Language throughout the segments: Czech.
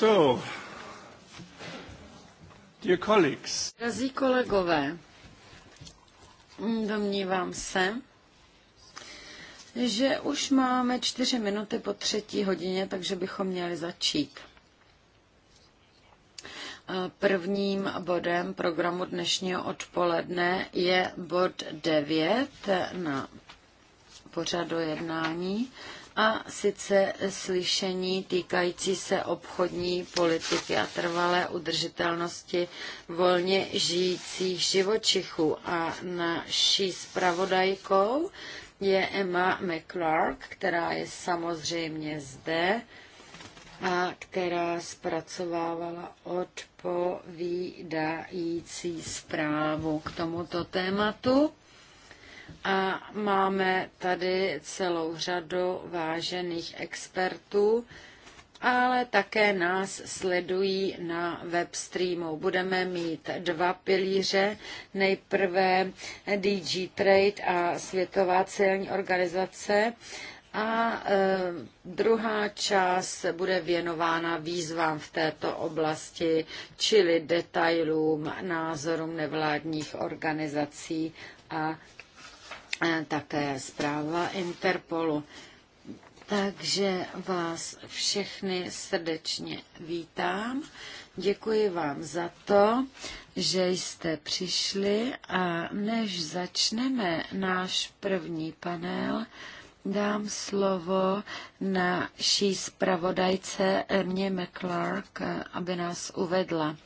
So, dear colleagues. Drazí kolegové, domnívám se, že už máme čtyři minuty po třetí hodině, takže bychom měli začít. Prvním bodem programu dnešního odpoledne je bod 9 na pořadu jednání a sice slyšení týkající se obchodní politiky a trvalé udržitelnosti volně žijících živočichů. A naší zpravodajkou je Emma McClark, která je samozřejmě zde a která zpracovávala odpovídající zprávu k tomuto tématu. A máme tady celou řadu vážených expertů, ale také nás sledují na webstreamu. Budeme mít dva pilíře, nejprve DG Trade a Světová celní organizace a e, druhá část bude věnována výzvám v této oblasti, čili detailům, názorům nevládních organizací a také zpráva Interpolu. Takže vás všechny srdečně vítám. Děkuji vám za to, že jste přišli a než začneme náš první panel, dám slovo naší zpravodajce Ernie McClark, aby nás uvedla.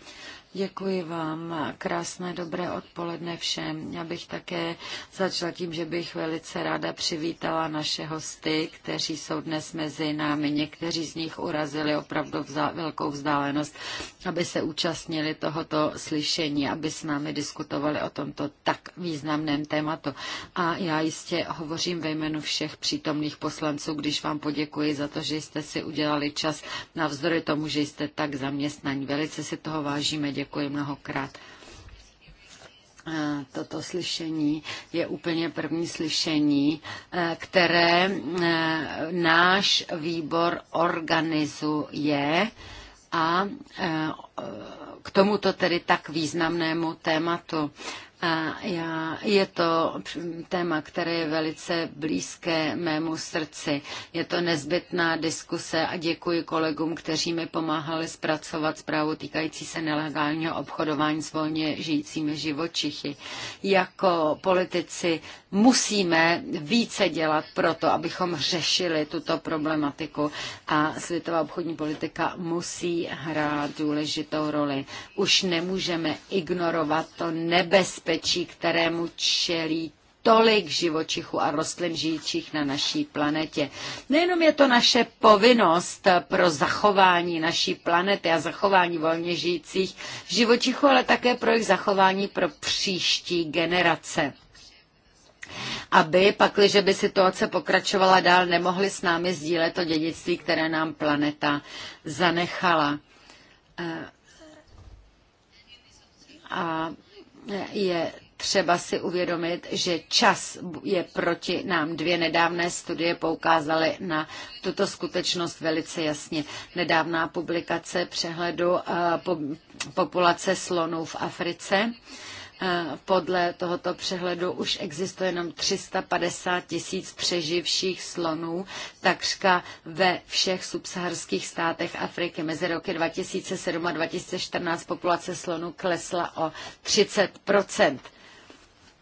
Děkuji vám. Krásné dobré odpoledne všem. Já bych také začala tím, že bych velice ráda přivítala naše hosty, kteří jsou dnes mezi námi. Někteří z nich urazili opravdu vzá, velkou vzdálenost, aby se účastnili tohoto slyšení, aby s námi diskutovali o tomto tak významném tématu. A já jistě hovořím ve jménu všech přítomných poslanců, když vám poděkuji za to, že jste si udělali čas navzdory tomu, že jste tak zaměstnaní. Velice si toho vážíme. Děkuji děkuji mnohokrát. Eh, Toto slyšení je úplně první slyšení, eh, které eh, náš výbor organizuje a k tomuto tedy tak významnému tématu. A já, je to téma, které je velice blízké mému srdci. Je to nezbytná diskuse a děkuji kolegům, kteří mi pomáhali zpracovat zprávu týkající se nelegálního obchodování s volně žijícími živočichy. Jako politici musíme více dělat pro to, abychom řešili tuto problematiku a světová obchodní politika musí hrát důležitou roli. Už nemůžeme ignorovat to nebezpečí, nebezpečí, kterému čelí tolik živočichů a rostlin žijících na naší planetě. Nejenom je to naše povinnost pro zachování naší planety a zachování volně žijících živočichů, ale také pro jejich zachování pro příští generace aby pakliže by situace pokračovala dál, nemohli s námi sdílet to dědictví, které nám planeta zanechala. Eh, a je třeba si uvědomit, že čas je proti nám. Dvě nedávné studie poukázaly na tuto skutečnost velice jasně. Nedávná publikace přehledu eh, populace slonů v Africe podle tohoto přehledu už existuje jenom 350 tisíc přeživších slonů, takřka ve všech subsaharských státech Afriky. Mezi roky 2007 a 2014 populace slonů klesla o 30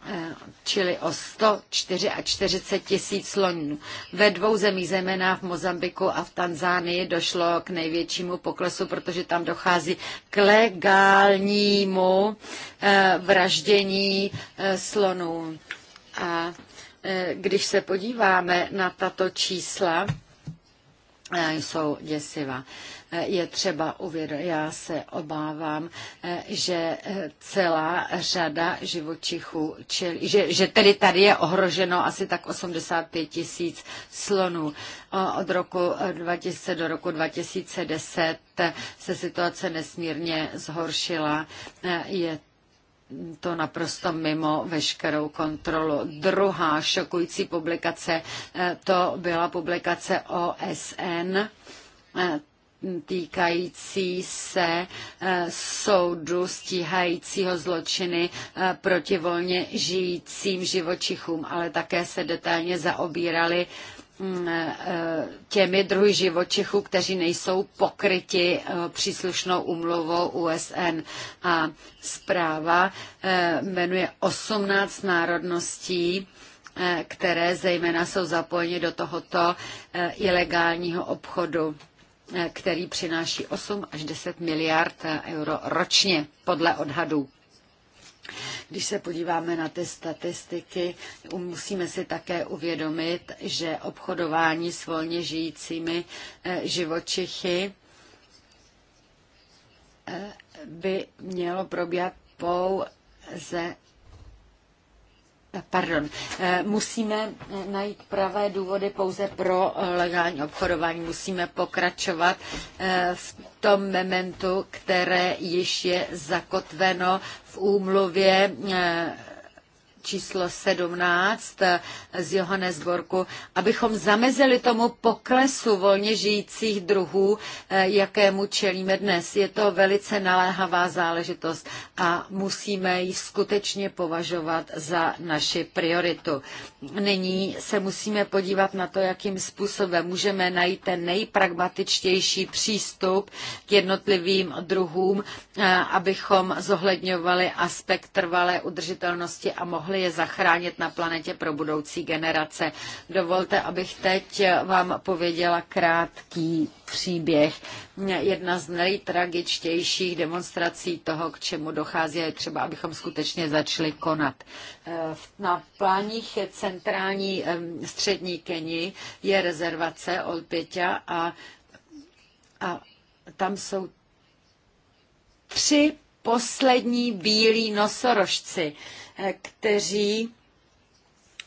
Eh, čili o 144 tisíc slonů. Ve dvou zemích, zejména v Mozambiku a v Tanzánii, došlo k největšímu poklesu, protože tam dochází k legálnímu eh, vraždění eh, slonů. A když se podíváme na tato čísla, jsou děsivá. Eh, je třeba uvědomit. Já se obávám, eh, že eh, celá řada živočichů, že, že tedy tady je ohroženo asi tak 85 tisíc slonů. Od roku 2000 do roku 2010 se situace nesmírně zhoršila. Je to naprosto mimo veškerou kontrolu. Druhá šokující publikace, to byla publikace OSN, týkající se eh, soudu stíhajícího zločiny eh, proti volně žijícím živočichům, ale také se detailně zaobírali mm, eh, těmi druhy živočichů, kteří nejsou pokryti příslušnou umluvou USN. A zpráva jmenuje 18 národností, které zejména jsou zapojeni do tohoto ilegálního obchodu který přináší 8 až 10 miliard euro ročně podle odhadů. Když se podíváme na ty statistiky, musíme si také uvědomit, že obchodování s volně žijícími eh, živočichy eh, by mělo probíhat pouze Pardon, eh, musíme eh, najít pravé důvody pouze pro eh, legální obchodování. Musíme pokračovat v tom momentu, které již je zakotveno v úmluvě číslo 17 eh, z Johannesburgu, abychom zamezili tomu poklesu volně žijících druhů, eh, jakému čelíme dnes. Je to velice naléhavá záležitost a musíme ji skutečně považovat za naši prioritu. Nyní se musíme podívat na to, jakým způsobem můžeme najít ten nejpragmatičtější přístup k jednotlivým druhům, eh, abychom zohledňovali aspekt trvalé udržitelnosti a mohli mohli je zachránit na planetě pro budoucí generace. Dovolte, abych teď vám pověděla krátký příběh. Jedna z nejtragičtějších demonstrací toho, k čemu dochází, je třeba, abychom skutečně začali konat. Eh, na pláních centrální střední Keni je rezervace Olpěťa a, a tam jsou tři poslední bílí nosorožci. Eh, kteří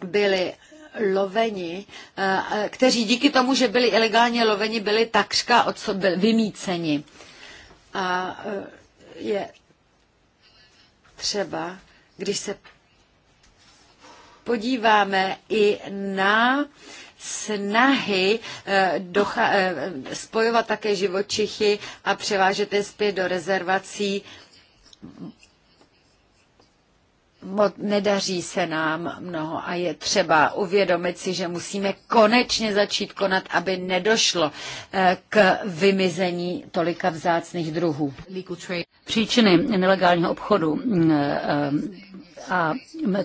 byli loveni, eh, eh, kteří díky tomu, že byli ilegálně loveni, byli takřka od sobě vymíceni. A je třeba, když se podíváme i na snahy docha- spojovat také živočichy a převážet je zpět do rezervací, nedaří se nám mnoho a je třeba uvědomit si, že musíme konečně začít konat, aby nedošlo eh, k vymizení tolika vzácných druhů. Příčiny nelegálního obchodu eh, eh, a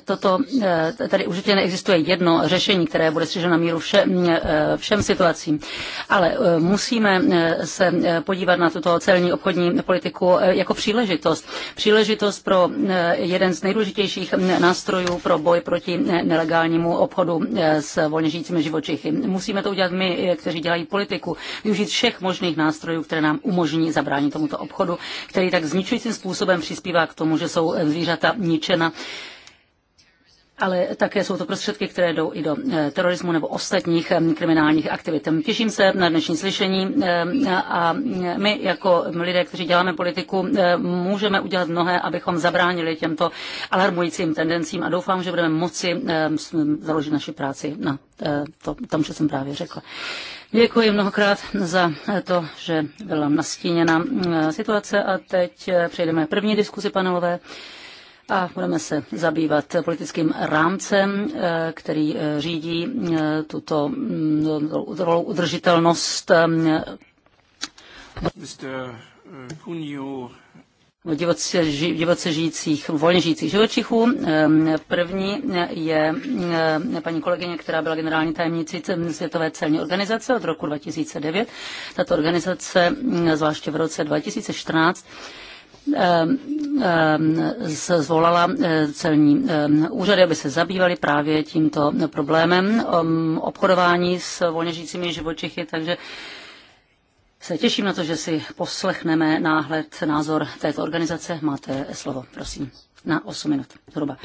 toto, eh, tady určitě neexistuje jedno řešení, které bude střeženo na míru vše, eh, všem situacím. Ale eh, musíme se podívat na tuto celní obchodní politiku jako příležitost. Příležitost pro jeden z nejdůležitějších mm, nástrojů pro boj proti nelegálnímu obchodu s volně žijícími živočichy. Musíme to udělat my, kteří dělají politiku, využít všech možných nástrojů, které nám umožní zabránit tomuto obchodu, který tak zničujícím způsobem přispívá k tomu, že jsou zvířata ničena ale také jsou to prostředky, které jdou i do eh, terorismu nebo ostatních eh, kriminálních aktivit. Těším se na dnešní slyšení eh, a my jako lidé, kteří děláme politiku, můžeme udělat mnohé, abychom zabránili těmto alarmujícím tendencím a doufám, že budeme moci založit naši práci na to, tom, co jsem právě řekla. Děkuji mnohokrát za to, že byla nastíněna situace a teď přejdeme k první diskuzi panelové a budeme se zabývat politickým rámcem, eh, který eh, řídí eh, tuto mm, trvalou udržitelnost. Divoce, divoce žijících, volně žijících živočichů. První je paní kolegyně, která byla generální tajemnicí Světové celní organizace od roku 2009. Tato organizace, mm, zvláště v roce 2014, Eh, eh, se zvolala eh, celní úřady, aby se zabývaly právě tímto problémem um, obchodování s volně žijícími živočichy, takže se těším na to, že si poslechneme náhled, názor této organizace. Máte slovo, prosím, na 8 minut zhruba.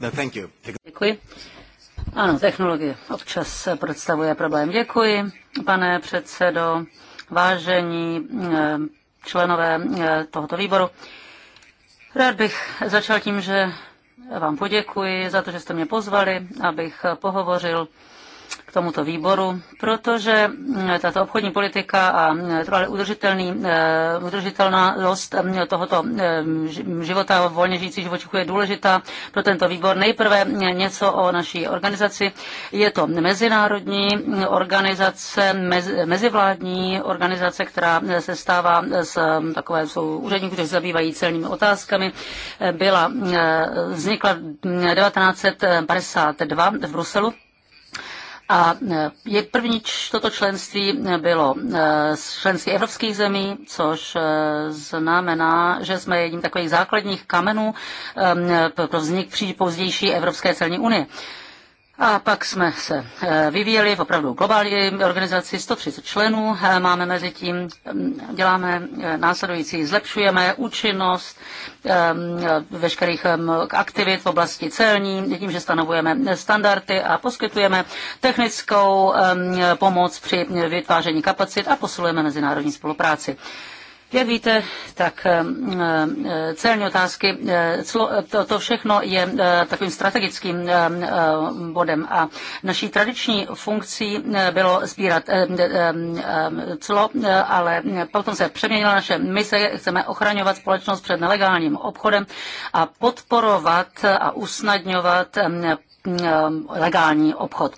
No, thank you. Děkuji. Ano, technologie občas představuje problém. Děkuji, pane předsedo, vážení eh, členové eh, tohoto výboru. Rád bych začal tím, že vám poděkuji za to, že jste mě pozvali, abych pohovořil k tomuto výboru, protože eh, tato obchodní politika a eh, trvalé udržitelný, eh, udržitelnost tohoto života volně žijící živočichů je důležitá pro tento výbor. Nejprve něco o naší organizaci. Je to mezinárodní organizace, mez, mezivládní organizace, která se stává z takové jsou úředníků, kteří zabývají celními otázkami. Byla, vznikla mm, 1952 v Bruselu a eh, je první toto členství eh, bylo eh, z členství evropských zemí, což znamená, že jsme jedním takových základních kamenů pro vznik pozdější Evropské celní unie. A pak jsme se eh, vyvíjeli v opravdu globální organizaci, 130 členů eh, máme mezi tím, mm, děláme eh, následující, zlepšujeme účinnost mm, veškerých aktivit v oblasti celní, tím, že stanovujeme standardy a poskytujeme technickou mm, pomoc při vytváření kapacit a posilujeme mezinárodní spolupráci. Jak víte, tak eh, eh, celní otázky, eh, to všechno je takovým strategickým bodem a naší tradiční funkcí bylo sbírat clo, ale potom se přeměnila naše mise, chceme ochraňovat společnost před nelegálním obchodem a podporovat a usnadňovat legální obchod.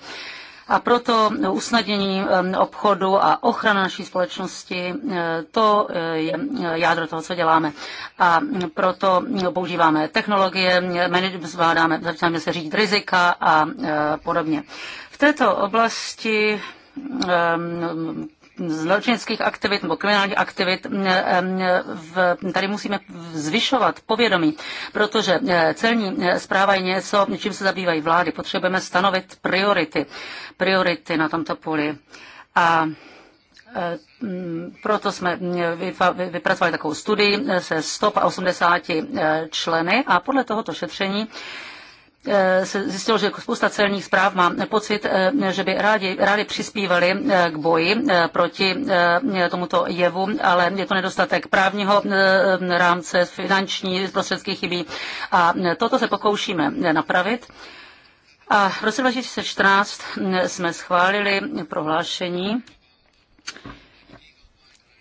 A proto usnadnění obchodu a ochrana naší společnosti, e, to e, je e, jádro toho, co děláme. A proto používáme technologie, zvládáme, začínáme se řídit rizika a podobně. V této oblasti zločinských aktivit nebo kriminálních aktivit, v, tady musíme zvyšovat povědomí, protože e, celní e, zpráva je něco, čím se zabývají vlády. Potřebujeme stanovit priority, priority na tomto poli. A e, proto jsme vypracovali takovou studii se 180 členy a podle tohoto šetření Eh, se zjistilo, že jako spousta celních zpráv má pocit, eh, že by rádi, rádi přispívali eh, k boji proti tomuto jevu, ale je to nedostatek právního rámce, finanční prostředky chybí a toto se pokoušíme napravit. A v roce 2014 hm, jsme schválili prohlášení,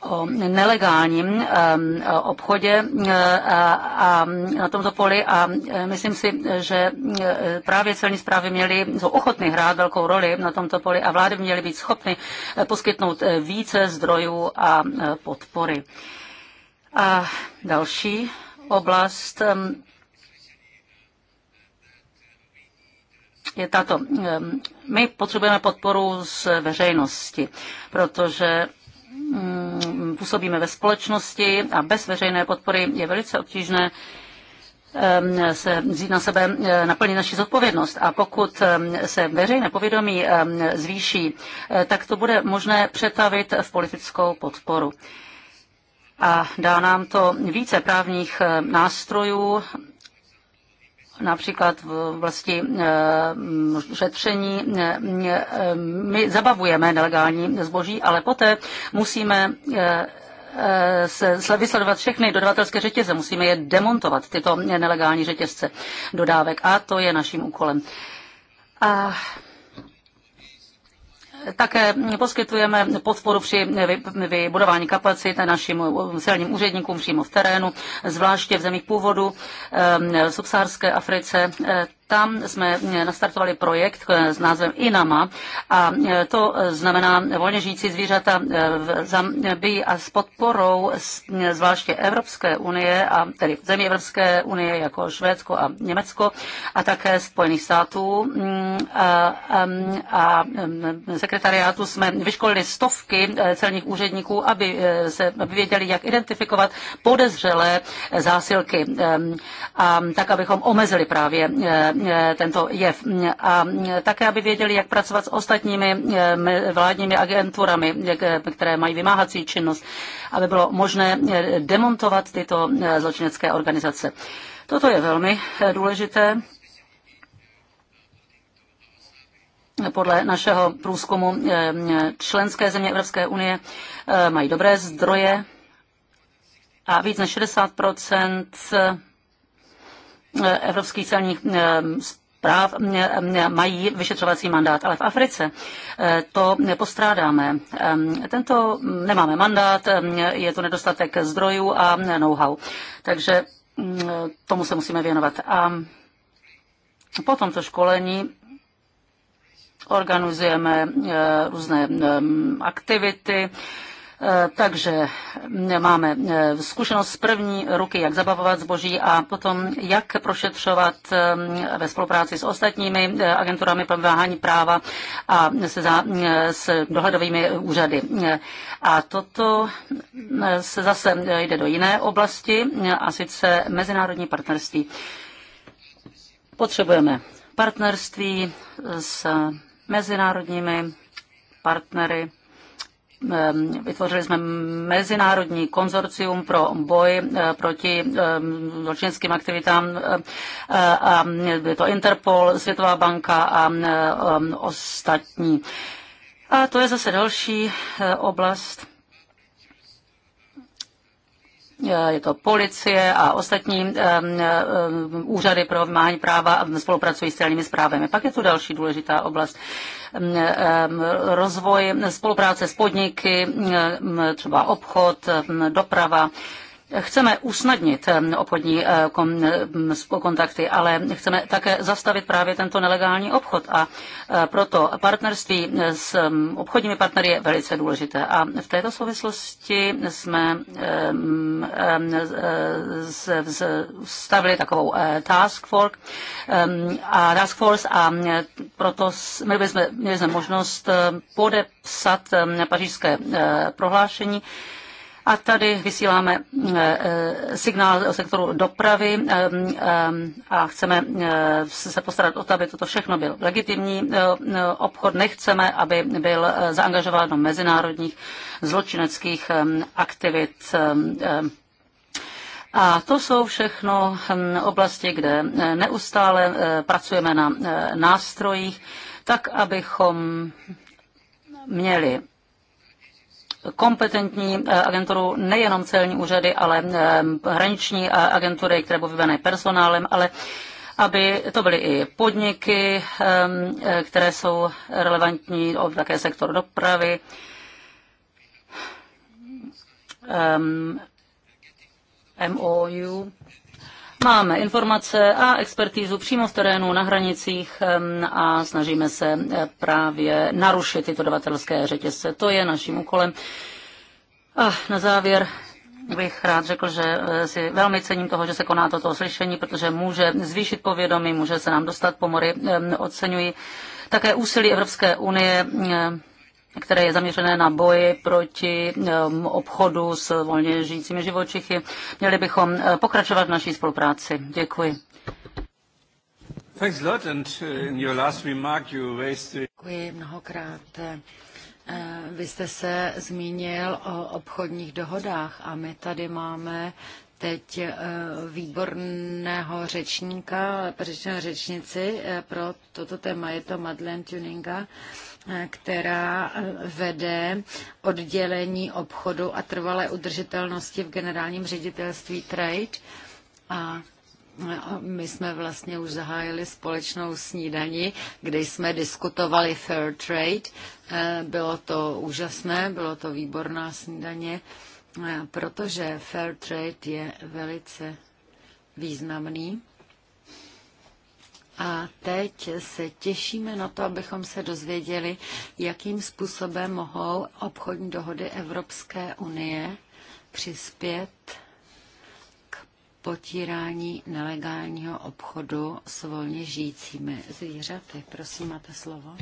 o nelegálním obchodě a na tomto poli a myslím si, že právě celní zprávy měly, jsou ochotny hrát velkou roli na tomto poli a vlády měly být schopny eh, poskytnout eh, více zdrojů a eh, podpory. A další oblast je tato. My potřebujeme podporu z veřejnosti, protože Mm, působíme ve společnosti a bez veřejné podpory je velice obtížné se vzít na sebe, eh, naplnit naši zodpovědnost. A pokud se veřejné povědomí zvýší, eh, tak to bude možné přetavit v politickou podporu. A dá nám to více právních eh, nástrojů například v oblasti eh, šetření. Eh, eh, my zabavujeme nelegální zboží, ale poté musíme se vysledovat všechny dodavatelské řetězce, musíme je demontovat, tyto nelegální řetězce dodávek. A to je naším úkolem. A také poskytujeme podporu při vybudování kapacit našim celním úředníkům přímo v terénu, zvláště v zemích původu eh, v subsaharské Africe. Eh, tam jsme eh, nastartovali projekt eh, s názvem Inama a eh, to znamená volně žijící zvířata v Zambii a s podporou zvláště Evropské unie a tedy zemí Evropské unie jako Švédsko a Německo a také Spojených států mm, a, a, a sekretariátu jsme vyškolili stovky celních úředníků, aby se aby věděli, jak identifikovat podezřelé zásilky a tak, abychom omezili právě Eh, tento jev a eh, také, aby věděli, jak pracovat s ostatními eh, vládními agenturami, které mají vymáhací činnost, aby bylo možné demontovat tyto zločinecké organizace. Toto je velmi důležité. Podle našeho průzkumu členské země Evropské unie mají dobré zdroje a víc než 60 evropských celních eh, práv eh, mají vyšetřovací mandát, ale v Africe eh, to nepostrádáme. Tento nemáme mandát, je to nedostatek zdrojů a know-how. Takže mm, tomu se musíme věnovat. A po tomto školení organizujeme různé aktivity, Eh, takže mm, máme eh, zkušenost z první ruky, jak zabavovat zboží a potom, jak prošetřovat eh, ve spolupráci s ostatními agenturami pomáhání práva a se za, s dohledovými úřady. A toto se zase jde do jiné oblasti, a sice mezinárodní partnerství. Potřebujeme partnerství s mezinárodními partnery Ehm, vytvořili jsme mezinárodní konzorcium pro boj eh, proti ehm, zločinským aktivitám eh, eh, a je to Interpol, Světová banka a ehm, ostatní. A to je zase další oblast. Je to policie a ostatní úřady pro vymáhání práva spolupracují s celními zprávami. Pak je tu další důležitá oblast rozvoj, spolupráce s podniky, třeba obchod, doprava Chceme usnadnit eh, obchodní eh, eh, kontakty, ale chceme také zastavit právě tento nelegální obchod a proto partnerství s obchodními partnery je velice důležité. A v této souvislosti jsme stavili takovou task force a task force a proto měli jsme, měli jsme možnost podepsat pařížské prohlášení, a tady vysíláme eh, eh, signál o sektoru dopravy ehm, ehm, a chceme eh, se postarat o to, aby toto všechno byl legitimní obchod. Nechceme, aby byl zaangažován do mezinárodních zločineckých ehm, aktivit. A to jsou všechno oblasti, kde neustále pracujeme na nástrojích, tak abychom měli kompetentní eh, agenturu, nejenom celní úřady, ale eh, hraniční eh, agentury, které budou vybrané personálem, ale aby to byly i podniky, ehm, které jsou relevantní, také sektor dopravy. MOU ehm, Máme informace a expertízu přímo v terénu na hranicích a snažíme se eh, právě narušit tyto dodavatelské řetězce. To je naším úkolem. A na závěr bych rád řekl, že eh, si velmi cením toho, že se koná toto slyšení, protože může zvýšit povědomí, může se nám dostat pomory. Oceňuji také úsilí Evropské unie které je zaměřené na boji proti um, obchodu s volně žijícími živočichy. Měli bychom uh, pokračovat v naší spolupráci. Děkuji. Děkuji mnohokrát. Eh, vy jste se zmínil o obchodních dohodách a my tady máme teď eh, výborného řečníka, eh, řečnici pro toto téma, je to Madeleine Tuninga která eh, vede oddělení obchodu a trvalé udržitelnosti v generálním ředitelství Trade. A my jsme vlastně už zahájili společnou snídani, kde jsme diskutovali Fair Trade. Eh, bylo to úžasné, bylo to výborná snídaně, eh, protože Fair Trade je velice významný a teď se těšíme na to, abychom se dozvěděli, jakým způsobem mohou obchodní dohody Evropské unie přispět k potírání nelegálního obchodu s volně žijícími zvířaty. Prosím, máte slovo.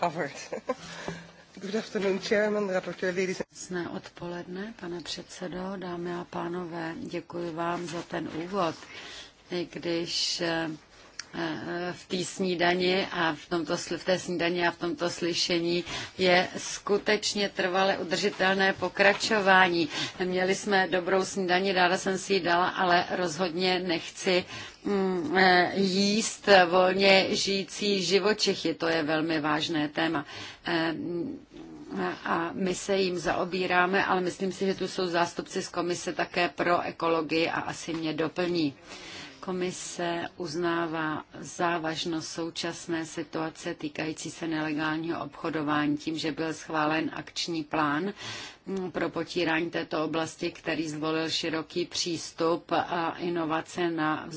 Covered. Good afternoon, chairman, rapporteur, ladies. odpoledne, pane předsedo, dámy a pánové, děkuji vám za ten úvod. I když eh, eh, v té snídani a v, tomto, v té snídani a v tomto slyšení je skutečně trvale udržitelné pokračování. Měli jsme dobrou snídani, ráda jsem si ji dala, ale rozhodně nechci mm, eh, jíst volně žijící živočichy. To je velmi vážné téma a my se jim zaobíráme, ale myslím si, že tu jsou zástupci z komise také pro ekologii a asi mě doplní. Komise uznává závažnost současné situace týkající se nelegálního obchodování tím, že byl schválen akční plán pro potírání této oblasti, který zvolil široký přístup a inovace, na,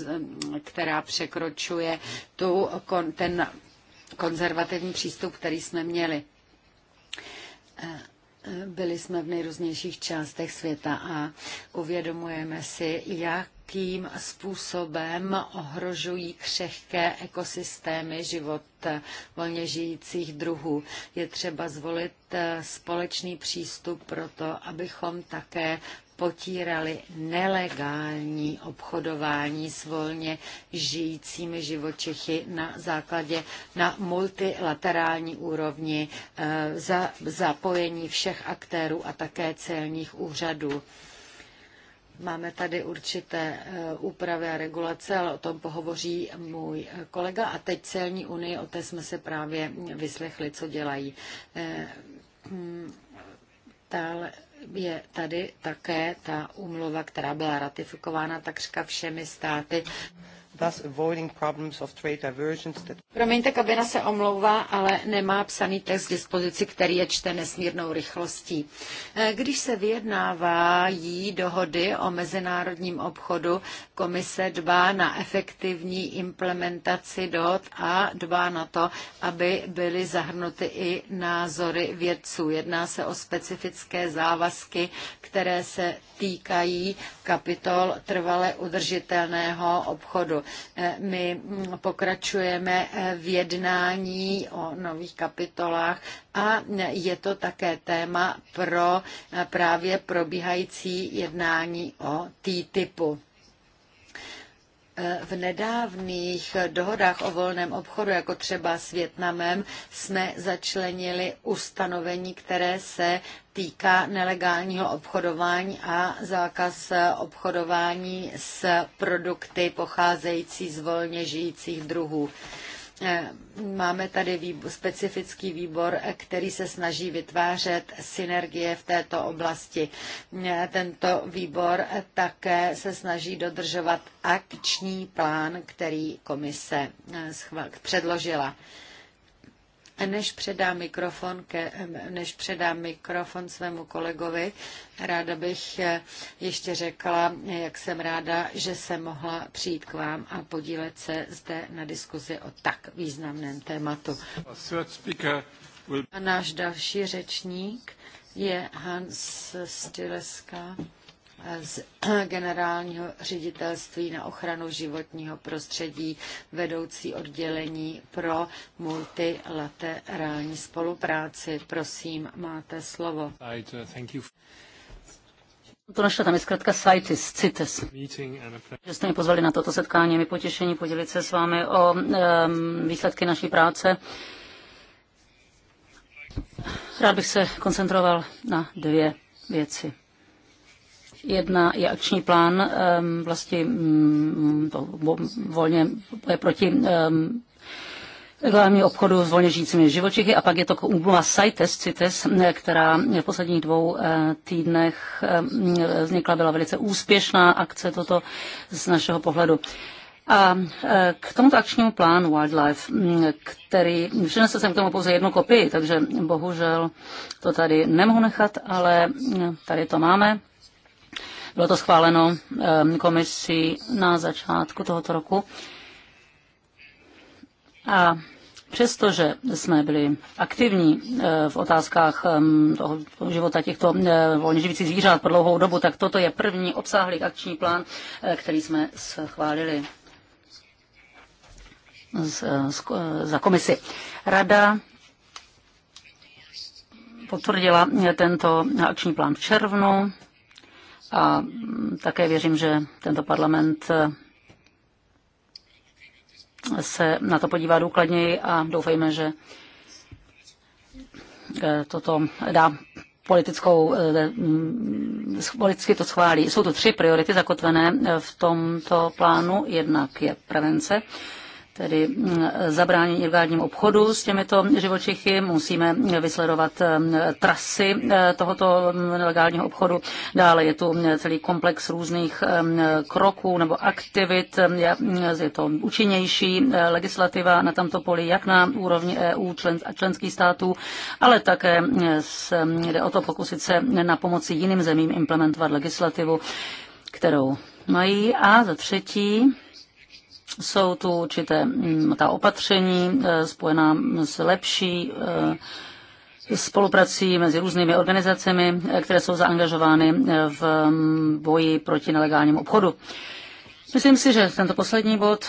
která překročuje tu, ten konzervativní přístup, který jsme měli. Byli jsme v nejrůznějších částech světa a uvědomujeme si, jak jakým způsobem ohrožují křehké ekosystémy život volně žijících druhů. Je třeba zvolit eh, společný přístup pro to, abychom také potírali nelegální obchodování s volně žijícími živočichy na základě na multilaterální úrovni eh, za zapojení všech aktérů a také celních úřadů. Máme tady určité eh, úpravy a regulace, ale o tom pohovoří můj kolega. A teď celní unie, o té jsme se právě vyslechli, co dělají. Eh, hmm, dále, je tady také ta úmluva, která byla ratifikována takřka všemi státy thus avoiding problems of trade diversions that... Promiňte, kabina se omlouvá, ale nemá psaný text k dispozici, který je čte nesmírnou rychlostí. E, když se vyjednávají dohody o mezinárodním obchodu, komise dbá na efektivní implementaci dohod a dbá na to, aby byly zahrnuty i názory vědců. Jedná se o specifické závazky, které se týkají kapitol trvale udržitelného obchodu. Eh, my mm, pokračujeme eh, v jednání o nových kapitolách a eh, je to také téma pro právě probíhající jednání o T-typu. V nedávných dohodách o volném obchodu, jako třeba s Větnamem, jsme začlenili ustanovení, které se týká nelegálního obchodování a zákaz obchodování s produkty pocházející z volně žijících druhů. Eh, máme tady výbor, specifický výbor, eh, který se snaží vytvářet synergie v této oblasti. Eh, tento výbor také se snaží dodržovat akční plán, který komise předložila. Než předám mikrofon, ke, než předám mikrofon svému kolegovi, ráda bych eh, ještě řekla, jak jsem ráda, že jsem mohla přijít k vám a podílet se zde na diskuzi o tak významném tématu. A náš další řečník je Hans Stileska z generálního ředitelství na ochranu životního prostředí vedoucí oddělení pro multilaterální spolupráci. Prosím, máte slovo. To našla tam je zkrátka CITES, CITES. Že jste mě pozvali na toto setkání, mi potěšení podělit se s vámi o um, výsledky naší práce. Rád bych se koncentroval na dvě věci. Jedna je akční plán vlastně volně je proti hlavní obchodu s volně žijícími živočichy a pak je to úmluva CITES, CITES, eh, která v posledních dvou eh, týdnech vznikla, byla velice úspěšná akce toto z našeho pohledu. A eh, k tomuto akčnímu plánu Wildlife, mm, který přinesl jsem k tomu pouze jednu kopii, takže bohužel to tady nemohu nechat, ale tady to máme. Bylo to schváleno ehm, komisí na začátku tohoto roku. A Přestože jsme byli aktivní eh, v otázkách ehm, toho života těchto eh, volně živících zvířat po dlouhou dobu, tak toto je první obsáhlý akční plán, eh, který jsme schválili za komisi. Rada potvrdila tento akční plán v červnu a také věřím, že tento parlament eh, se na to podívá důkladněji a doufejme, že eh, toto dá politickou, eh, politicky to schválí. Jsou to tři priority zakotvené v tomto plánu. Jednak je prevence, tedy mm, zabránění ilegálnímu obchodu s těmito živočichy. Musíme vysledovat mm, trasy eh, tohoto mm, nelegálního obchodu. Dále je tu celý komplex různých kroků nebo aktivit. Je to účinnější eh, legislativa na tomto poli, jak na úrovni EU člen, a členských států, ale také se, jde o to pokusit se na pomoci jiným zemím implementovat legislativu, kterou mají. A za třetí, jsou tu určité mm, ta opatření e, spojená s lepší e, spoluprací mezi různými organizacemi, e, které jsou zaangažovány v boji proti nelegálnímu obchodu. Myslím si, že tento poslední bod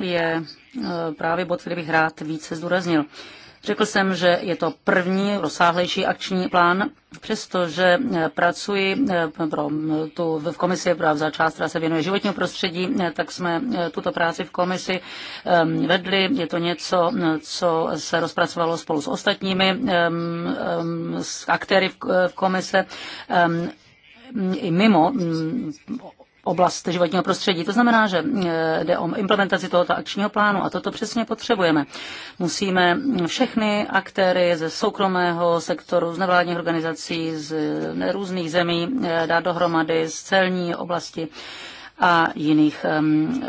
je právě bod, který bych rád více zdůraznil. Řekl jsem, že je to první rozsáhlejší akční plán, přestože pracuji eh, pro eh, tu, v komisi pro za část, která se věnuje životního prostředí, eh, tak jsme tuto práci v komisi ehm, vedli. Je to něco, co se rozpracovalo spolu s ostatními ehm, ehm, s aktéry v komise i mimo mm, oblast životního prostředí. To znamená, že eh, jde o implementaci tohoto akčního plánu a toto přesně potřebujeme. Musíme všechny aktéry ze soukromého sektoru, z nevládních organizací, z eh, různých zemí eh, dát dohromady z celní oblasti a jiných um,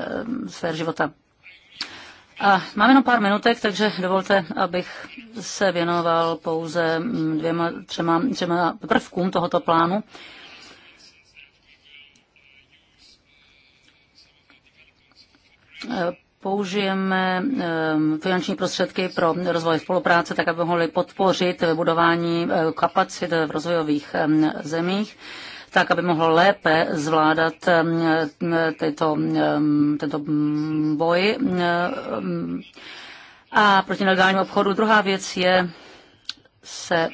sfér života. A mám jenom pár minutek, takže dovolte, abych se věnoval pouze mm, dvěma, třema, třema prvkům tohoto plánu. Uh, použijeme ehm, finanční prostředky pro rozvoj spolupráce, tak aby mohli podpořit budování eh, kapacit v rozvojových ehm, zemích tak, aby mohl lépe zvládat ehm, eh, tyto, tento mm, boj. A proti nelegálnímu obchodu druhá věc je se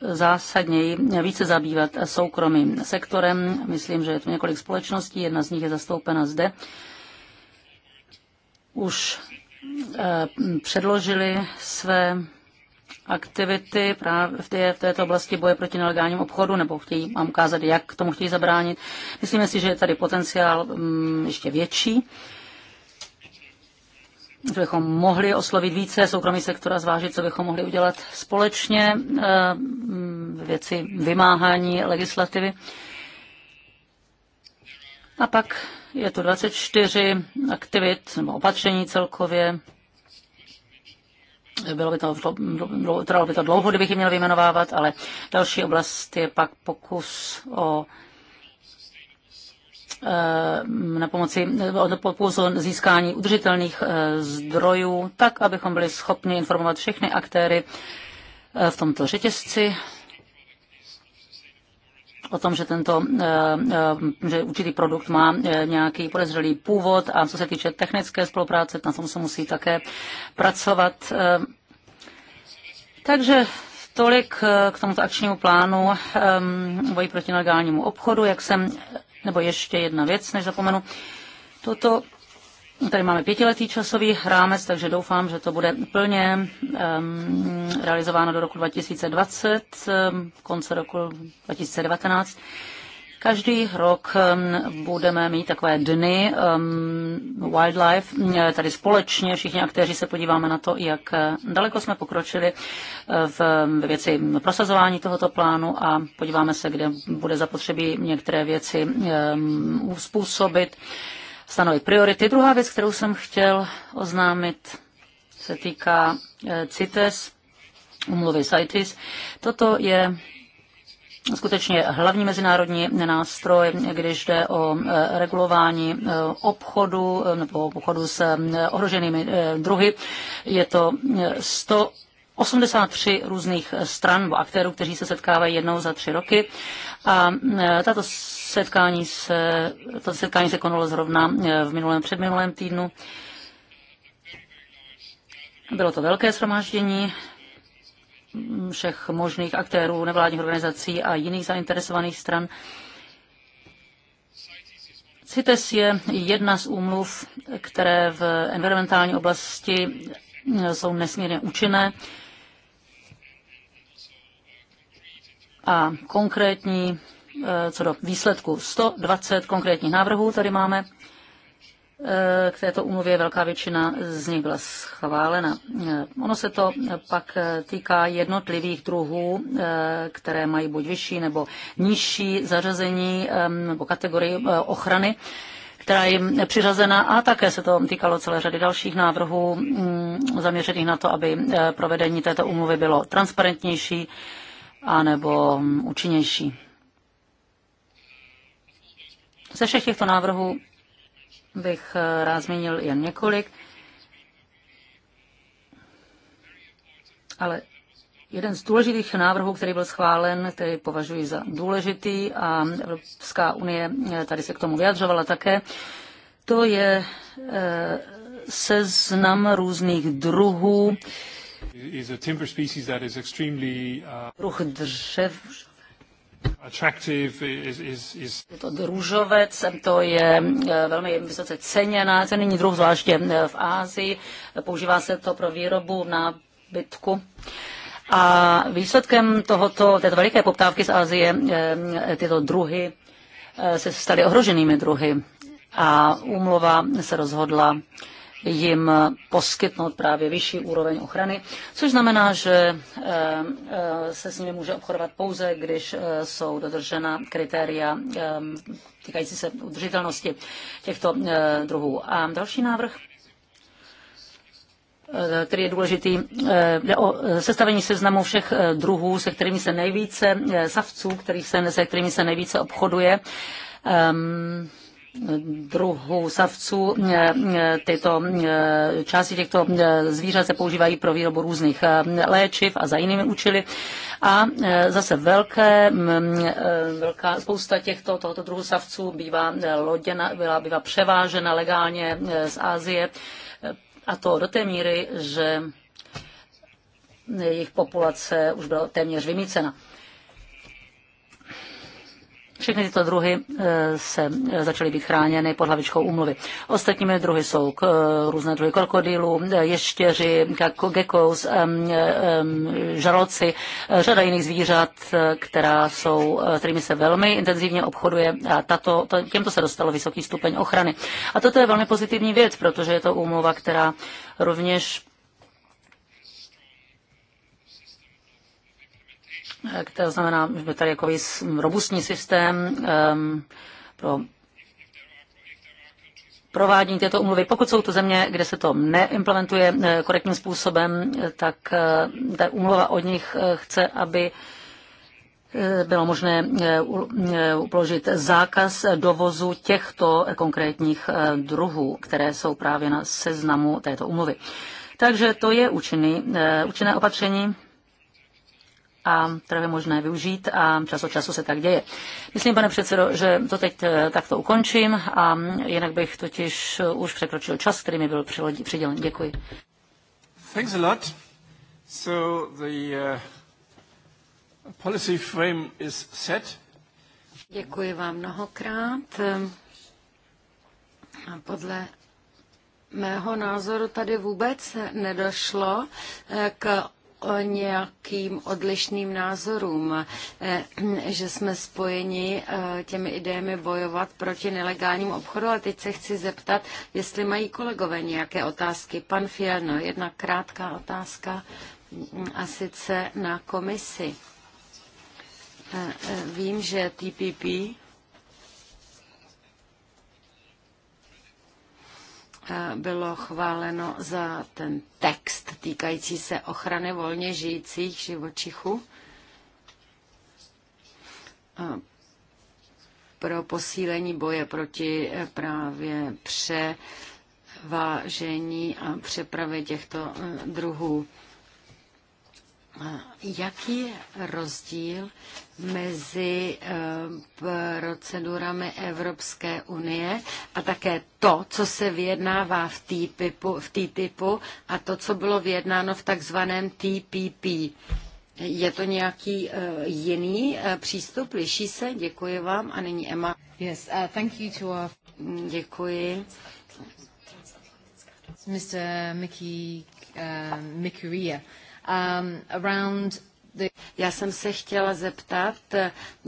zásadněji více zabývat soukromým sektorem. Myslím, že je tu několik společností, jedna z nich je zastoupena zde. Už eh, předložili své aktivity právě v, té, v této oblasti boje proti nelegálním obchodu, nebo chtějí vám ukázat, jak tomu chtějí zabránit. Myslíme si, že je tady potenciál mm, ještě větší co bychom mohli oslovit více soukromý sektor a zvážit, co bychom mohli udělat společně eh, věci vymáhání legislativy. A pak je to 24 aktivit nebo opatření celkově. Bylo by to, trvalo by to dlouho, kdybych je měl vyjmenovávat, ale další oblast je pak pokus o Eh, na pomoci eh, pouze získání udržitelných eh, zdrojů, tak, abychom byli schopni informovat všechny aktéry v tomto řetězci o tom, že tento že určitý produkt má nějaký podezřelý původ a co se týče technické spolupráce, na tom se musí také pracovat. Takže tolik k tomuto akčnímu plánu boji proti nelegálnímu obchodu. Jak jsem nebo ještě jedna věc, než zapomenu. Toto Tady máme pětiletý časový rámec, takže doufám, že to bude plně um, realizováno do roku 2020, um, konce roku 2019. Každý rok um, budeme mít takové dny um, wildlife, tady společně všichni aktéři se podíváme na to, jak eh, daleko jsme pokročili eh, v věci prosazování tohoto plánu a podíváme se, kde bude zapotřebí některé věci um, způsobit, stanovit priority. Druhá věc, kterou jsem chtěl oznámit, se týká eh, CITES, umluvy CITES. Toto je skutečně hlavní mezinárodní nástroj, když jde o eh, regulování eh, obchodu eh, nebo obchodu s ohroženými druhy. Je to 100 83 různých stran nebo aktérů, kteří se setkávají jednou za tři roky. A tato setkání se, tato setkání se konalo zrovna v minulém předminulém týdnu. Bylo to velké shromáždění, všech možných aktérů, nevládních organizací a jiných zainteresovaných stran. CITES je jedna z úmluv, které v environmentální oblasti jsou nesmírně účinné a konkrétní eh, co do výsledku 120 konkrétních návrhů tady máme Eh, k této umluvě velká většina z nich byla schválena. Eh, ono se to pak eh, týká jednotlivých druhů, které mají buď vyšší nebo nižší zařazení nebo kategorii ochrany která je přiřazena a také se to týkalo celé řady dalších návrhů mm, zaměřených na to, aby provedení této umluvy bylo transparentnější anebo mm, účinnější. Ze všech těchto návrhů bych eh, rád zmínil jen několik. Ale jeden z důležitých návrhů, který byl schválen, který považuji za důležitý a Evropská unie eh, tady se k tomu vyjadřovala také, to je eh, seznam různých druhů uh, Druh dřev, to růžovec, to je e, velmi vysoce ceněná, ceněný druh, zvláště e, v Ázii. Používá se to pro výrobu nábytku. A výsledkem tohoto, této veliké poptávky z Asie e, tyto druhy se staly ohroženými druhy. A úmluva se rozhodla jim poskytnout právě vyšší úroveň ochrany, což znamená, že eh, eh, se s nimi může obchodovat pouze, když eh, jsou dodržena kritéria týkající se udržitelnosti těchto druhů. A další návrh který je důležitý, jde o sestavení seznamu všech druhů, se kterými se nejvíce, savců, který se, se kterými se nejvíce obchoduje. Um, druhů savců. Eh, eh, tyto eh, části těchto zvířat se používají pro výrobu různých léčiv a za jinými účely. A zase velké, mm, velká spousta těchto, tohoto druhu savců bývá loděna, byla, bývá převážena legálně z Asie. A to do té míry, že jejich populace už byla téměř vymícena. Všechny tyto druhy eh, se eh, začaly být chráněny pod hlavičkou úmluvy. Ostatními druhy jsou eh, různé druhy krokodýlů, ještěři, geckos, žraloci, řada jiných zvířat, která jsou, kterými se velmi intenzivně obchoduje a tato, to, těmto se dostalo vysoký stupeň ochrany. A toto je velmi pozitivní věc, protože je to úmluva, která rovněž to znamená, že tady jako robustní systém ehm, pro provádění této umluvy. Pokud jsou to země, kde se to neimplementuje eh, korektním způsobem, eh, tak eh, ta umluva od nich chce, aby bylo možné uložit zákaz dovozu těchto konkrétních druhů, které jsou právě na seznamu této umluvy. Takže to je účinný, účinné opatření a které je možné využít a čas od času se tak děje. Myslím, pane předsedo, že to teď eh, takto ukončím a jinak bych totiž eh, už překročil čas, který mi byl přidělen. Děkuji. Thanks a lot. So the uh, policy frame is set. Děkuji vám mnohokrát. A podle mého názoru tady vůbec nedošlo k o nějakým odlišným názorům, eh, že jsme spojeni eh, těmi idejemi bojovat proti nelegálním obchodu, A teď se chci zeptat, jestli mají kolegové nějaké otázky. Pan Fiano, jedna krátká otázka a sice na komisi. Eh, vím, že TPP bylo chváleno za ten text týkající se ochrany volně žijících živočichů pro posílení boje proti eh, právě převážení a přepravě těchto eh, druhů. Jaký je rozdíl mezi eh, procedurami Evropské unie a také to, co se vyjednává v T-typu, v T-typu a to, co bylo vyjednáno v takzvaném TPP? Je to nějaký uh, jiný uh, přístup? Liší se? Děkuji vám. A nyní Emma. Yes, uh, thank you to our... Děkuji. Mr. Mickey uh, Um, Já jsem se chtěla zeptat,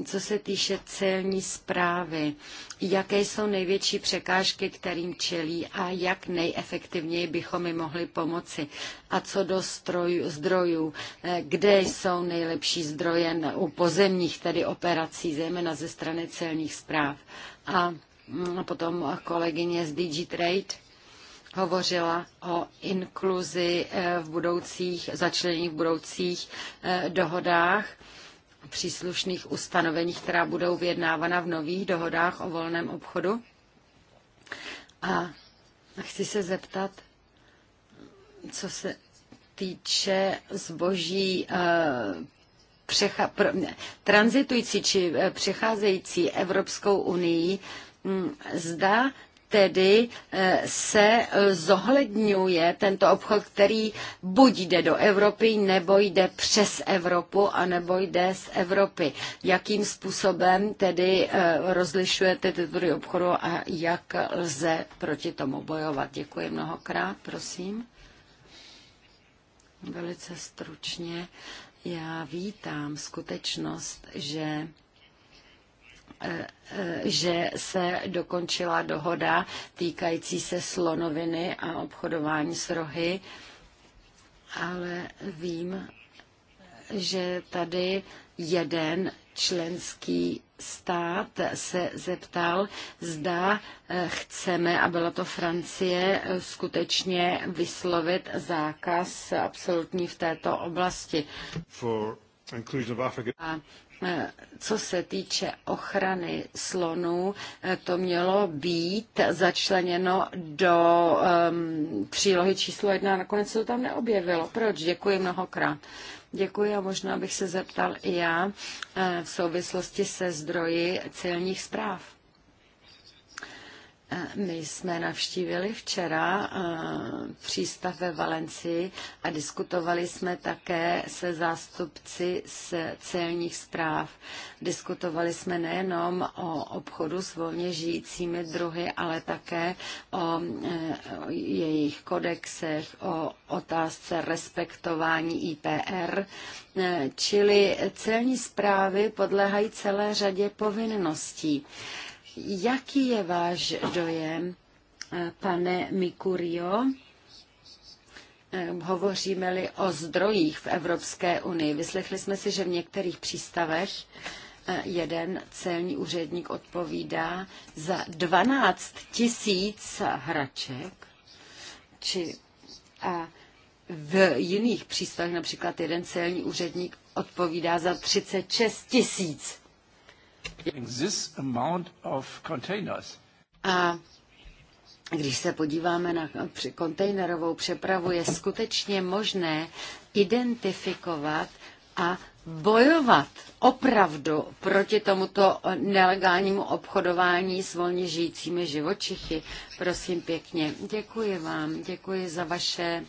co se týče celní zprávy. Jaké jsou největší překážky, kterým čelí a jak nejefektivněji bychom jim mohli pomoci? A co do strojů, zdrojů, eh, kde jsou nejlepší zdroje u pozemních tedy operací, zejména ze strany celních zpráv? A mm, potom kolegyně z DigiTrade hovořila o inkluzi eh, v budoucích, začleněních v budoucích eh, dohodách příslušných ustanoveních, která budou vyjednávána v nových dohodách o volném obchodu. A chci se zeptat, co se týče zboží eh, přecha, pro, či přecházející Evropskou unii, hm, zda tedy eh, se eh, zohledňuje tento obchod, který buď jde do Evropy, nebo jde přes Evropu, a nebo jde z Evropy. Jakým způsobem tedy eh, rozlišujete tyto druhy obchodu a jak lze proti tomu bojovat? Děkuji mnohokrát, prosím. Velice stručně. Já vítám skutečnost, že Eh, že se dokončila dohoda týkající se slonoviny a obchodování s rohy, ale vím, že tady jeden členský stát se zeptal, zda eh, chceme, a byla to Francie, skutečně vyslovit zákaz absolutní v této oblasti. A Eh, co se týče ochrany slonů, eh, to mělo být začleněno do um, přílohy číslo jedna. Nakonec se to tam neobjevilo. Proč? Děkuji mnohokrát. Děkuji a možná bych se zeptal i já eh, v souvislosti se zdroji celních zpráv. My jsme navštívili včera přístav ve Valencii a diskutovali jsme také se zástupci z celních zpráv. Diskutovali jsme nejenom o obchodu s volně žijícími druhy, ale také o e, jejich kodexech, o otázce respektování IPR, e, čili celní zprávy podléhají celé řadě povinností. Jaký je váš dojem, eh, pane Mikurio? Eh, hovoříme-li o zdrojích v Evropské unii. Vyslechli jsme si, že v některých přístavech eh, jeden celní úředník odpovídá za 12 tisíc hraček, či a v jiných přístavech například jeden celní úředník odpovídá za 36 tisíc This amount of containers. A když se podíváme na kontejnerovou přepravu, je skutečně možné identifikovat a bojovat opravdu proti tomuto nelegálnímu obchodování s volně žijícími živočichy. Prosím pěkně, děkuji vám, děkuji za vaše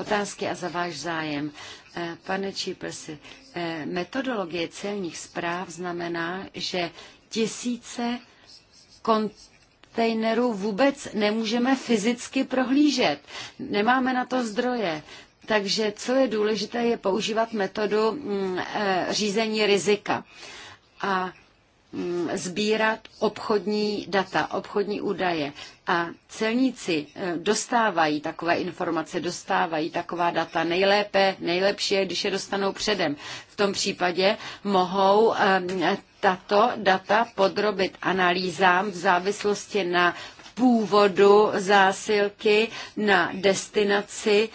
otázky a za váš zájem. Eh, pane Čípersi, eh, metodologie celních zpráv znamená, že tisíce kontejnerů vůbec nemůžeme fyzicky prohlížet. Nemáme na to zdroje. Takže co je důležité, je používat metodu mm, eh, řízení rizika. A Mm, sbírat obchodní data, obchodní údaje. A celníci eh, dostávají takové informace, dostávají taková data. Nejlépe, nejlepší když je dostanou předem. V tom případě mohou eh, tato data podrobit analýzám v závislosti na původu zásilky, na destinaci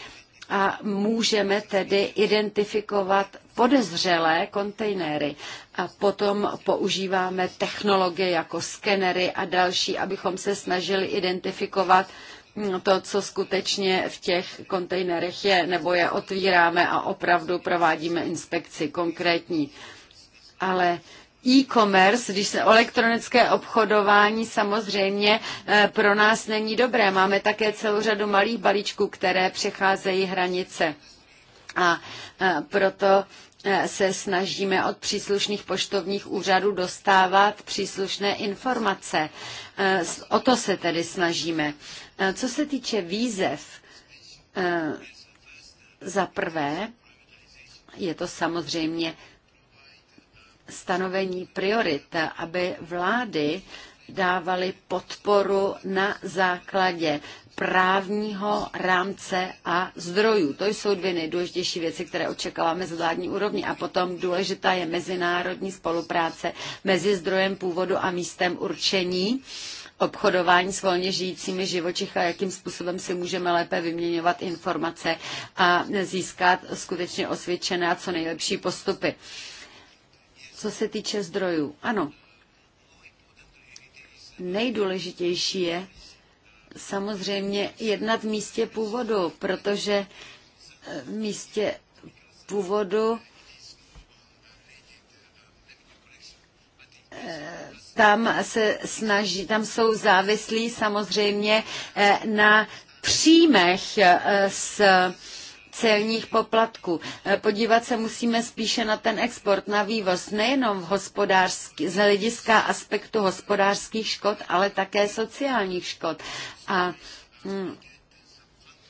a můžeme tedy identifikovat podezřelé kontejnery a potom používáme technologie jako skenery a další, abychom se snažili identifikovat mm, to, co skutečně v těch kontejnerech je, nebo je otvíráme a opravdu provádíme inspekci konkrétní. Ale e-commerce, když se elektronické obchodování samozřejmě eh, pro nás není dobré. Máme také celou řadu malých balíčků, které přecházejí hranice. A eh, proto eh, se snažíme od příslušných poštovních úřadů dostávat příslušné informace. O to se tedy snažíme. Co se týče výzev, za prvé je to samozřejmě stanovení priorit, aby vlády dávaly podporu na základě právního rámce a zdrojů. To jsou dvě nejdůležitější věci, které očekáváme z vládní úrovni. A potom důležitá je mezinárodní spolupráce mezi zdrojem původu a místem určení obchodování s volně žijícími živočichy a jakým způsobem si můžeme lépe vyměňovat informace a získat skutečně osvědčené a co nejlepší postupy. Co se týče zdrojů, ano, nejdůležitější je samozřejmě jednat v místě původu, protože eh, v místě původu eh, tam se snaží, tam jsou závislí samozřejmě eh, na příjmech z celních poplatků. E, podívat se musíme spíše na ten export, na vývoz, nejenom v hospodářský, z hlediska aspektu hospodářských škod, ale také sociálních škod. A hm,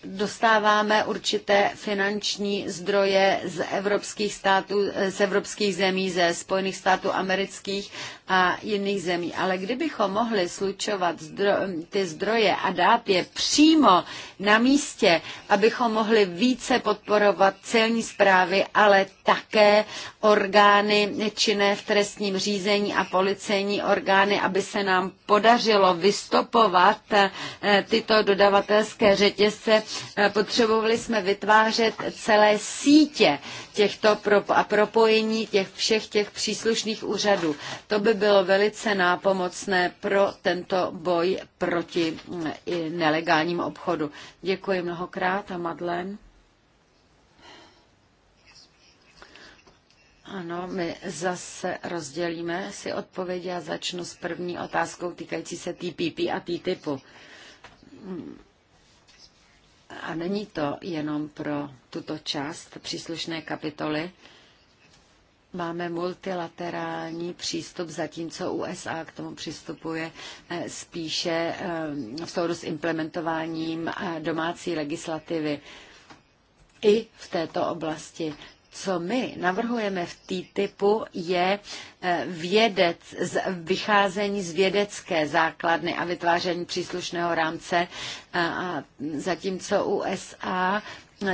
dostáváme určité finanční zdroje z evropských států, z evropských zemí, ze Spojených států amerických a jiných zemí. Ale kdybychom mohli slučovat zdro, ty zdroje a dát je přímo na místě, abychom mohli více podporovat celní zprávy, ale také orgány činné v trestním řízení a policejní orgány, aby se nám podařilo vystopovat eh, tyto dodavatelské řetězce. Eh, potřebovali jsme vytvářet celé sítě těchto prop- a propojení těch všech těch příslušných úřadů. To by bylo velice nápomocné pro tento boj proti mm, nelegálnímu obchodu. Děkuji mnohokrát a Madlen. Ano, my zase rozdělíme si odpovědi a začnu s první otázkou týkající se TPP a T-typu. A není to jenom pro tuto část příslušné kapitoly. Máme multilaterální přístup, zatímco USA k tomu přistupuje eh, spíše eh, v soudu s implementováním eh, domácí legislativy i v této oblasti co my navrhujeme v TTIPu, je eh, vědec, vycházení z vědecké základny a vytváření příslušného rámce, a zatímco USA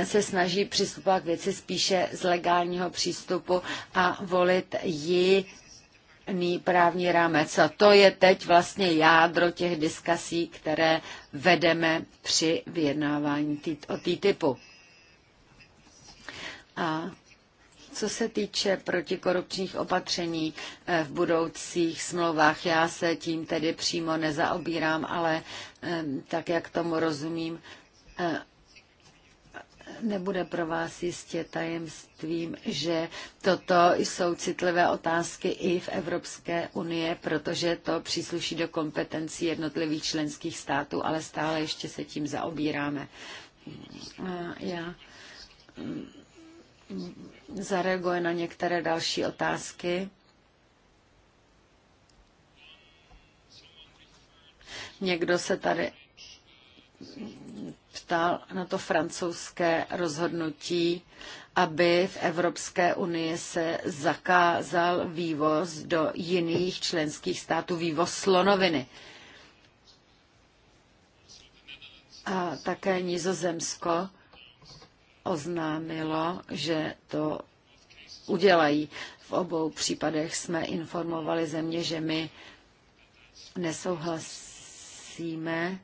se snaží přistupovat k věci spíše z legálního přístupu a volit ji jiný právní rámec. A to je teď vlastně jádro těch diskasí, které vedeme při vyjednávání o TTIPu. A co se týče protikorupčních opatření eh, v budoucích smlouvách, já se tím tedy přímo nezaobírám, ale tak, jak tomu rozumím, eh, nebude pro vás jistě tajemstvím, že toto jsou citlivé otázky i v Evropské unie, protože to přísluší do kompetencí jednotlivých členských států, ale stále ještě se tím zaobíráme. Eh, já mm, zareaguje na některé další otázky. Někdo se tady ptal na to francouzské rozhodnutí, aby v Evropské unii se zakázal vývoz do jiných členských států, vývoz slonoviny. A také Nizozemsko oznámilo, že to udělají. V obou případech jsme informovali země, že my nesouhlasíme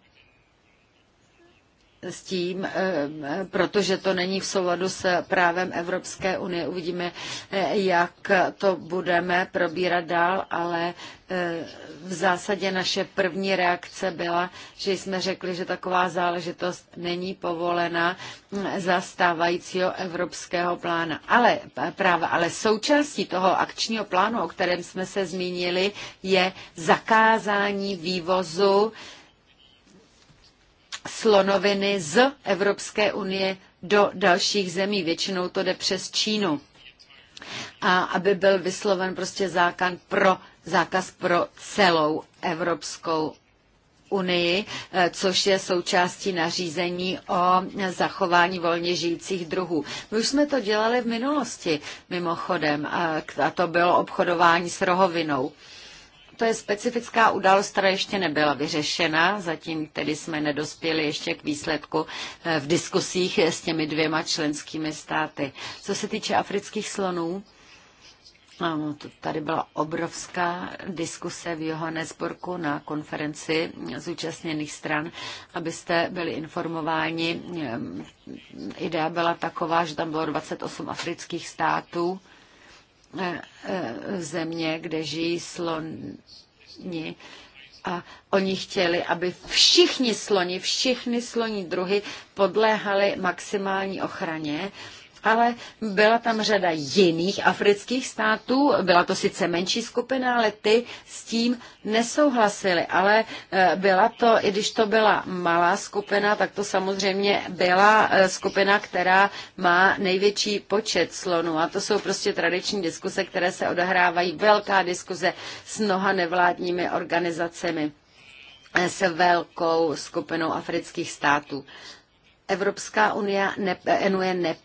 s tím, eh, protože to není v souladu s právem Evropské unie. Uvidíme, eh, jak to budeme probírat dál, ale eh, v zásadě naše první reakce byla, že jsme řekli, že taková záležitost není povolena mm, za stávajícího evropského plána. Ale, práva, ale součástí toho akčního plánu, o kterém jsme se zmínili, je zakázání vývozu slonoviny z Evropské unie do dalších zemí. Většinou to jde přes Čínu. A aby byl vysloven prostě zákaz pro, zákaz pro celou Evropskou unii, eh, což je součástí nařízení o zachování volně žijících druhů. My už jsme to dělali v minulosti, mimochodem, eh, a to bylo obchodování s rohovinou to je specifická událost, která ještě nebyla vyřešena, zatím tedy jsme nedospěli ještě k výsledku eh, v diskusích s těmi dvěma členskými státy. Co se týče afrických slonů, Ano, tady byla obrovská diskuse v Johannesburgu na konferenci zúčastněných stran, abyste byli informováni. Ehm, idea byla taková, že tam bylo 28 afrických států E, e, země, kde žijí sloni a oni chtěli, aby všichni sloni, všichni sloní druhy podléhali maximální ochraně ale byla tam řada jiných afrických států, byla to sice menší skupina, ale ty s tím nesouhlasili, ale e, byla to, i když to byla malá skupina, tak to samozřejmě byla e, skupina, která má největší počet slonů a to jsou prostě tradiční diskuse, které se odehrávají, velká diskuze s mnoha nevládními organizacemi e, s velkou skupinou afrických států. Evropská unie ne, ne,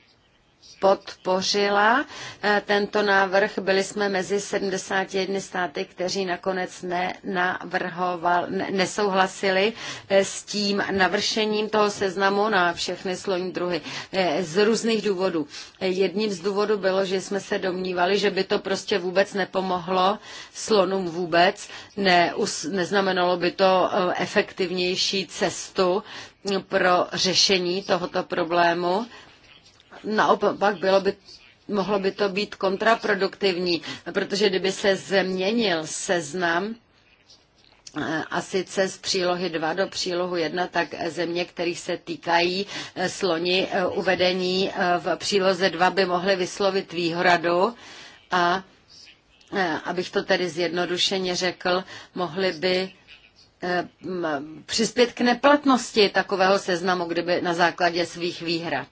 podpořila eh, tento návrh. Byli jsme mezi 71 státy, kteří nakonec nenavrhoval, ne, nesouhlasili eh, s tím navršením toho seznamu na všechny sloní druhy eh, z různých důvodů. Jedním z důvodů bylo, že jsme se domnívali, že by to prostě vůbec nepomohlo slonům vůbec, ne, neznamenalo by to efektivnější cestu mm, pro řešení tohoto problému naopak bylo by mohlo by to být kontraproduktivní, protože kdyby se změnil seznam eh, a sice z přílohy 2 do přílohu 1, tak země, kterých se týkají eh, sloni eh, uvedení v příloze 2 by mohly vyslovit výhradu a abych to tedy zjednodušeně řekl, mohli by přispět k neplatnosti takového seznamu, kdyby na základě svých výhrad.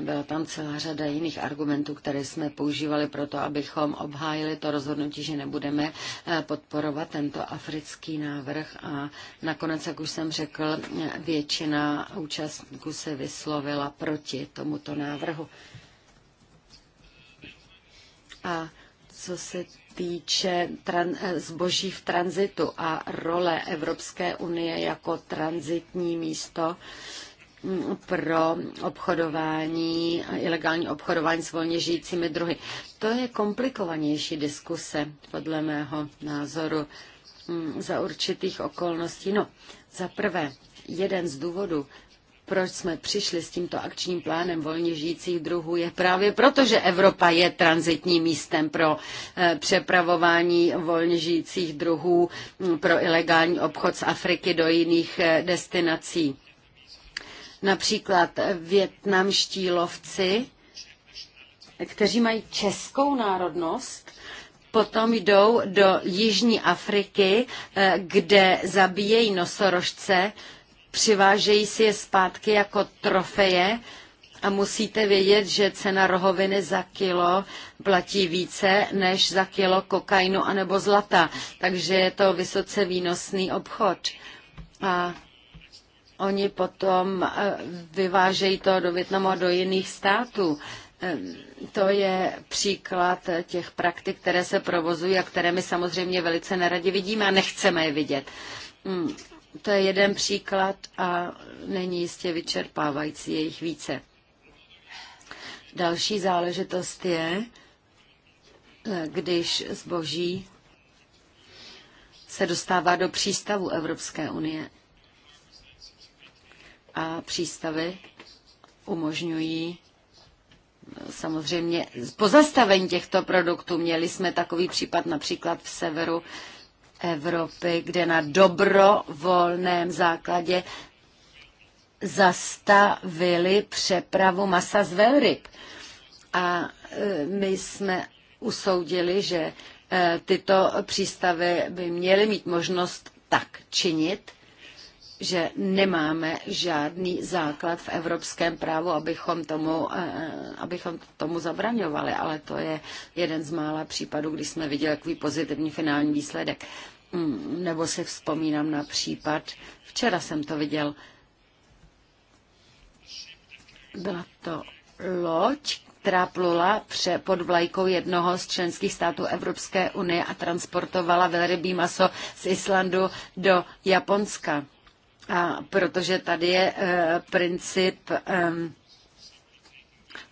Byla tam celá řada jiných argumentů, které jsme používali pro to, abychom obhájili to rozhodnutí, že nebudeme eh, podporovat tento africký návrh. A nakonec, jak už jsem řekl, většina účastníků se vyslovila proti tomuto návrhu. A co se týče tran- eh, zboží v tranzitu a role Evropské unie jako transitní místo, pro obchodování ilegální obchodování s volně žijícími druhy. To je komplikovanější diskuse, podle mého názoru, mm, za určitých okolností. No, za prvé, jeden z důvodů, proč jsme přišli s tímto akčním plánem volně žijících druhů, je právě proto, že Evropa je transitním místem pro eh, přepravování volně žijících druhů, mm, pro ilegální obchod z Afriky do jiných eh, destinací. Například větnamští lovci, kteří mají českou národnost, potom jdou do Jižní Afriky, eh, kde zabíjejí nosorožce, přivážejí si je zpátky jako trofeje a musíte vědět, že cena rohoviny za kilo platí více než za kilo kokainu anebo zlata, takže je to vysoce výnosný obchod. A oni potom eh, vyvážejí to do Větnamu a do jiných států. Ehm, to je příklad těch praktik, které se provozují a které my samozřejmě velice neradě vidíme a nechceme je vidět. Hmm, to je jeden příklad a není jistě vyčerpávající, je více. Další záležitost je, eh, když zboží se dostává do přístavu Evropské unie a přístavy umožňují eh, samozřejmě pozastavení těchto produktů. Měli jsme takový případ například v severu Evropy, kde na dobrovolném základě zastavili přepravu masa z velryb. A eh, my jsme usoudili, že eh, tyto přístavy by měly mít možnost tak činit, že nemáme žádný základ v evropském právu, abychom tomu, eh, abychom tomu zabraňovali, ale to je jeden z mála případů, kdy jsme viděli takový pozitivní finální výsledek. Hmm, nebo si vzpomínám na případ, včera jsem to viděl, byla to loď, která plula pře, pod vlajkou jednoho z členských států Evropské unie a transportovala velrybí maso z Islandu do Japonska. A protože tady je eh, princip ehm,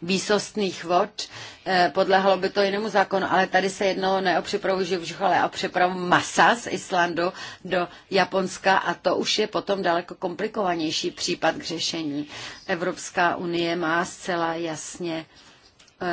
výsostných vod, eh, podlehalo by to jinému zákonu, ale tady se jednalo ne o přepravu živžuch, ale o přepravu masa z Islandu do Japonska a to už je potom daleko komplikovanější případ k řešení. Evropská unie má zcela jasně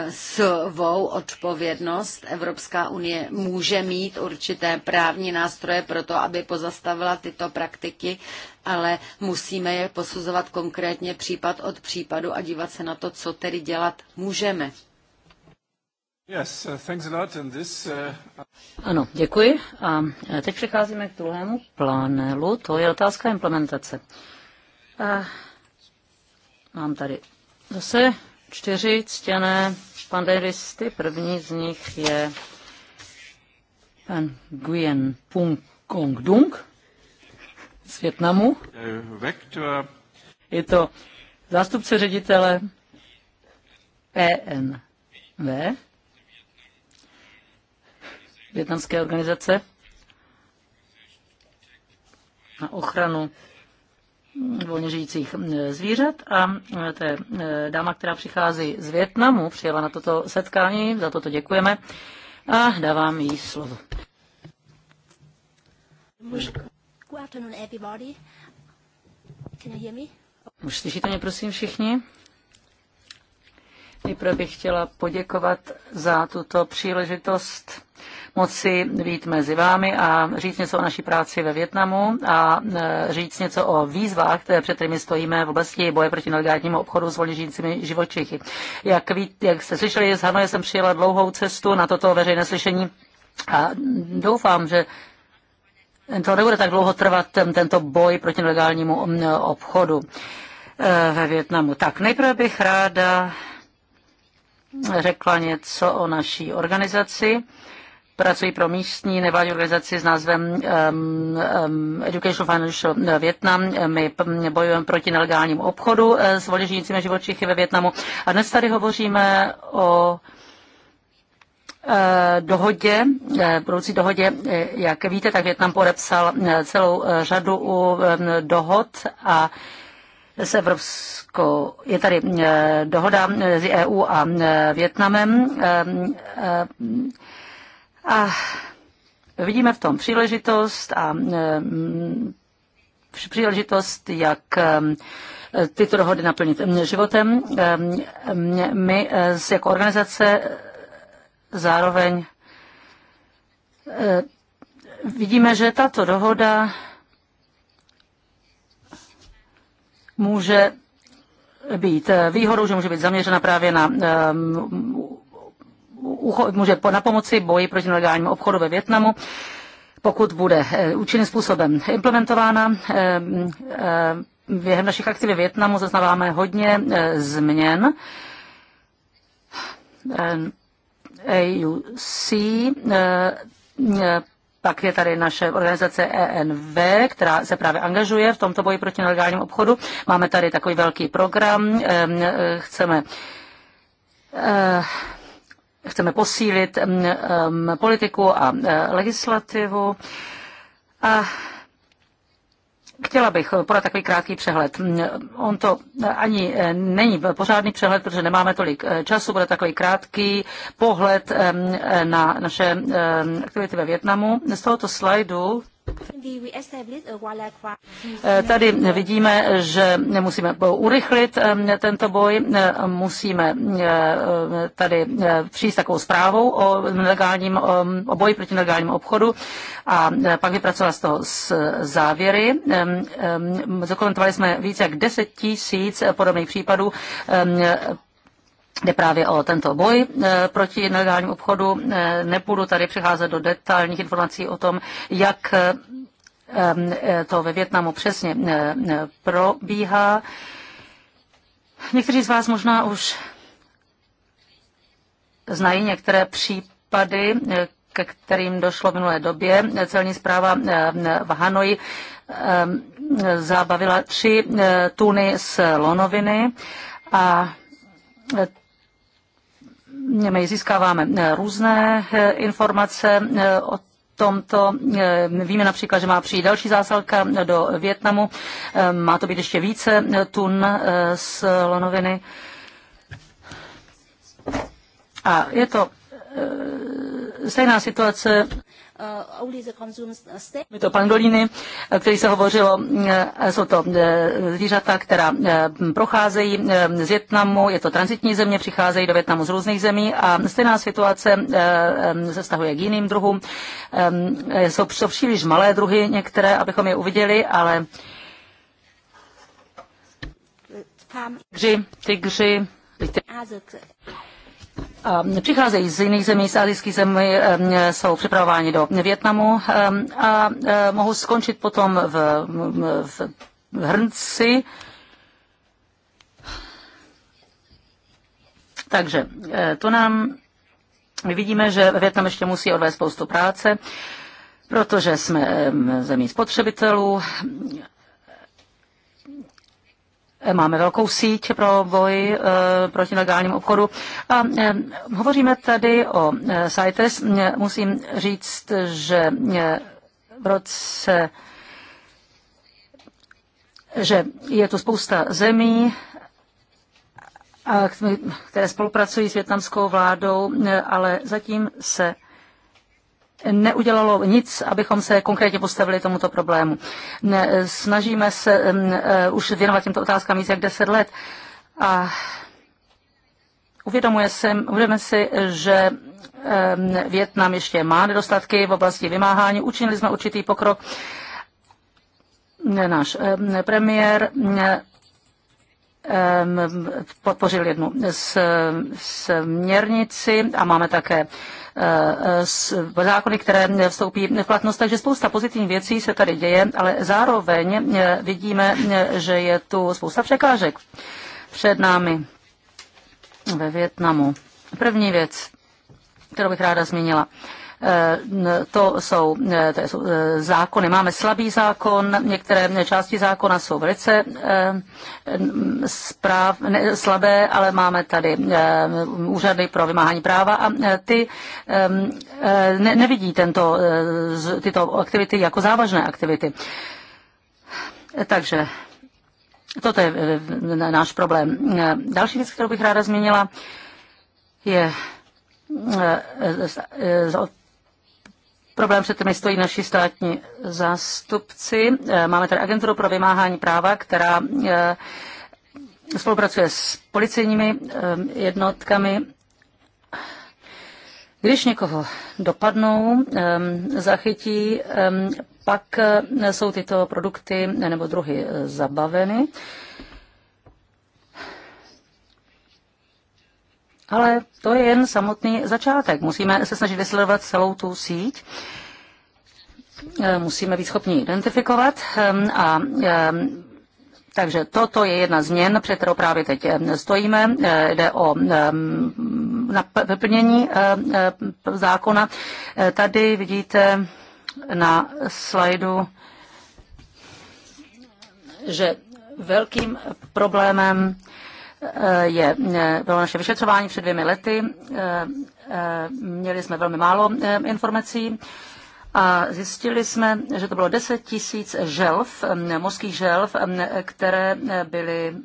svou odpovědnost. Evropská unie může mít určité právní nástroje pro to, aby pozastavila tyto praktiky, ale musíme je posuzovat konkrétně případ od případu a dívat se na to, co tedy dělat můžeme. Uh, uh, ano, děkuji. A eh, teď přecházíme k druhému plánu. To je otázka implementace. A eh, mám tady zase čtyři ctěné panelisty. První z nich je pan Nguyen Pung Kong Dung z Větnamu. Je to zástupce ředitele ENV, větnamské organizace na ochranu volně žijících mm, zvířat a e, to je e, dáma, která přichází z Větnamu, přijela na toto setkání, za toto děkujeme a dávám jí slovo. Už slyšíte mě, prosím, všichni? Nejprve bych chtěla poděkovat za tuto příležitost moci být mezi vámi a říct něco o naší práci ve Větnamu a e, říct něco o výzvách, které, před kterými stojíme v oblasti boje proti nelegálnímu obchodu s volně žijícími živočichy. Jak, ví, jak jste slyšeli, z Hanoje jsem přijela dlouhou cestu na toto veřejné slyšení a doufám, že to nebude tak dlouho trvat tento boj proti nelegálnímu obchodu e, ve Větnamu. Tak nejprve bych ráda řekla něco o naší organizaci. Pracuji pro místní nevládní organizaci s názvem um, Education Financial Vietnam. My bojujeme proti nelegálnímu obchodu eh, s voližnícími živočichy ve Větnamu. A dnes tady hovoříme o eh, dohodě, eh, budoucí dohodě, jak víte, tak Větnam podepsal celou řadu dohod a s Evropskou, je tady dohoda mezi EU a Větnamem a vidíme v tom příležitost a mm, příležitost, jak mm, tyto dohody naplnit mm, životem. My eh, jako organizace zároveň eh, vidíme, že tato dohoda může být eh, výhodou, že může být zaměřena právě na může na pomoci boji proti nelegálnímu obchodu ve Větnamu pokud bude eh, účinným způsobem implementována. Eh, eh, během našich akcí ve Větnamu zaznáváme hodně změn. AUC, pak je tady naše organizace ENV, která se právě angažuje v tomto boji proti nelegálnímu obchodu. Máme tady takový velký program, chceme chceme posílit mm, mm, politiku a mm, legislativu. A Chtěla bych podat takový krátký přehled. On to ani eh, není pořádný přehled, protože nemáme tolik eh, času, bude takový krátký pohled eh, na naše aktivity ve Větnamu. Z tohoto slajdu Eh, tady vidíme, že musíme urychlit eh, tento boj, eh, musíme tady přijít takovou zprávou o, nelegálním, o boji proti nelegálnímu obchodu a pak vypracovat z toho závěry. Zakomentovali jsme více jak 10 tisíc podobných případů jde právě o tento boj eh, proti nelegálním obchodu. Eh, nebudu tady přicházet do detailních informací o tom, jak eh, to ve Větnamu přesně probíhá. Někteří z vás možná už znají některé případy, ke kterým došlo v minulé době. Celní zpráva v Hanoji zabavila tři tuny z lonoviny a my získáváme eh, různé eh, informace eh, o tomto. Víme například, že má přijít další zásilka do Větnamu. Má to být ještě více tun z lonoviny. A je to stejná situace Uh, uh, je to pangolíny, který se hovořilo, eh, jsou to eh, zvířata, která eh, procházejí z Větnamu, je to transitní země, přicházejí do Větnamu z různých zemí a stejná situace se vztahuje k jiným druhům. Jsou to příliš malé druhy některé, abychom je uviděli, ale tygři, tygři, Ehm, přicházejí z jiných zemí, z azijských zemí, ehm, jsou připravováni do Větnamu ehm, a mohou skončit potom v, v hrnci. Takže eh, to nám, my vidíme, že Větnam ještě musí odvést spoustu práce, protože jsme zemí spotřebitelů Máme velkou síť pro boj eh, proti legálnímu obchodu. A eh, hovoříme tady o eh, CITES. Musím říct, že v roce že je tu spousta zemí, které spolupracují s větnamskou vládou, ale zatím se neudělalo nic, abychom se konkrétně postavili tomuto problému. Snažíme se e, už věnovat těmto otázkám víc jak deset let a uvědomuje se, uvědomuje si že Větnam ještě má nedostatky v oblasti vymáhání. Učinili jsme určitý pokrok. Náš premiér podpořil jednu směrnici a máme také Eh, eh, zákony, které vstoupí v platnost. Takže spousta pozitivních věcí se tady děje, ale zároveň eh, vidíme, že je tu spousta překážek před námi ve Větnamu. První věc, kterou bych ráda zmínila to jsou, to jsou e, zákony. Máme slabý zákon, některé části zákona jsou velice e, správ, ne, slabé, ale máme tady e, úřady pro vymáhání práva a ty ne, nevidí tento, tyto aktivity jako závažné aktivity. Takže toto je náš problém. Další věc, kterou bych ráda zmínila, je Problém před kterým stojí naši státní zástupci. Eh, máme tady agenturu pro vymáhání práva, která eh, spolupracuje s policejními eh, jednotkami. Když někoho dopadnou, zachytí, pak jsou tyto produkty nebo druhy zabaveny. Ale to je jen samotný začátek. Musíme se snažit vysledovat celou tu síť eh, musíme být schopni identifikovat ehm, a ehm, takže toto je jedna změn, před kterou právě teď ehm, stojíme. Eh, jde o vyplnění eh, zákona. Tady vidíte na slajdu, že velkým problémem Eh, je, eh, bylo naše vyšetřování před dvěmi lety. Eh, měli jsme velmi málo informací a zjistili jsme, že to bylo 10 tisíc želv, mořských želv, které byly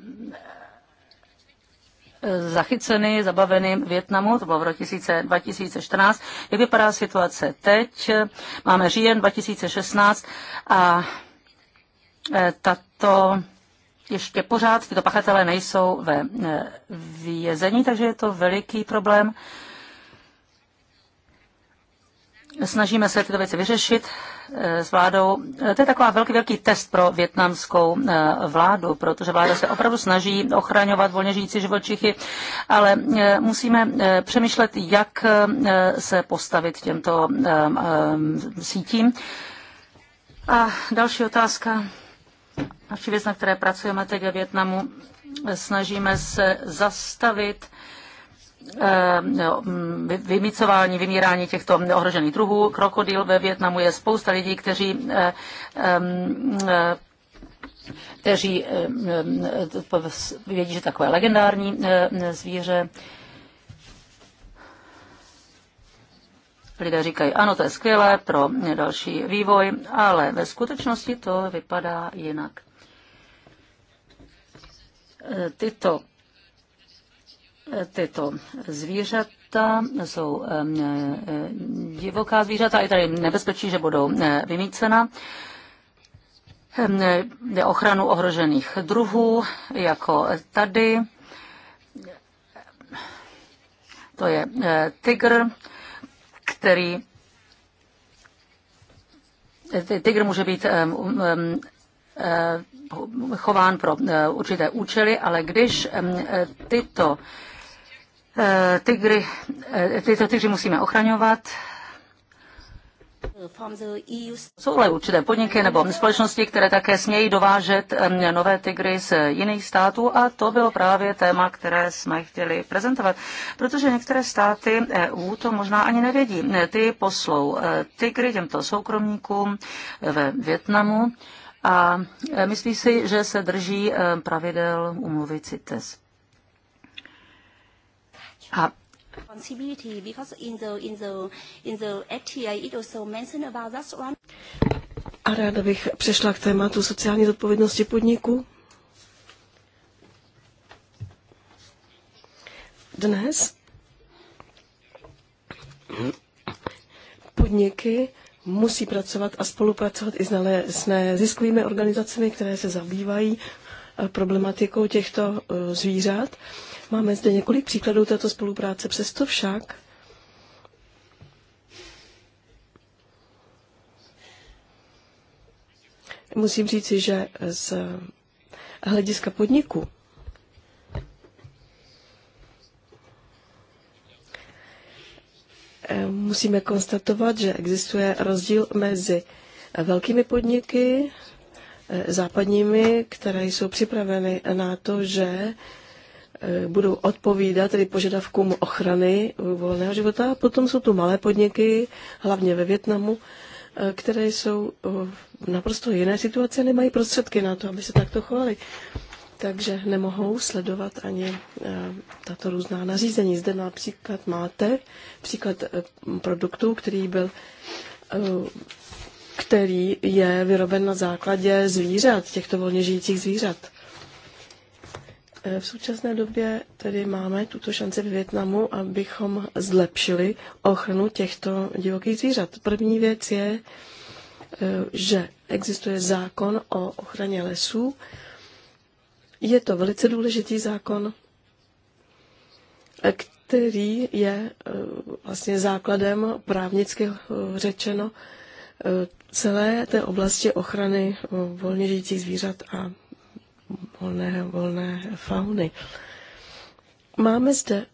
zachyceny, zabaveny v Větnamu, to bylo v roce 2014. Jak vypadá situace teď? Máme říjen 2016 a tato ještě pořád tyto pachatelé nejsou ve e, vězení, takže je to veliký problém. Snažíme se tyto věci vyřešit e, s vládou. E, to je taková velký, velký test pro větnamskou vládu, protože vláda se opravdu snaží ochraňovat volně žijící živočichy, ale musíme přemýšlet, jak se postavit těmto sítím. A další otázka Další věc, na které pracujeme teď ve Větnamu, snažíme se zastavit eh, no, mm, vymicování, vymírání těchto ohrožených druhů. Krokodil ve Větnamu je spousta lidí, kteří eh, eh, kteří vědí, že takové legendární zvíře. Lidé říkají, ano, to je skvělé pro další vývoj, ale ve skutečnosti to vypadá jinak. Tyto, tyto zvířata jsou divoká zvířata, i tady nebezpečí, že budou vymícena. Jde ochranu ohrožených druhů, jako tady. To je eh, tygr, který tygr může být um, eh, chován pro eh, určité účely, ale když eh, tyto tygry, tyto tygři musíme ochraňovat, jsou ale určité podniky nebo společnosti, které také smějí dovážet nové tygry z jiných států a to bylo právě téma, které jsme chtěli prezentovat, protože některé státy EU to možná ani nevědí. Ty poslou eh, tygry těmto soukromníkům eh, ve Větnamu a eh, myslí si, že se drží pravidel umluvit CITES. A responsibility because in the in the in the FTA it also mentioned about that one. A ráda bych přešla k tématu sociální zodpovědnosti podniku. Dnes podniky musí pracovat a spolupracovat i s neziskovými organizacemi, které se zabývají eh, problematikou těchto eh, zvířat Máme zde několik příkladů této spolupráce, přesto však musím říci, že z hlediska podniku musíme konstatovat, že existuje rozdíl mezi velkými podniky, e, západními, které jsou připraveny na to, že E, budou odpovídat tedy požadavkům ochrany volného života. Potom jsou tu malé podniky, hlavně ve Větnamu, e, které jsou v e, naprosto jiné situace, nemají prostředky na to, aby se takto chovali. Takže nemohou sledovat ani tato různá nařízení. Zde například máte příklad produktu, který byl který je vyroben na základě zvířat, těchto volně žijících zvířat. Eh, v současné době tedy máme tuto šanci v Větnamu, abychom zlepšili ochranu těchto divokých zvířat. První věc je, eh, že existuje zákon o ochraně lesů. Je to velice důležitý zákon, eh, který je vlastně základem právnicky řečeno celé té oblasti ochrany volně žijících zvířat a volné, volné fauny. Máme zde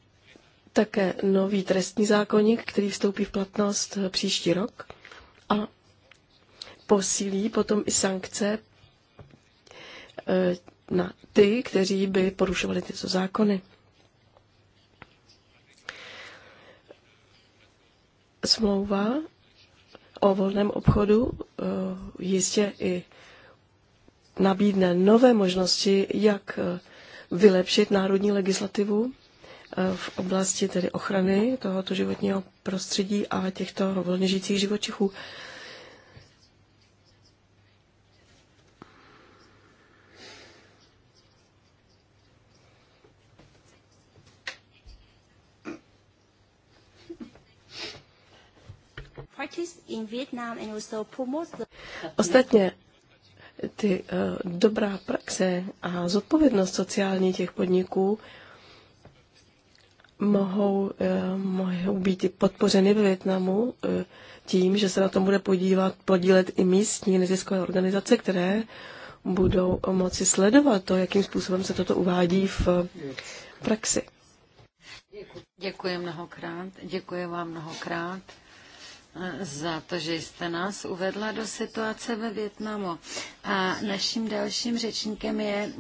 také nový trestní zákonník, který vstoupí v platnost eh, příští rok a posílí potom i sankce eh, na ty, kteří by porušovali tyto zákony. Smlouva o volném obchodu eh, jistě i nabídne nové možnosti, jak eh, vylepšit národní legislativu eh, v oblasti tedy ochrany tohoto životního prostředí a těchto volně žijících živočichů. Ostatně ty eh, dobrá praxe a zodpovědnost sociální těch podniků mohou, eh, mohou být podpořeny ve Větnamu eh, tím, že se na tom bude podívat, podílet i místní neziskové organizace, které budou moci sledovat to, jakým způsobem se toto uvádí v praxi. Děkuji mnohokrát, děkuji vám mnohokrát za to, že jste nás uvedla do situace ve Větnamu. A naším dalším řečníkem je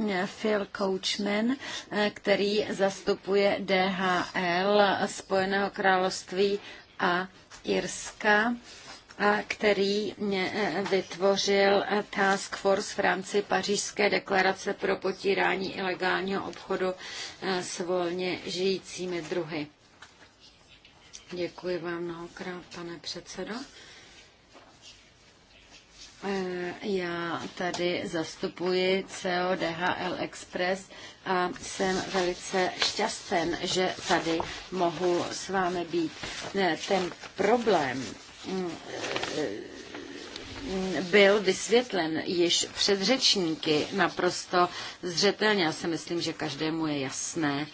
Phil Coachman, eh, který zastupuje DHL Spojeného království a Irska a který eh, vytvořil eh, Task Force v rámci Pařížské deklarace pro potírání ilegálního obchodu s volně žijícími druhy. Děkuji vám mnohokrát, pane předsedo. E, já tady zastupuji CODHL DHL Express a jsem velice šťastný, že tady mohu s vámi být. E, ten problém mm, e, byl vysvětlen již předřečníky naprosto zřetelně. Já si myslím, že každému je jasné,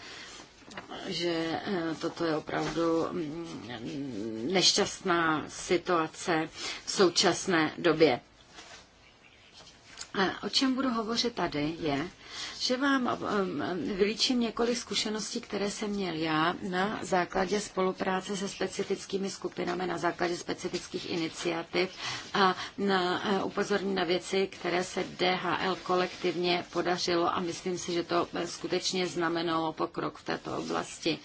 že eh, toto je opravdu mm, nešťastná situace v současné době. O čem budu hovořit tady je, že vám eh, eh, vylíčím několik zkušeností, které jsem měl já na základě spolupráce se specifickými skupinami, na základě specifických iniciativ a na eh, upozorní na věci, které se DHL kolektivně podařilo a myslím si, že to skutečně znamenalo pokrok v této oblasti.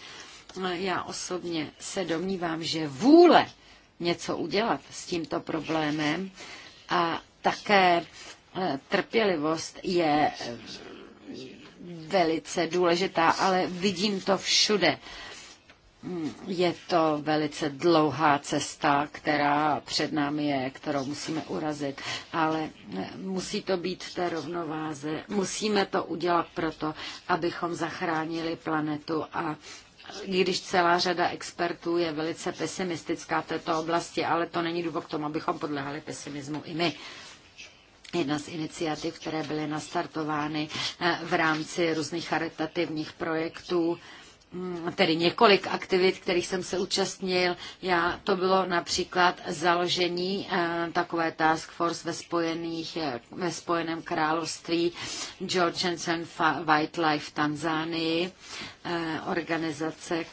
Já osobně se domnívám, že vůle něco udělat s tímto problémem a také trpělivost je velice důležitá, ale vidím to všude. Je to velice dlouhá cesta, která před námi je, kterou musíme urazit, ale musí to být v té rovnováze. Musíme to udělat proto, abychom zachránili planetu a když celá řada expertů je velice pesimistická v této oblasti, ale to není důvod k tomu, abychom podlehali pesimismu i my. Jedna z iniciativ, které byly nastartovány eh, v rámci různých charitativních projektů, mm, tedy několik aktivit, kterých jsem se účastnil. Já, to bylo například založení eh, takové task force ve, spojených, eh, ve Spojeném království George Jensen Wildlife v Tanzánii, organizace,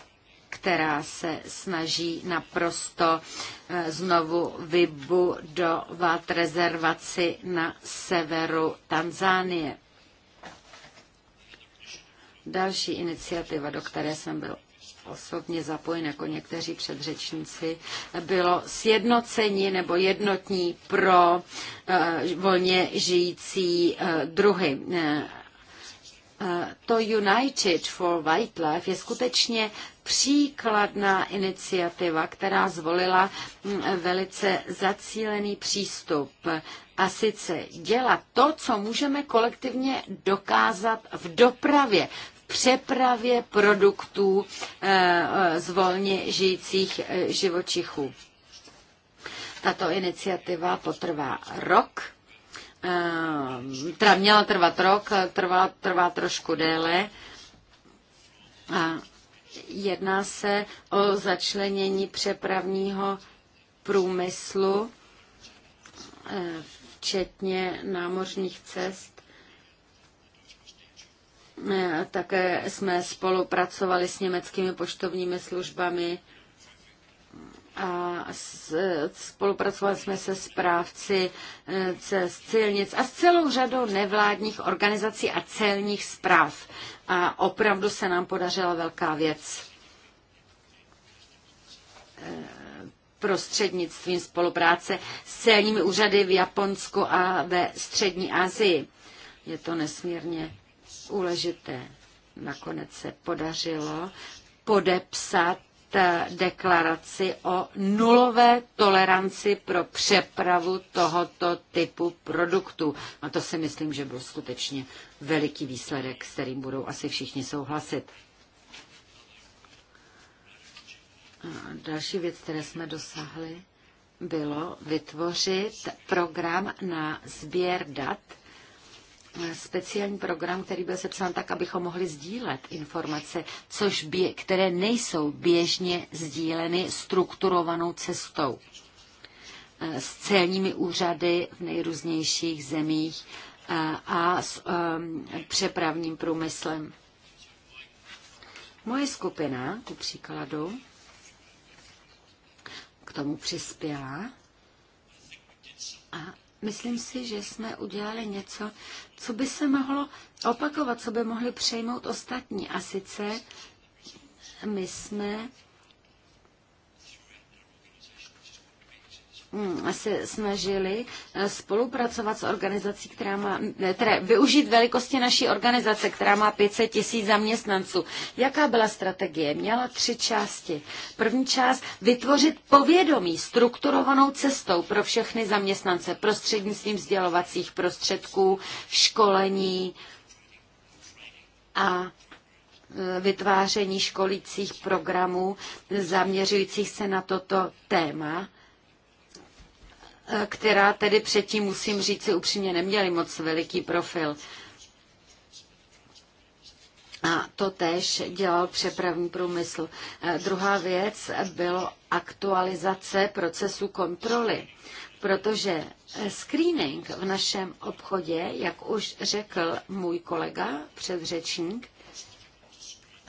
která se snaží naprosto eh, znovu vybudovat rezervaci na severu Tanzánie. Další iniciativa, do které jsem byl osobně zapojen jako někteří předřečníci, bylo sjednocení nebo jednotní pro eh, volně žijící eh, druhy to United for Wildlife je skutečně příkladná iniciativa, která zvolila mm, velice zacílený přístup. A sice dělat to, co můžeme kolektivně dokázat v dopravě, v přepravě produktů eh, eh, z volně žijících eh, živočichů. Tato iniciativa potrvá rok Ehm, teda měla trvat rok, trvá, trvá trošku déle. A jedná se o začlenění přepravního průmyslu, eh, včetně námořních cest. Eh, také jsme spolupracovali s německými poštovními službami a spolupracovali jsme se správci eh, z silnic a s celou řadou nevládních organizací a celních zpráv. A opravdu se nám podařila velká věc eh, prostřednictvím spolupráce s celními úřady v Japonsku a ve Střední Asii. Je to nesmírně úležité. Nakonec se podařilo podepsat deklaraci o nulové toleranci pro přepravu tohoto typu produktů. A to si myslím, že byl skutečně veliký výsledek, s kterým budou asi všichni souhlasit. A další věc, které jsme dosáhli, bylo vytvořit program na sběr dat, speciální program, který byl sepsán tak, abychom mohli sdílet informace, což bě, které nejsou běžně sdíleny strukturovanou cestou eh, s celními úřady v nejrůznějších zemích eh, a s eh, přepravním průmyslem. Moje skupina, ku příkladu, k tomu přispěla a myslím si, že jsme udělali něco, co by se mohlo opakovat, co by mohli přejmout ostatní. A sice my jsme Hm, se snažili eh, spolupracovat s organizací, která má, které využít velikosti naší organizace, která má 500 tisíc zaměstnanců. Jaká byla strategie? Měla tři části. První část vytvořit povědomí strukturovanou cestou pro všechny zaměstnance prostřednictvím vzdělovacích prostředků, školení a eh, vytváření školících programů zaměřujících se na toto téma která tedy předtím, musím říct si upřímně, neměly moc veliký profil. A to tež dělal přepravní průmysl. Eh, druhá věc bylo aktualizace procesu kontroly, protože eh, screening v našem obchodě, jak už řekl můj kolega, předřečník,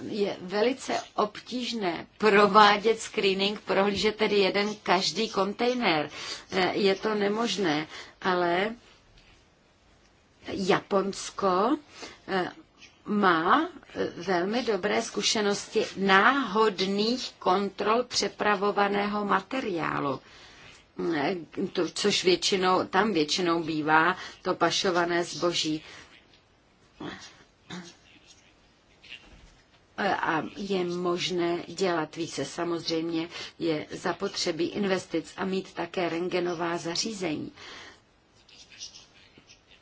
je velice obtížné provádět screening, prohlížet tedy jeden každý kontejner. Eh, je to nemožné, ale Japonsko eh, má eh, velmi dobré zkušenosti náhodných kontrol přepravovaného materiálu. To, což většinou, tam většinou bývá to pašované zboží a je možné dělat více. Samozřejmě je zapotřebí investic a mít také rengenová zařízení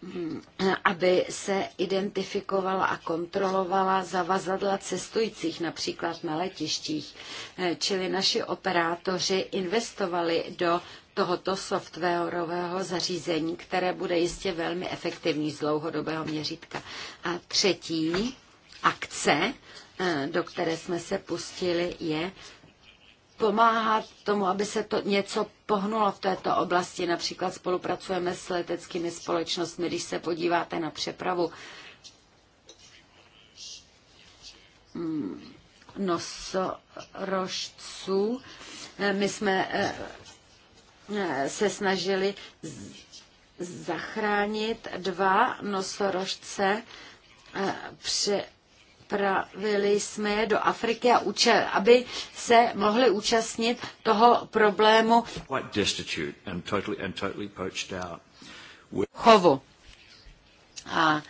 hm, aby se identifikovala a kontrolovala zavazadla cestujících, například na letištích. Eh, čili naši operátoři investovali do tohoto softwarového zařízení, které bude jistě velmi efektivní z dlouhodobého měřítka. A třetí akce, Eh, do které jsme se pustili, je pomáhat tomu, aby se to něco pohnulo v této oblasti. Například spolupracujeme s leteckými společnostmi, když se podíváte na přepravu mm, nosorožců. Eh, my jsme eh, se snažili zachránit dva nosorožce při odpravili jsme je do Afriky, a uče, aby se mohli účastnit toho problému chovu. A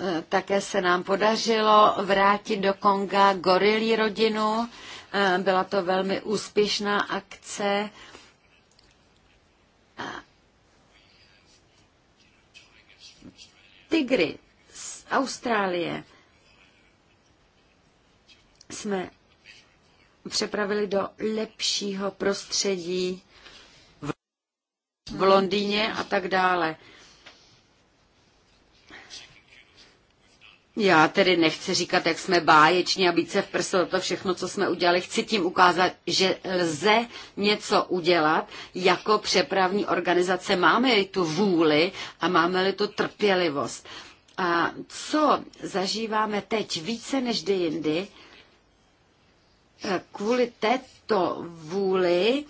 e, také se nám podařilo vrátit do Konga gorilí rodinu. E, byla to velmi úspěšná akce. Tigry Austrálie jsme přepravili do lepšího prostředí v Londýně a tak dále. Já tedy nechci říkat, jak jsme báječní a být se v prsu to všechno, co jsme udělali. Chci tím ukázat, že lze něco udělat. Jako přepravní organizace máme-li tu vůli a máme-li tu trpělivost. A co zažíváme teď více než kdy jindy, eh, kvůli této vůli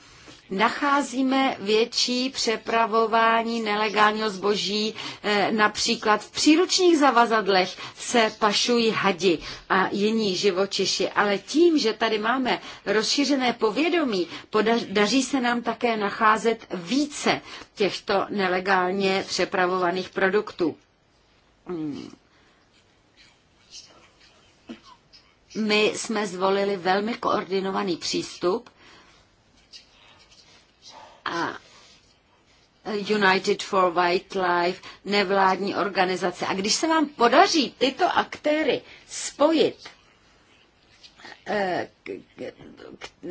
nacházíme větší přepravování nelegálního zboží. Eh, například v příručních zavazadlech se pašují hadi a jiní živočiši. Ale tím, že tady máme rozšířené povědomí, daří se nám také nacházet více těchto nelegálně přepravovaných produktů. Mm. my jsme zvolili velmi koordinovaný přístup a United for Wildlife, nevládní organizace. A když se vám podaří tyto aktéry spojit eh,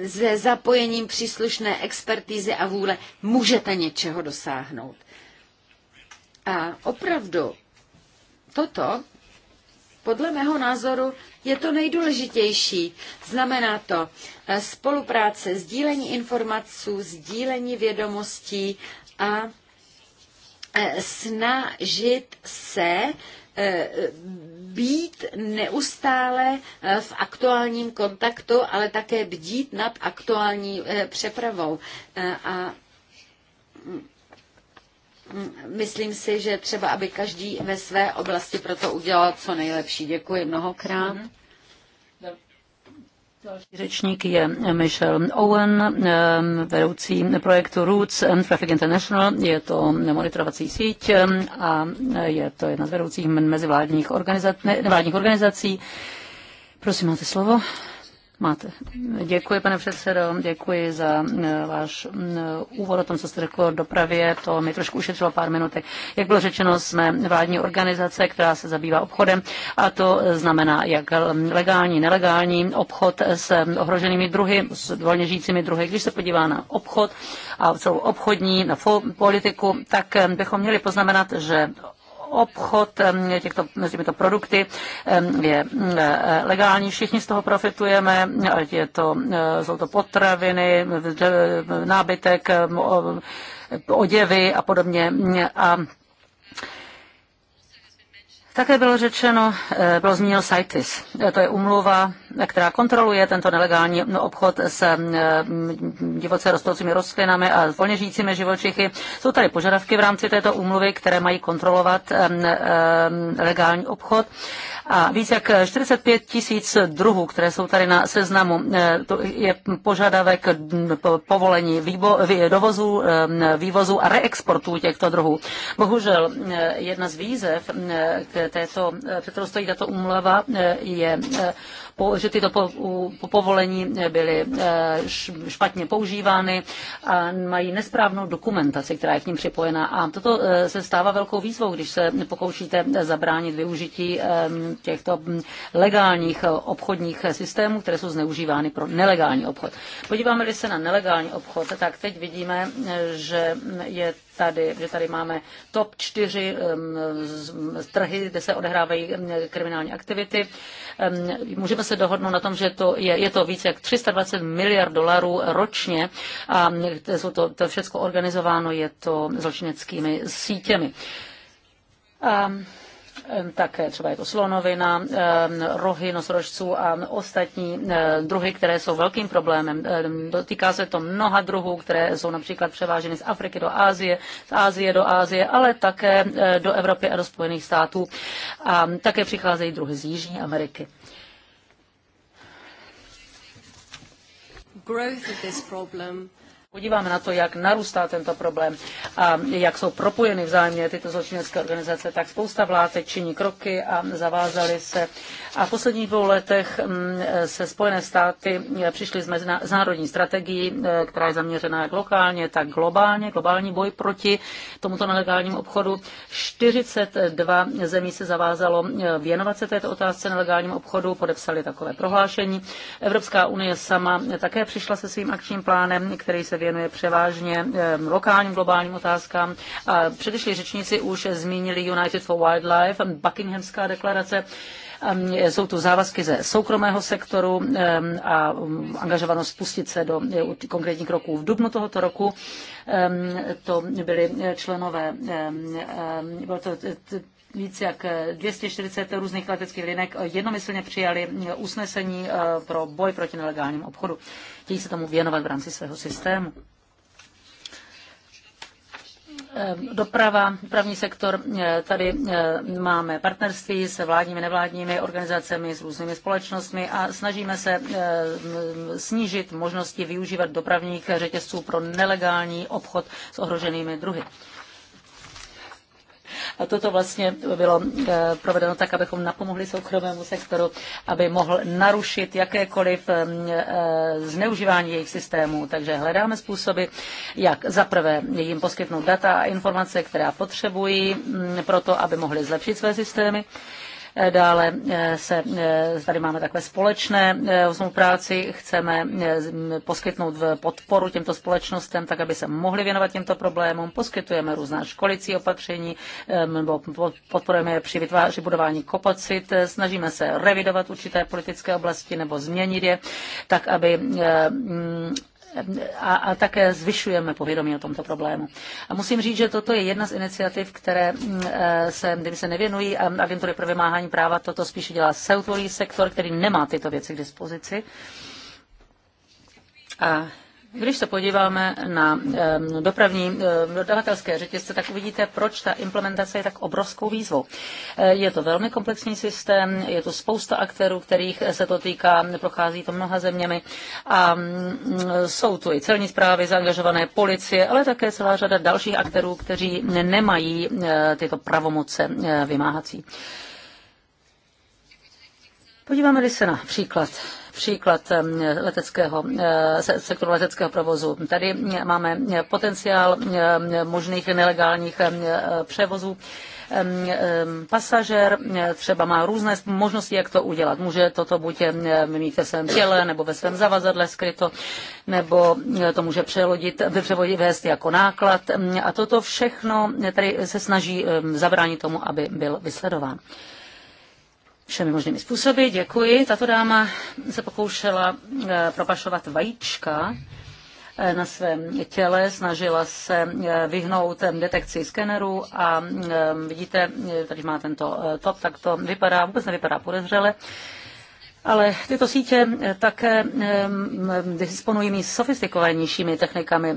se zapojením příslušné expertízy a vůle, můžete něčeho dosáhnout. A opravdu toto podle mého názoru je to nejdůležitější. Znamená to eh, spolupráce, sdílení informací, sdílení vědomostí a eh, snažit se eh, být neustále v aktuálním kontaktu, ale také bdít nad aktuální přepravou. A myslím si, že třeba, aby každý ve své oblasti pro to udělal co nejlepší. Děkuji mnohokrát. Další řečník je Michel Owen, vedoucí projektu Roots and Traffic International. Je to monitorovací síť a je to jedna z vedoucích mezivládních organizací. Nevládních organizací. Prosím, máte slovo. Máte. Děkuji, pane předsedo, děkuji za eh, váš eh, úvod o tom, co jste řekl o dopravě. To mi trošku ušetřilo pár minutek. Jak bylo řečeno, jsme vládní organizace, která se zabývá obchodem a to znamená jak legální, nelegální obchod s ohroženými druhy, s volně žijícími druhy. Když se podívá na obchod a celou obchodní, na politiku, tak eh, bychom měli poznamenat, že obchod těchto, mezi těmito produkty je legální, všichni z toho profitujeme, ať je to, jsou to potraviny, nábytek, oděvy a podobně. A také bylo řečeno, eh, bylo zmíněno CITES, eh, to je umluva, eh, která kontroluje tento nelegální no, obchod s divoce rostoucími rostlinami a volně žijícími živočichy. Jsou tady požadavky v rámci této umluvy, které mají kontrolovat legální obchod. A víc jak 45 tisíc druhů, které jsou tady na seznamu, to je požadavek povolení výbo, dovozu, vývozu a reexportu těchto druhů. Bohužel jedna z výzev, které této, kterou stojí tato umlava, je, že tyto povolení byly eh, špatně používány a mají nesprávnou dokumentaci, která je k ním připojená. A toto eh, se stává velkou výzvou, když se pokoušíte zabránit využití ehm, těchto hm, legálních eh, obchodních systémů, které jsou zneužívány pro nelegální obchod. Podíváme-li se na nelegální obchod, tak teď vidíme, že je tady, že tady máme top čtyři trhy, kde se odehrávají kriminální aktivity. Můžeme se dohodnout na tom, že to je, je to více jak 320 miliard dolarů ročně a jsou to, to všechno organizováno, je to zločineckými sítěmi. Um, Ehm, také třeba jako slonovina, ehm, rohy nosorožců a ostatní eh, druhy, které jsou velkým problémem. Ehm, dotýká se to mnoha druhů, které jsou například převáženy z Afriky do Asie, z Asie do Asie, ale také eh, do Evropy a do Spojených států. A také přicházejí druhy z Jižní Ameriky. Growth of this problem podíváme na to, jak narůstá tento problém a jak jsou propojeny vzájemně tyto zločinecké organizace, tak spousta vlád činí kroky a zavázali se. A v posledních dvou letech mm, se Spojené státy přišly s národní strategií, eh, která je zaměřená jak lokálně, tak globálně, globální boj proti tomuto nelegálnímu obchodu. 42 zemí se zavázalo eh, věnovat se této otázce nelegálnímu obchodu, podepsali takové prohlášení. Evropská unie sama také přišla se svým akčním plánem, který se věnuje převážně eh, lokálním globálním otázkám. předešli řečníci už zmínili United for Wildlife, Buckinghamská deklarace. Ehm, jsou tu závazky ze soukromého sektoru ehm, a mm, angažovanost spustit se do eh, konkrétních kroků. V dubnu tohoto roku ehm, to byli eh, členové, více jak 240 různých leteckých linek jednomyslně přijali usnesení eh, pro boj proti nelegálním obchodu. Chtějí se tomu věnovat v rámci svého systému eh, doprava, dopravní sektor, eh, tady máme partnerství s vládními, nevládními organizacemi, s různými společnostmi a snažíme se snížit možnosti využívat dopravních řetězců pro nelegální obchod s ohroženými druhy. A toto vlastně bylo eh, provedeno tak, abychom napomohli soukromému sektoru, aby mohl narušit jakékoliv eh, eh, zneužívání jejich systémů. Takže hledáme způsoby, jak zaprvé jim poskytnout data a informace, která potřebují mm, pro to, aby mohli zlepšit své systémy Dále eh, se, eh, tady máme takové společné eh, práci, chceme mm, poskytnout v podporu těmto společnostem, tak aby se mohli věnovat těmto problémům. Poskytujeme různá školicí opatření nebo podporujeme je při, při budování kopacit, snažíme se revidovat určité politické oblasti nebo změnit je, tak aby mm, a, a také zvyšujeme povědomí o tomto problému. A musím říct, že toto je jedna z iniciativ, které mm, eh, se, kdyby se nevěnují agentury pro vymáhání práva, toto spíše dělá soukromý sektor, který nemá tyto věci k dispozici. A když se podíváme na dopravní dodavatelské řetězce, tak uvidíte, proč ta implementace je tak obrovskou výzvou. Eh, je to velmi komplexní systém, je to spousta aktérů, kterých se to týká, prochází to mnoha zeměmi a mm, jsou tu i celní zprávy, zaangažované policie, ale také celá řada dalších aktérů, kteří nemají eh, tyto pravomoce eh, vymáhací. Podíváme-li se na příklad příklad eh, leteckého, eh, sektoru leteckého provozu. Tady máme potenciál eh, možných nelegálních převozů ehm, ehm, pasažer třeba má různé možnosti, jak to udělat. Může toto buď mít ve svém těle nebo ve svém zavazadle skryto, nebo to může přelodit, převodit, vést jako náklad. Ehm, a toto všechno tady se snaží zabránit tomu, aby byl vysledován všemi možnými způsoby. Děkuji. Tato dáma se pokoušela eh, propašovat vajíčka eh, na svém těle, snažila se eh, vyhnout detekci skeneru a vidíte, tady má tento top, tak to vypadá, vůbec nevypadá podezřele. Ale tyto sítě také disponují sofistikovanějšími technikami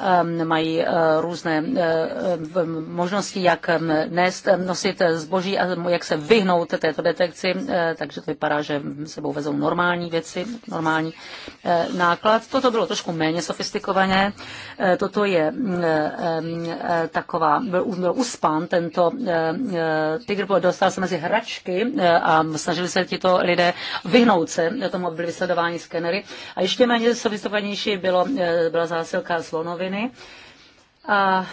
Ehm, mají eh, různé eh, možnosti, jak ehm, nést, ehm, nosit eh, zboží a jak se vyhnout této detekci, takže to vypadá, že sebou vezou normální věci, normální náklad. Toto bylo trošku méně sofistikované. Toto je mm, taková, byl, byl uspán tento tygr, dostal se mezi hračky a snažili se tito lidé vyhnout se tomu, aby byly vysledováni skenery. A ještě méně sofistikovanější bylo, byla zásilka slonovy suroviny. A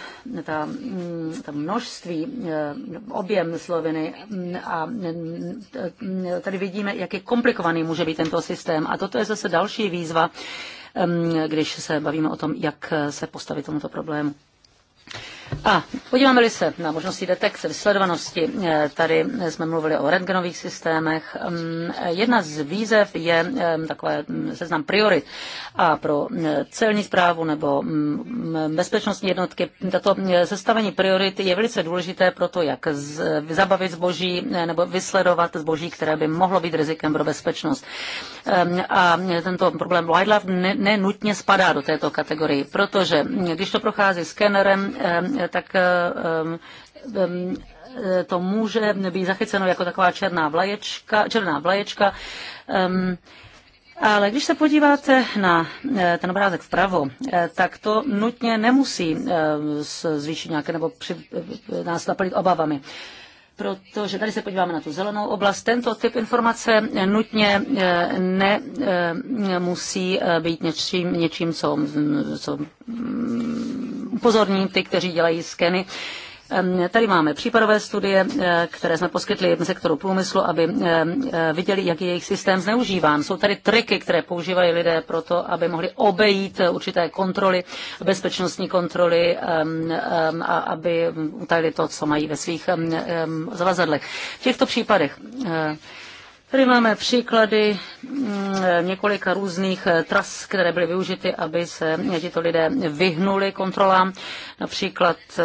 ta, mm, ta množství, eh, objem sloviny mm, a mm, tady vidíme, jak je komplikovaný může být tento systém. A toto je zase další výzva, když se bavíme o tom, jak se postavit tomuto problému. A podíváme-li se na možnosti detekce, vysledovanosti, eh, tady jsme mluvili o rentgenových systémech. Mm, jedna z výzev je eh, takové mm, seznam priorit a pro eh, celní zprávu nebo mm, bezpečnostní jednotky. Tato sestavení priorit je velice důležité pro to, jak zabavit zboží nebo vysledovat zboží, které by mohlo být rizikem pro bezpečnost. Ehm, a tento problém wildlife nenutně spadá do této kategorii, protože když to prochází skenerem, ehm, tak eh, eh, to může být zachyceno jako taková černá vlaječka, černá vlaječka. Ale když se podíváte na eh, ten obrázek vpravo, tak to nutně nemusí zvýšit nějaké nebo při, nás naplnit obavami protože tady se podíváme na tu zelenou oblast. Tento typ informace nutně nemusí být něčím, něčím co, co upozorním ty, kteří dělají skeny. Tady máme případové studie, eh, které jsme poskytli sektoru průmyslu, aby eh, eh, viděli, jak je jejich systém zneužíván. Jsou tady triky, které používají lidé pro to, aby mohli obejít určité kontroly, bezpečnostní kontroly a aby utajili to, co mají ve svých zavazadlech. V těchto případech Tady máme příklady mm, několika různých eh, tras, které byly využity, aby se eh, tito lidé vyhnuli kontrolám. Například eh,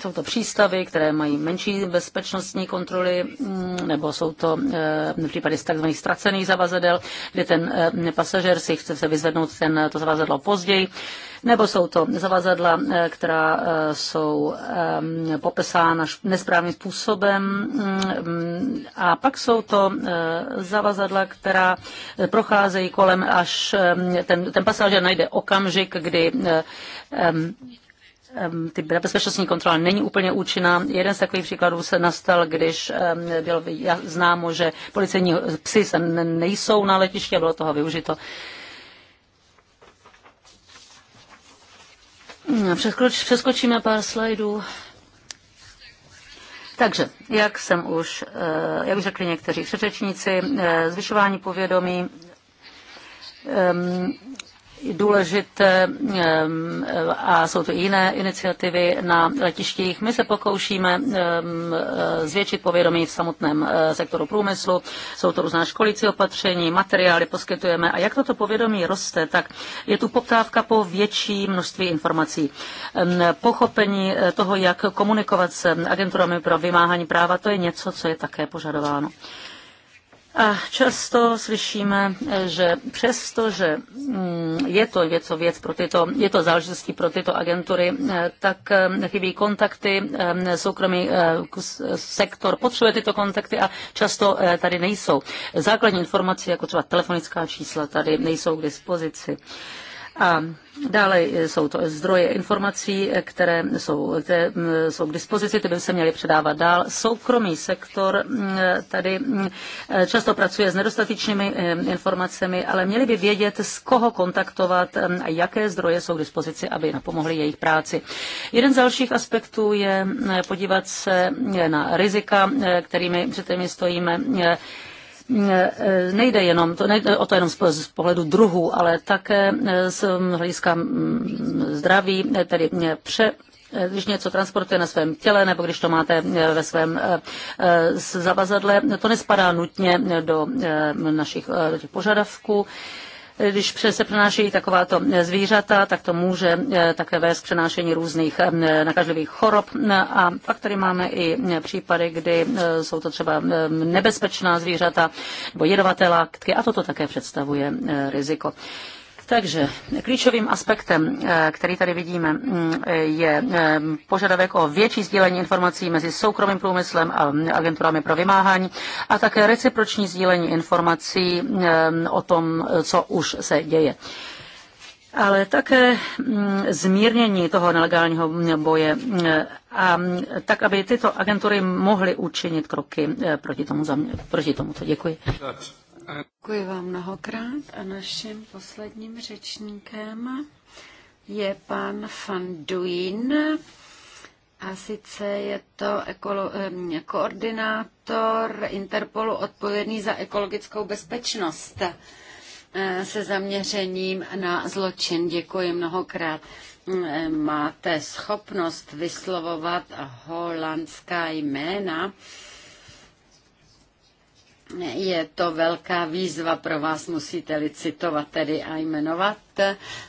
jsou to přístavy, které mají menší bezpečnostní kontroly, mm, nebo jsou to eh, v případě tzv. ztracených zavazadel, kde ten eh, pasažér si chce se vyzvednout ten, to zavazadlo později, nebo jsou to zavazadla, eh, která jsou popesána nesprávným způsobem. Mm, a pak jsou to zavazadla, která procházejí kolem, až ten, ten pasažér najde okamžik, kdy ty bezpečnostní kontrola není úplně účinná. Jeden z takových příkladů se nastal, když bylo známo, že policejní psy se nejsou na letišti a bylo toho využito. Hm, přeskočíme pár slajdů. Takže, jak jsem už, eh, jak už řekli někteří předřečníci, eh, zvyšování povědomí důležité ehm, a jsou tu jiné iniciativy na letištích. My se pokoušíme ehm, eh, zvětšit povědomí v samotném eh, sektoru průmyslu. Jsou to různá školící opatření, materiály poskytujeme a jak toto povědomí roste, tak je tu poptávka po větší množství informací. Ehm, pochopení eh, toho, jak komunikovat s agenturami pro vymáhání práva, to je něco, co je také požadováno. A často slyšíme, eh, že přesto, že mm, je to něco věc pro tyto, je to záležitostí pro tyto agentury, eh, tak eh, chybí kontakty, soukromý sektor potřebuje tyto kontakty a často tady nejsou. Základní informace, jako třeba telefonická čísla, tady nejsou k dispozici. A dále jsou to zdroje informací, které jsou, které mm, jsou k dispozici, ty by se měly předávat dál. Soukromý sektor mm, tady mm, často pracuje s nedostatečnými informacemi, ale měli by vědět, z koho kontaktovat a jaké zdroje jsou k dispozici, aby napomohli jejich práci. Jeden z dalších aspektů je podívat se na rizika, kterými před stojíme nejde jenom to, nejde o to jenom z pohledu druhů, ale také eh, z hm, hlediska hm, zdraví, eh, tedy eh, pře, když něco transportuje na svém těle nebo když to máte ve svém zavazadle, to nespadá nutně do našich do těch požadavků. Když se přenášejí takováto zvířata, tak to může eh, také vést k přenášení různých eh, nakažlivých chorob. A pak tady máme i eh, případy, kdy jsou to třeba nebezpečná zvířata nebo jedovaté látky a toto také představuje riziko. Takže klíčovým aspektem, eh, který tady vidíme, mm, je eh, požadavek o větší sdílení informací mezi soukromým průmyslem a agenturami pro vymáhání a také reciproční sdílení informací eh, o tom, co už se děje ale také mm, zmírnění toho nelegálního boje a mm, tak, aby tyto agentury mohly učinit kroky proti tomu, proti tomuto. Děkuji. Děkuji vám mnohokrát a naším posledním řečníkem je pan Van Duin. A sice je to ekolo, koordinátor Interpolu odpovědný za ekologickou bezpečnost eh, se zaměřením na zločin. Děkuji mnohokrát. Mm, eh, máte schopnost vyslovovat holandská jména je to velká výzva pro vás, musíte-li citovat tedy a jmenovat.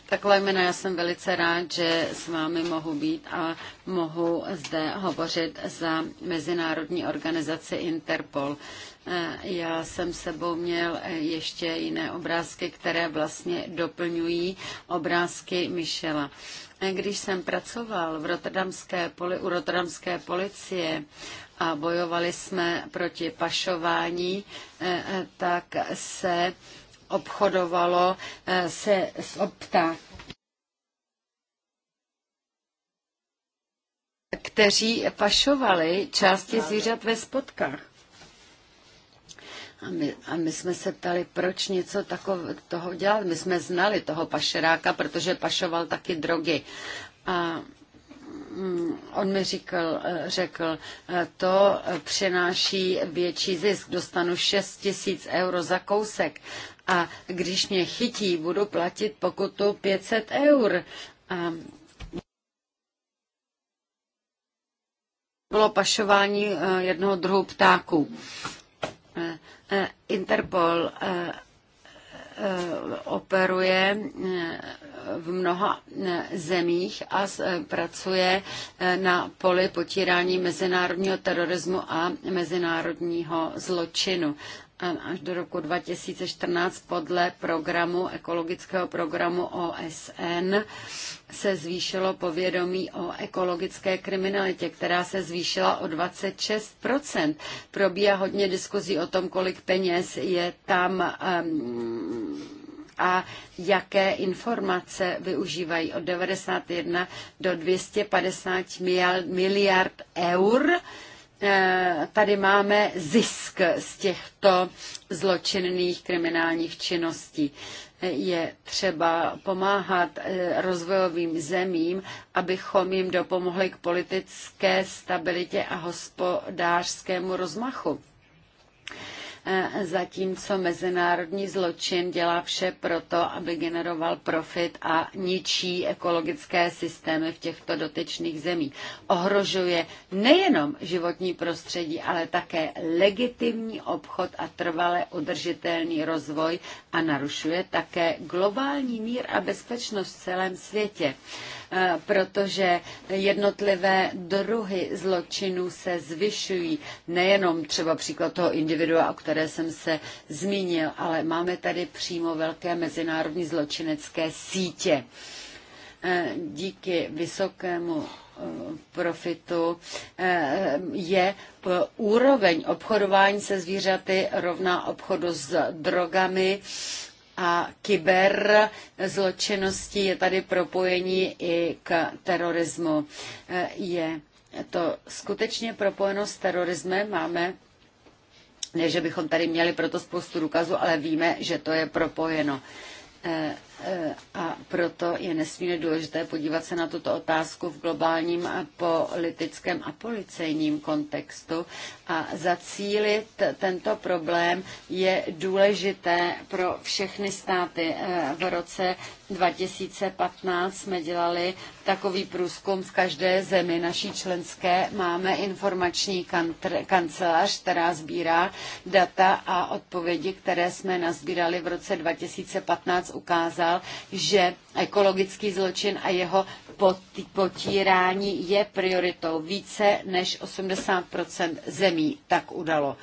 Takhle jméno já jsem velice rád, že s vámi mohu být a mohu zde hovořit za Mezinárodní organizaci Interpol. Eh, já jsem sebou měl ještě jiné obrázky, které vlastně doplňují obrázky Michela. Eh, když jsem pracoval v Rotterdamské poli, u Rotterdamské policie, a bojovali jsme proti pašování, eh, eh, tak se obchodovalo eh, se s opták. kteří pašovali části zvířat ve spotkách. A my, a my jsme se ptali, proč něco takového toho dělat. My jsme znali toho pašeráka, protože pašoval taky drogy. A Mm, on mi říkal, eh, řekl, eh, to přináší větší zisk, dostanu 6 tisíc euro za kousek a když mě chytí, budu platit pokutu 500 eur. A bylo pašování eh, jednoho druhu ptáků. Interpol Eh, operuje eh, v mnoha eh, zemích a pracuje na poli potírání mezinárodního terorismu a mezinárodního zločinu až do roku 2014 podle programu, ekologického programu OSN se zvýšilo povědomí o ekologické kriminalitě, která se zvýšila o 26 Probíhá hodně diskuzí o tom, kolik peněz je tam a jaké informace využívají od 91 do 250 miliard eur. Eh, tady máme zisk z těchto zločinných kriminálních činností je třeba pomáhat eh, rozvojovým zemím, abychom jim dopomohli k politické stabilitě a hospodářskému rozmachu zatímco mezinárodní zločin dělá vše proto, aby generoval profit a ničí ekologické systémy v těchto dotyčných zemích. Ohrožuje nejenom životní prostředí, ale také legitimní obchod a trvale udržitelný rozvoj a narušuje také globální mír a bezpečnost v celém světě. Eh, protože jednotlivé druhy zločinů se zvyšují. Nejenom třeba příklad toho individua, o které jsem se zmínil, ale máme tady přímo velké mezinárodní zločinecké sítě. Eh, díky vysokému eh, profitu je úroveň obchodování se zvířaty rovná obchodu s drogami a kyberzločinnosti je tady propojení i k terorismu. E, je to skutečně propojeno s terorismem, máme ne, že bychom tady měli proto spoustu důkazů, ale víme, že to je propojeno. E, Eh, a proto je nesmírně důležité podívat se na tuto otázku v globálním politickém a policejním kontextu a zacílit tento problém je důležité pro všechny státy. Eh, v roce 2015 jsme dělali takový průzkum v každé zemi naší členské. Máme informační kancelář, která sbírá data a odpovědi, které jsme nazbírali v roce 2015, ukázala, ukázal, že ekologický zločin a jeho potírání je prioritou. Více než 80 zemí tak udalo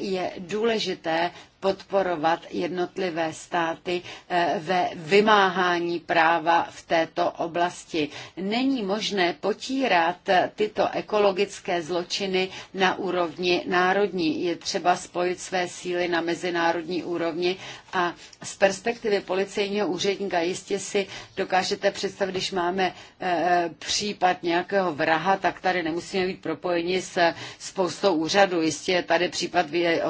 je důležité podporovat jednotlivé státy eh, ve vymáhání práva v této oblasti. Není možné potírat eh, tyto ekologické zločiny na úrovni národní. Je třeba spojit své síly na mezinárodní úrovni a z perspektivy policejního úředníka jistě si dokážete představit, když máme eh, případ nějakého vraha, tak tady nemusíme být propojeni s spoustou úřadů. Jistě je tady případ, vy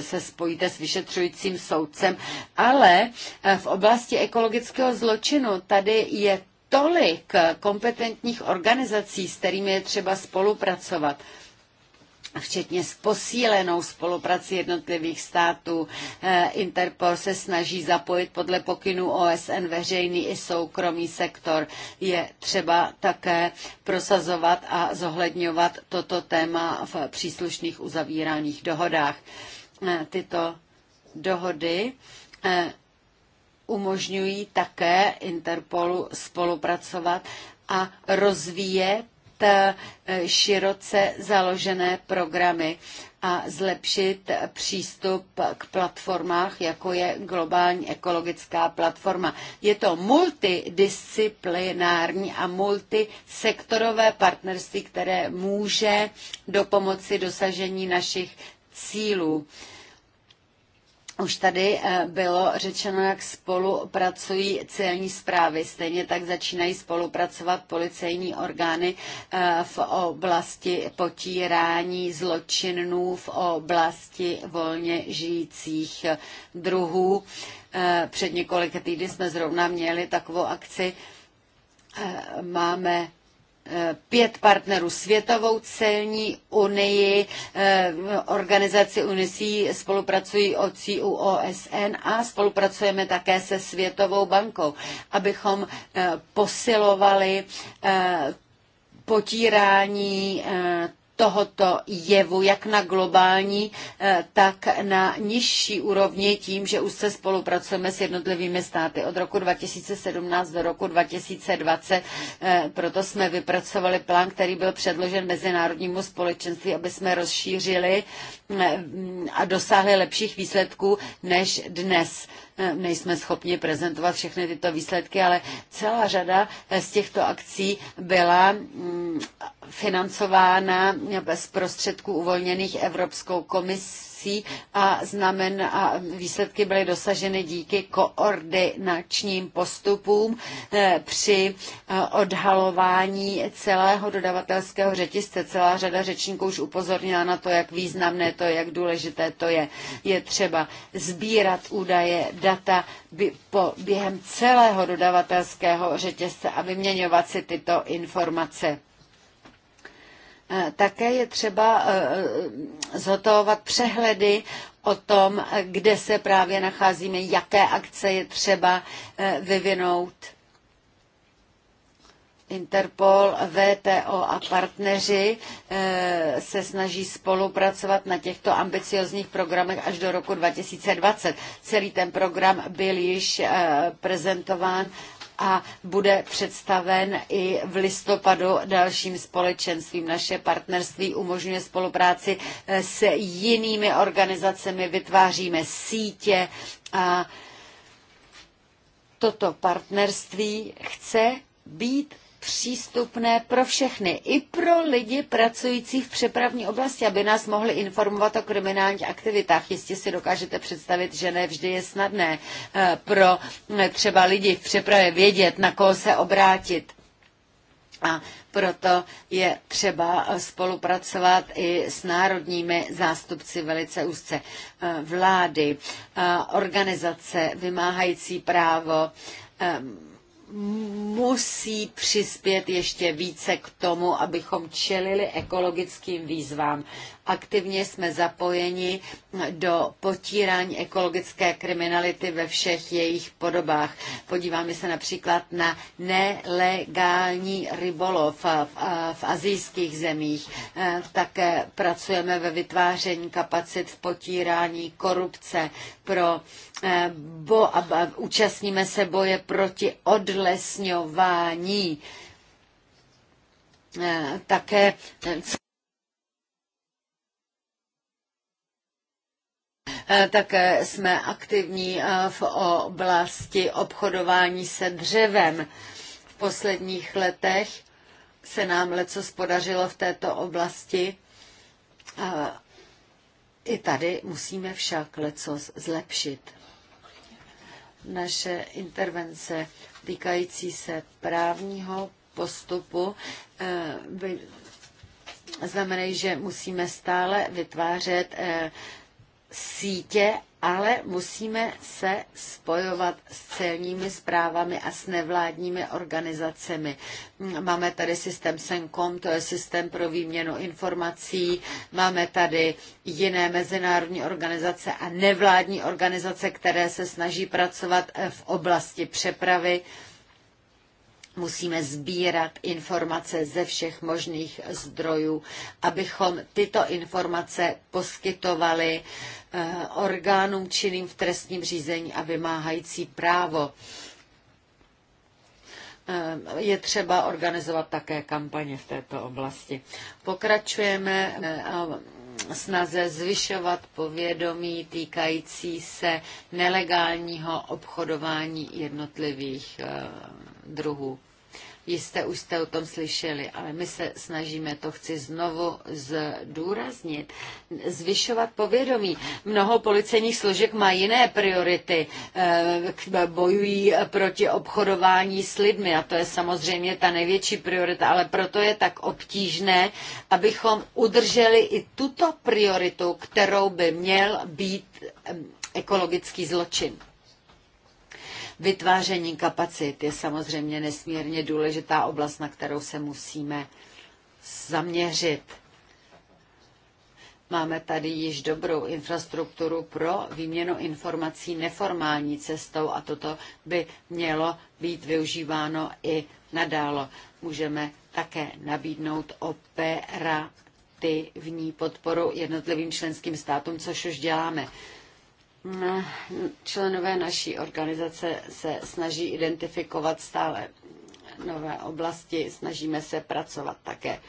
se spojíte s vyšetřujícím soudcem, ale eh, v oblasti ekologického zločinu tady je tolik eh, kompetentních organizací, s kterými je třeba spolupracovat včetně s posílenou spoluprací jednotlivých států. Eh, Interpol se snaží zapojit podle pokynů OSN veřejný i soukromý sektor. Je třeba také prosazovat a zohledňovat toto téma v příslušných uzavíraných dohodách. Tyto Dohody eh, umožňují také Interpolu spolupracovat a rozvíjet eh, široce založené programy a zlepšit přístup k platformách, jako je globální ekologická platforma. Je to multidisciplinární a multisektorové partnerství, které může do pomoci dosažení našich cílů. Už tady eh, bylo řečeno, jak spolupracují celní zprávy. Stejně tak začínají spolupracovat policejní orgány eh, v oblasti potírání zločinů, v oblasti volně žijících druhů. Eh, před několika týdny jsme zrovna měli takovou akci. Máme pět partnerů Světovou celní unii, eh, organizaci UNICI spolupracují O OCU OSN a spolupracujeme také se Světovou bankou, abychom eh, posilovali eh, potírání tohoto jevu jak na globální, eh, tak na nižší úrovni tím, že už se spolupracujeme s jednotlivými státy od roku 2017 do roku 2020. Eh, proto jsme vypracovali plán, který byl předložen mezinárodnímu společenství, aby jsme rozšířili eh, a dosáhli lepších výsledků než dnes Eh, nejsme schopni prezentovat všechny tyto výsledky, ale celá řada eh, z těchto akcí byla mm, financována eh, z prostředků uvolněných Evropskou komisí prací a, znamen, a výsledky byly dosaženy díky koordinačním postupům eh, při eh, odhalování celého dodavatelského řetězce. Celá řada řečníků už upozornila na to, jak významné to je, jak důležité to je. Je třeba sbírat údaje, data by, po, během celého dodavatelského řetězce a vyměňovat si tyto informace. Eh, také je třeba eh, zhotovovat přehledy o tom, kde se právě nacházíme, jaké akce je třeba eh, vyvinout. Interpol, VTO a partneři se snaží spolupracovat na těchto ambiciozních programech až do roku 2020. Celý ten program byl již prezentován a bude představen i v listopadu dalším společenstvím. Naše partnerství umožňuje spolupráci eh, s jinými organizacemi, vytváříme sítě a toto partnerství chce být přístupné pro všechny, i pro lidi pracující v přepravní oblasti, aby nás mohli informovat o kriminálních aktivitách. Jistě si dokážete představit, že ne vždy je snadné eh, pro eh, třeba lidi v přepravě vědět, na koho se obrátit. A proto je třeba spolupracovat i s národními zástupci velice úzce eh, vlády, organizace vymáhající právo, musí přispět ještě více k tomu, abychom čelili ekologickým výzvám. Aktivně jsme zapojeni do potírání ekologické kriminality ve všech jejich podobách. Podíváme se například na nelegální rybolov v, azijských zemích. Eh, také pracujeme ve vytváření kapacit v potírání korupce pro eh, bo, a, účastníme se boje proti odlesňování. Eh, také Eh, také jsme aktivní eh, v oblasti obchodování se dřevem. V posledních letech se nám leco podařilo v této oblasti. I tady musíme však leco zlepšit. Naše intervence týkající se právního postupu eh, znamenají, že musíme stále vytvářet sítě, ale musíme se spojovat s celními zprávami a s nevládními organizacemi. Máme tady systém SENCOM, to je systém pro výměnu informací, máme tady jiné mezinárodní organizace a nevládní organizace, které se snaží pracovat eh, v oblasti přepravy. Musíme sbírat informace ze všech možných zdrojů, abychom tyto informace poskytovali uh, Eh, orgánům činným v trestním řízení a vymáhající právo. Eh, je třeba organizovat také kampaně v této oblasti. Pokračujeme eh, snaze zvyšovat povědomí týkající se nelegálního obchodování jednotlivých druhů. Jistě už jste o tom slyšeli, ale my se snažíme, to chci znovu zdůraznit, zvyšovat povědomí. Mnoho policejních složek má jiné priority. Eh, bojují proti obchodování s lidmi a to je samozřejmě ta největší priorita, ale proto je tak obtížné, abychom udrželi i tuto prioritu, kterou by měl být eh, ekologický zločin. Vytváření kapacit je samozřejmě nesmírně důležitá oblast, na kterou se musíme zaměřit. Máme tady již dobrou infrastrukturu pro výměnu informací neformální cestou a toto by mělo být využíváno i nadálo. Můžeme také nabídnout operativní podporu jednotlivým členským státům, což už děláme. Členové naší organizace se snaží identifikovat stále nové oblasti, snažíme se pracovat také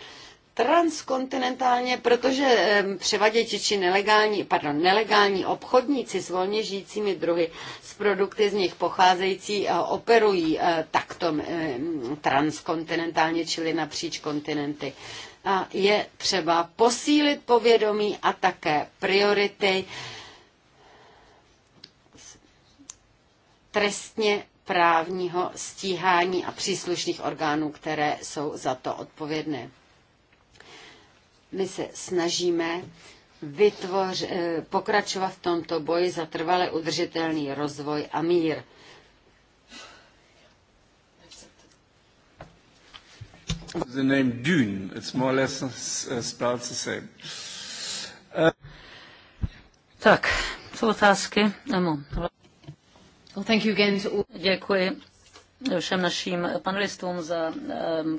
transkontinentálně, protože převaděči či nelegální, pardon, nelegální obchodníci s volně žijícími druhy z produkty z nich pocházející e, operují e, takto e, transkontinentálně, čili napříč kontinenty. A je třeba posílit povědomí a také priority trestně právního stíhání a příslušných orgánů, které jsou za to odpovědné. My se snažíme vytvoř, eh, pokračovat v tomto boji za trvale udržitelný rozvoj a mír. The name Dune, it's more or less uh, spelled the same. Uh... Tak, co otázky? Nemo. Děkuji všem našim panelistům za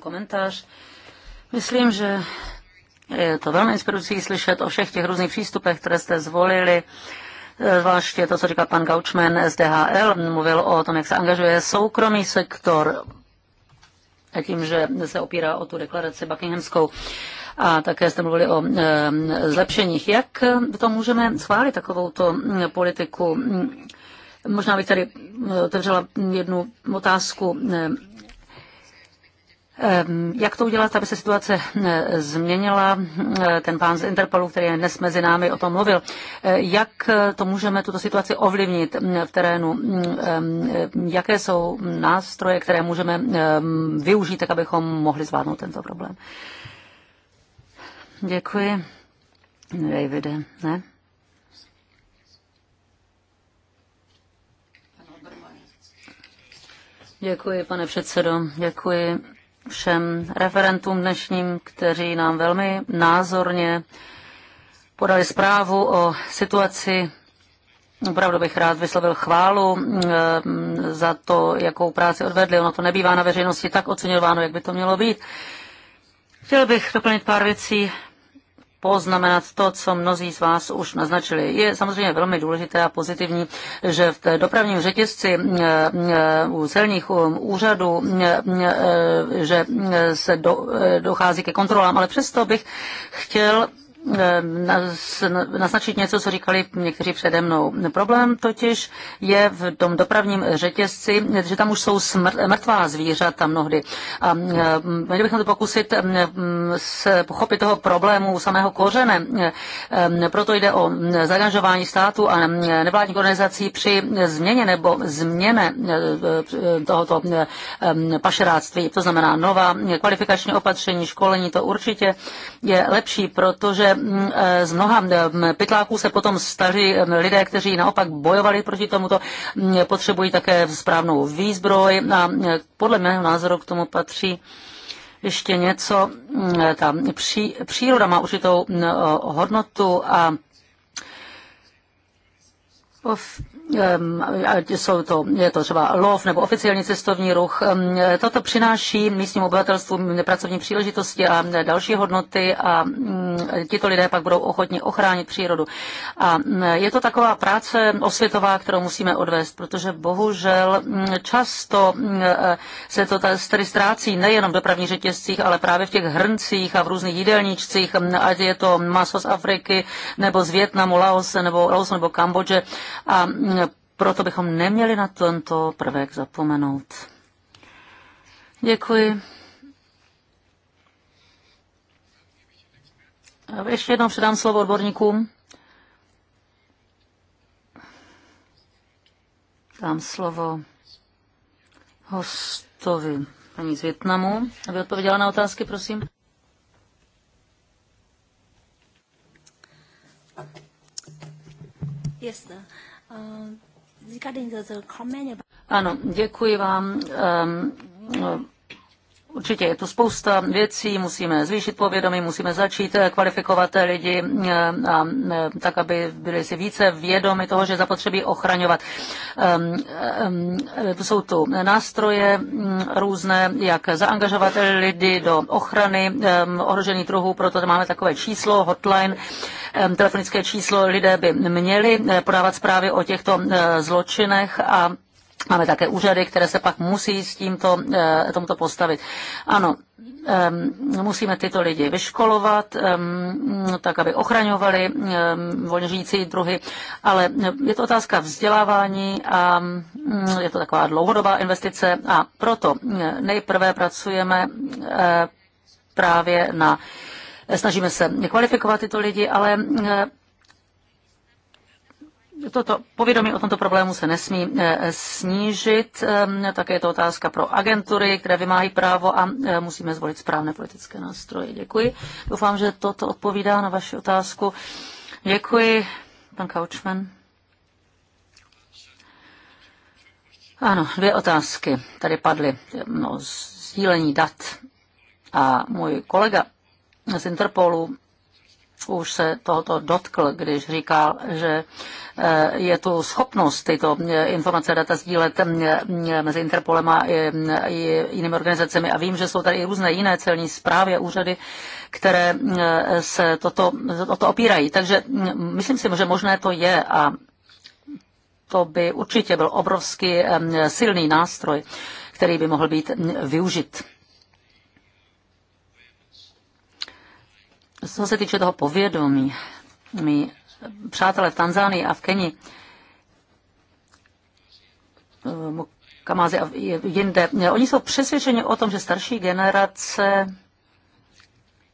komentář. Myslím, že je to velmi inspirující slyšet o všech těch různých přístupech, které jste zvolili e, zvláště to, co říkal pan Gaučman z DHL, mluvil o tom, jak se angažuje soukromý sektor a tím, že se opírá o tu deklaraci Buckinghamskou. A také jste mluvili o e, zlepšeních. Jak to můžeme schválit, takovouto politiku? Možná bych tady eh, otevřela jednu otázku. Eh, eh, jak to udělat, aby se situace změnila? Ten pán z Interpolu, který je dnes mezi námi, o tom mluvil. Jak to můžeme tuto situaci ovlivnit v terénu? Jaké jsou nástroje, které můžeme využít, tak abychom mohli zvládnout tento problém? Děkuji. Davide, ne? Děkuji, pane předsedo. Děkuji všem referentům dnešním, kteří nám velmi názorně podali zprávu o situaci. Opravdu bych rád vyslovil chválu eh, za to, jakou práci odvedli. Ono to nebývá na veřejnosti tak oceňováno, jak by to mělo být. Chtěl bych doplnit pár věcí poznamenat to, co mnozí z vás už naznačili. Je samozřejmě velmi důležité a pozitivní, že v té dopravním řetězci eh, eh, u celních um, úřadů, eh, že se do, dochází ke kontrolám, ale přesto bych chtěl naznačit něco, co říkali někteří přede mnou. Problém totiž je v tom dopravním řetězci, že tam už jsou smrt, mrtvá zvířata mnohdy. A měli bychom to pokusit se pochopit toho problému samého kořene. Proto jde o zaangažování státu a nevládních organizací při změně nebo změně e, tohoto pašeráctví. To znamená nová kvalifikační opatření, školení, to určitě je lepší, protože Eh, z mnoha eh, pytláků se potom staří eh, lidé, kteří naopak bojovali proti tomuto, mm, potřebují také správnou výzbroj a podle mého názoru k tomu patří ještě něco, mm, ta pří, příroda má určitou mm, hodnotu a jsou to, je to třeba lov nebo oficiální cestovní ruch. Toto přináší místním obyvatelstvu pracovní příležitosti a další hodnoty a mm, tito lidé pak budou ochotni ochránit přírodu. A mm, je to taková práce osvětová, kterou musíme odvést, protože bohužel mm, často e, se to tady ztrácí nejenom v dopravních řetězcích, ale právě v těch hrncích a v různých jídelníčcích, ať je to maso z Afriky nebo z Větnamu, Laos nebo, Laos nebo Kambodže. A proto bychom neměli na tento prvek zapomenout. Děkuji. Ještě jednou předám slovo odborníkům. Dám slovo hostovi, paní z Větnamu, aby odpověděla na otázky, prosím. Yes, sir. Uh, ano, děkuji vám. Um, Určitě je tu spousta věcí, musíme zvýšit povědomí, musíme začít eh, kvalifikovat eh, lidi, eh, a, tak aby byli si více vědomi toho, že zapotřebí ochraňovat. Ehm, ehm, jsou tu nástroje mm, různé, jak zaangažovat lidi do ochrany ehm, ohrožených druhů, proto máme takové číslo, hotline, telefonické číslo, lidé by měli podávat zprávy o těchto zločinech a Máme také úřady, které se pak musí s tímto, eh, tomto postavit. Ano, ehm, musíme tyto lidi vyškolovat, ehm, tak aby ochraňovali ehm, volně žijící druhy, ale je to otázka vzdělávání a mm, je to taková dlouhodobá investice a proto eh, nejprve pracujeme eh, právě na Snažíme se kvalifikovat tyto lidi, ale toto povědomí o tomto problému se nesmí eh, snížit. Ehm, také je to otázka pro agentury, které vymáhají právo a eh, musíme zvolit správné politické nástroje. Děkuji. Doufám, že toto odpovídá na vaši otázku. Děkuji, pan Kaučman. Ano, dvě otázky tady padly. No, sdílení dat. A můj kolega z Interpolu už se tohoto dotkl, když říkal, že eh, je tu schopnost tyto eh, informace data sdílet eh, mezi Interpolem a jinými organizacemi. A vím, že jsou tady i různé jiné celní zprávy a úřady, které se toto, o to opírají. Takže hm, myslím si, že možné to je a to by určitě byl obrovský silný nástroj, který by mohl být hm, využit Co se týče toho povědomí, my přátelé v Tanzánii a v Keni, eh, Kamázy a jinde, eh, oni jsou přesvědčeni o tom, že starší generace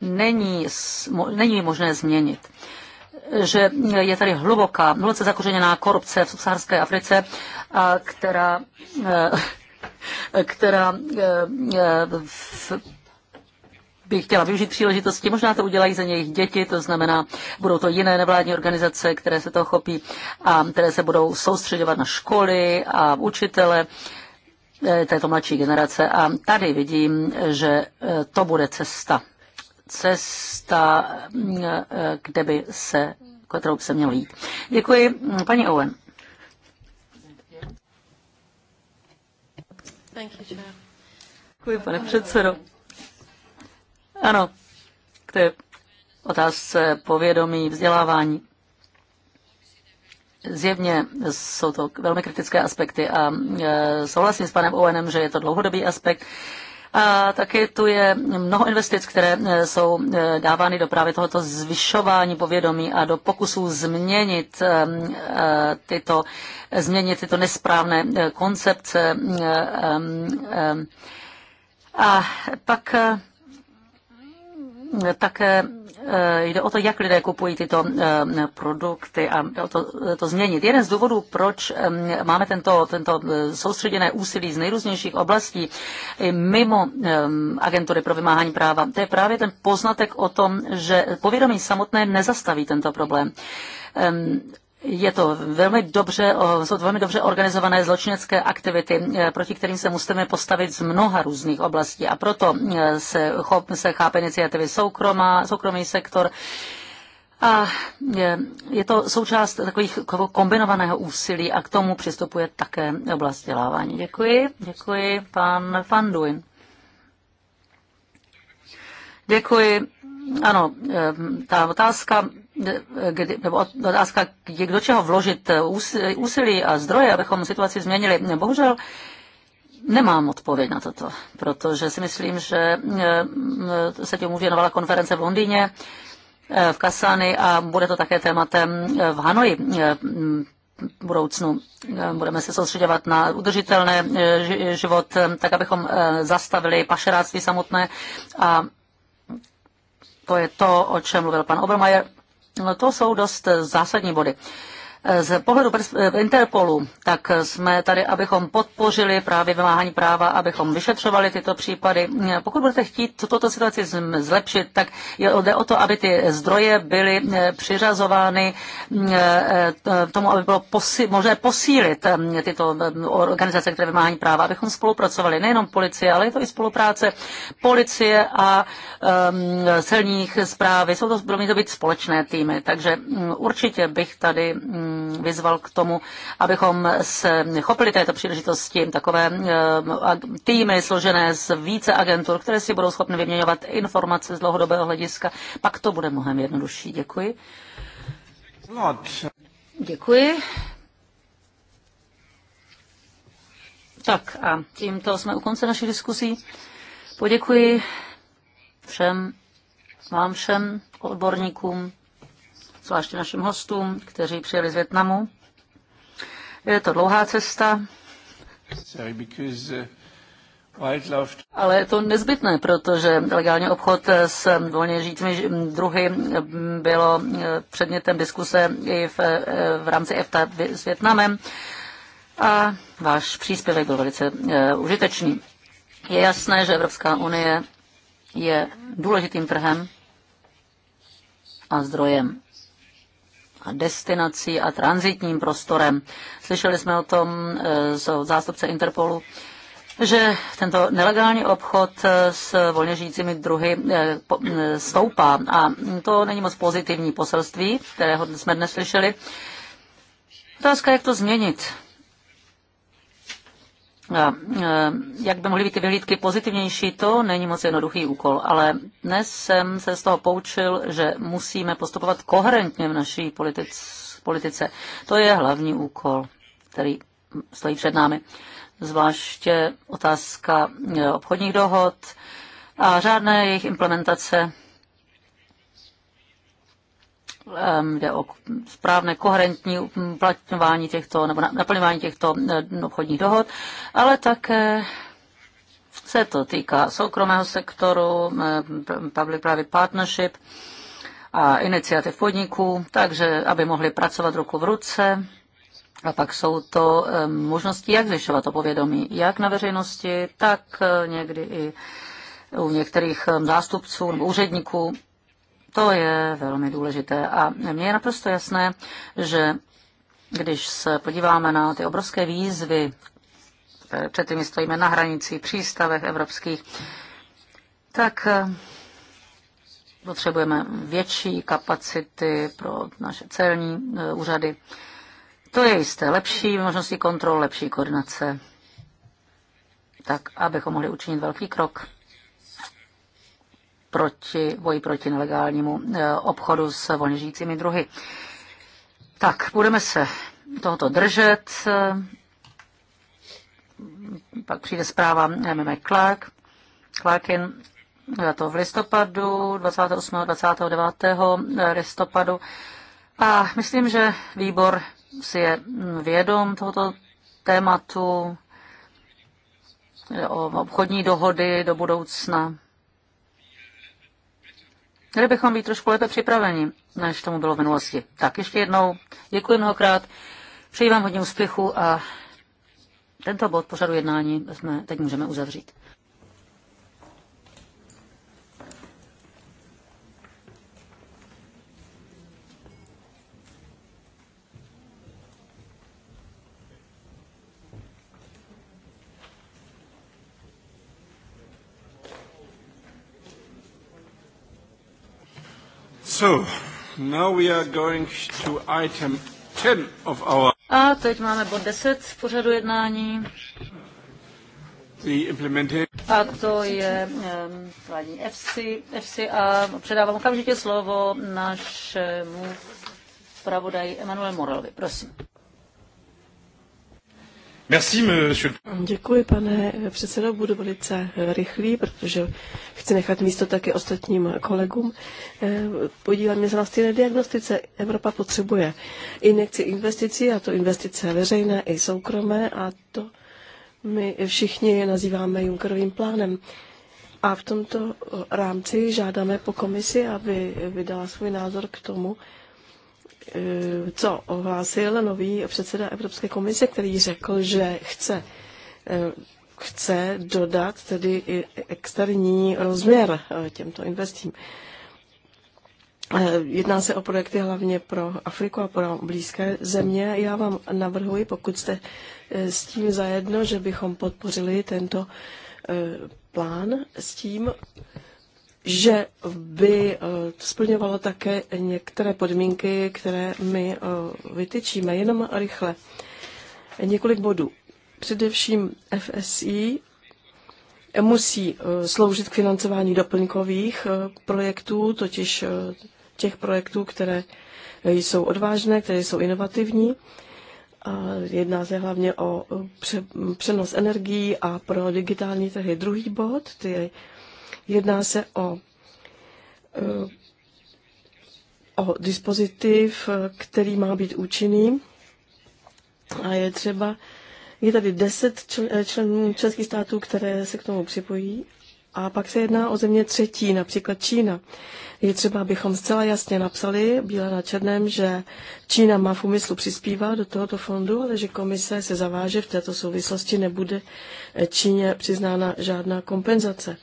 není, není možné změnit eh, že je tady hluboká, hluboce zakořeněná korupce v subsaharské Africe, která která by chtěla využít příležitosti, možná to udělají za jejich děti, to znamená, budou to jiné nevládní organizace, které se toho chopí a které se budou soustředovat na školy a učitele eh, této mladší generace. A tady vidím, že eh, to bude cesta. Cesta, mm, eh, kde by se, kterou by se mělo jít. Děkuji, mm, paní Owen. Děkuji, pane předsedo. Ano, k té otázce povědomí, vzdělávání. Zjevně jsou to velmi kritické aspekty a e, souhlasím s panem Owenem, že je to dlouhodobý aspekt. A taky tu je mnoho investic, které e, jsou e, dávány do právě tohoto zvyšování povědomí a do pokusů změnit tyto, změnit tyto nesprávné koncepce. A pak také eh, jde o to, jak lidé kupují tyto eh, produkty a to, eh, to změnit. Jeden z důvodů, proč máme tento, tento soustředěné úsilí z nejrůznějších oblastí mimo agentury pro vymáhání práva, to je právě ten poznatek o tom, že povědomí samotné nezastaví tento problém je to velmi dobře, jsou to velmi dobře organizované zločinecké aktivity, e, proti kterým se musíme postavit z mnoha různých oblastí. A proto e, se, chop, se chápe iniciativy soukromá, soukromý sektor. A je, je to součást takových kombinovaného úsilí a k tomu přistupuje také oblast vzdělávání. Děkuji, děkuji, pan Fanduin. Děkuji. Ano, e, ta otázka kdy, nebo otázka, kdy, do čeho vložit eh, úsilí a zdroje, abychom situaci změnili. Bohužel Nemám odpověď na toto, protože si myslím, že eh, se tím věnovala konference v Londýně, eh, v Kasany a bude to také tématem v Hanoji budoucnu. Budeme se soustředovat na udržitelné život, tak abychom zastavili pašeráctví samotné a to je to, o čem mluvil pan Obermajer. No, to jsou dost eh, zásadní body. Z pohledu Interpolu, tak jsme tady, abychom podpořili právě vymáhání práva, abychom vyšetřovali tyto případy. Pokud budete chtít tuto situaci zlepšit, tak jde o to, aby ty zdroje byly eh, přiřazovány mm, eh, eh, tomu, aby bylo posi- možné posílit tyto mm, organizace, které vymáhání práva, abychom spolupracovali nejenom policie, ale je to i spolupráce policie a um, celních zprávy. Jsou to, budou mít to být společné týmy, takže um, určitě bych tady um, vyzval k tomu, abychom se chopili této příležitosti takové eh, týmy složené z více agentur, které si budou schopny vyměňovat informace z dlouhodobého hlediska. Pak to bude mnohem jednodušší. Děkuji. Děkuji. Tak a tímto jsme u konce naší diskusí. Poděkuji všem, vám všem, odborníkům, zvláště našim hostům, kteří přijeli z Větnamu. Je to dlouhá cesta, uh, ale je to nezbytné, protože legální obchod s volně žijícími druhy bylo uh, předmětem diskuse i v, uh, v rámci EFTA s Větnamem a váš příspěvek byl velice užitečný. Je jasné, že Evropská unie je důležitým trhem a zdrojem destinací a transitním prostorem. Slyšeli jsme o tom e, z zástupce Interpolu že tento nelegální obchod e, s volně žijícími druhy e, stoupá a to není moc pozitivní poselství, kterého jsme dnes slyšeli. Otázka, jak to změnit. A e, jak by mohly být ty vyhlídky pozitivnější, to není moc jednoduchý úkol, ale dnes jsem se z toho poučil, že musíme postupovat koherentně v naší politic, politice. To je hlavní úkol, který stojí před námi. Zvláště otázka e, obchodních dohod a řádné jejich implementace Ehm, jde o správné koherentní uplatňování těchto, nebo naplňování těchto eh, obchodních dohod, ale také se to týká soukromého sektoru, ehm, public-private partnership a iniciativ podniků, takže aby mohli pracovat ruku v ruce. A pak jsou to ehm, možnosti, jak zvyšovat to povědomí, jak na veřejnosti, tak eh, někdy i u některých zástupců nebo úředníků to je velmi důležité a mně je naprosto jasné, že když se podíváme na ty obrovské výzvy, před tím stojíme na hranici přístavech evropských, tak eh, potřebujeme větší kapacity pro naše celní eh, úřady. To je jisté. Lepší možnosti kontrol, lepší koordinace. Tak, abychom mohli učinit velký krok proti, boji proti nelegálnímu e, obchodu s volně žijícími druhy. Tak, budeme se tohoto držet. E, pak přijde zpráva MMA Clark. Clarkin e, to v listopadu 28. 29. listopadu. A myslím, že výbor si je mm, vědom tohoto tématu o obchodní dohody do budoucna. Měli bychom být trošku lépe připraveni, než tomu bylo v minulosti. Tak ještě jednou děkuji mnohokrát, přeji vám hodně úspěchu a tento bod pořadu jednání jsme teď můžeme uzavřít. So, now we are going to item 10 of our... A teď máme bod 10 v pořadu jednání. A to je vládní FC, FC a předávám okamžitě slovo našemu pravodaji Emanuel Moralovi. Prosím. Merci, monsieur. Děkuji, pane předsedo, budu velice rychlý, protože chci nechat místo také ostatním kolegům. Podívat mě se na stejné diagnostice. Evropa potřebuje injekci investicí, a to investice veřejné i soukromé, a to my všichni nazýváme Junckerovým plánem. A v tomto rámci žádáme po komisi, aby vydala svůj názor k tomu, Eh, co ohlásil nový předseda Evropské komise, který řekl, že chce, eh, chce dodat tedy i externí rozměr eh, těmto investím. Jedná se o projekty hlavně pro Afriku a pro blízké země. Já vám navrhuji, pokud jste s tím zajedno, že bychom podpořili tento plán s tím, že by eh, splňovalo také některé podmínky, které my eh, vytyčíme. Jenom rychle. Několik bodů. Především FSI musí eh, sloužit k financování doplňkových projektů, totiž těch projektů, které jsou odvážné, které jsou inovativní. Jedná se hlavně o přenos energií a pro digitální trhy druhý bod, ty Jedná se o, eh, o dispozitiv, který má být účinný a je třeba, je tady deset eh, členů českých států, které se k tomu připojí a pak se jedná o země třetí, například Čína. Je třeba, abychom zcela jasně napsali, bíle na černém, že Čína má v úmyslu přispívat do tohoto fondu, ale že komise se zaváže v této souvislosti, nebude Číně přiznána žádná kompenzace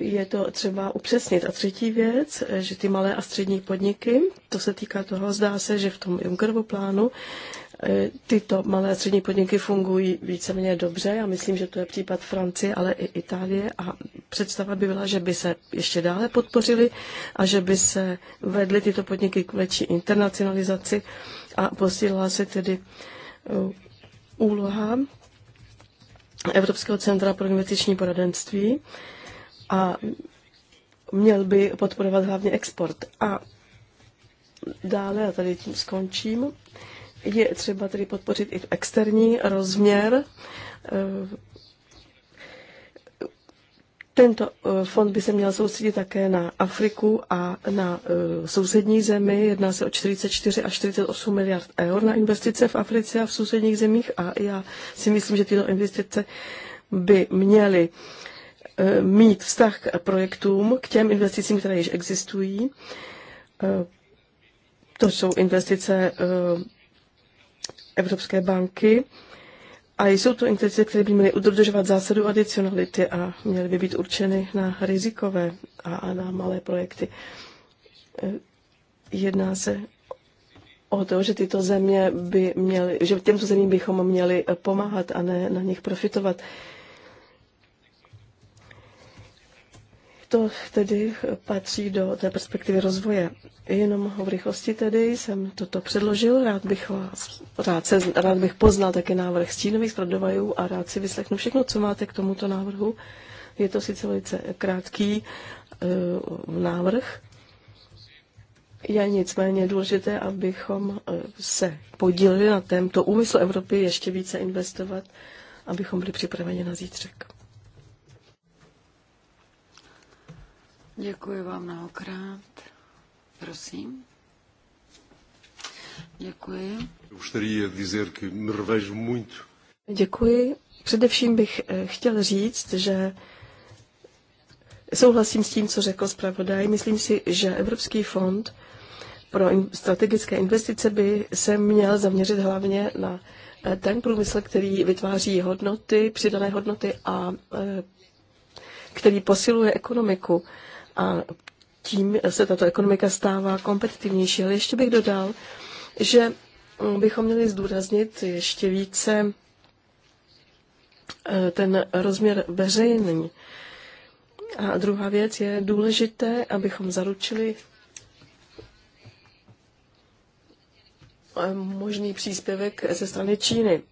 je to třeba upřesnit. A třetí věc, že ty malé a střední podniky, to se týká toho, zdá se, že v tom Junckerovu plánu eh, tyto malé a střední podniky fungují víceméně dobře. Já myslím, že to je případ Francie, ale i Itálie a představa by byla, že by se ještě dále podpořili a že by se vedly tyto podniky k větší internacionalizaci a posílala se tedy eh, úloha Evropského centra pro investiční poradenství a měl by podporovat hlavně export. A dále, a tady tím skončím, je třeba tedy podpořit i externí rozměr. Tento eh, fond by se měl soustředit také na Afriku a na eh, sousední zemi. Jedná se o 44 až 48 miliard eur na investice v Africe a v sousedních zemích a já si myslím, že tyto investice by měly uh, Eh, mít vztah k projektům, k těm investicím, které již existují. Eh, to jsou investice eh, Evropské banky. A jsou to investice, které by měly udržovat zásadu adicionality a měly by být určeny na rizikové a na malé projekty. Jedná se o to, že tyto země by měly, že těmto zemím bychom měli pomáhat a ne na nich profitovat. to tedy patří do té perspektivy rozvoje. Jenom v rychlosti tedy jsem toto předložil. Rád bych, vás, rád se, rád bych poznal také návrh stínových zpravodajů a rád si vyslechnu všechno, co máte k tomuto návrhu. Je to sice velice krátký uh, návrh, je nicméně důležité, abychom e, se podíleli na tento úmysl Evropy ještě více investovat, abychom byli připraveni na zítřek. Děkuji vám mnohokrát. Prosím. Děkuji. Gostaria de dizer que muito. Děkuji. Především bych eh, chtěl říct, že souhlasím s tím, co řekl zpravodaj. Myslím si, že Evropský fond pro strategické investice by se měl zaměřit hlavně na eh, ten průmysl, který vytváří hodnoty, přidané hodnoty a eh, který posiluje ekonomiku a tím se tato ekonomika stává kompetitivnější. Ale ještě bych dodal, že bychom měli zdůraznit ještě více eh, ten rozměr veřejný. A druhá věc je důležité, abychom zaručili eh, možný příspěvek ze strany Číny.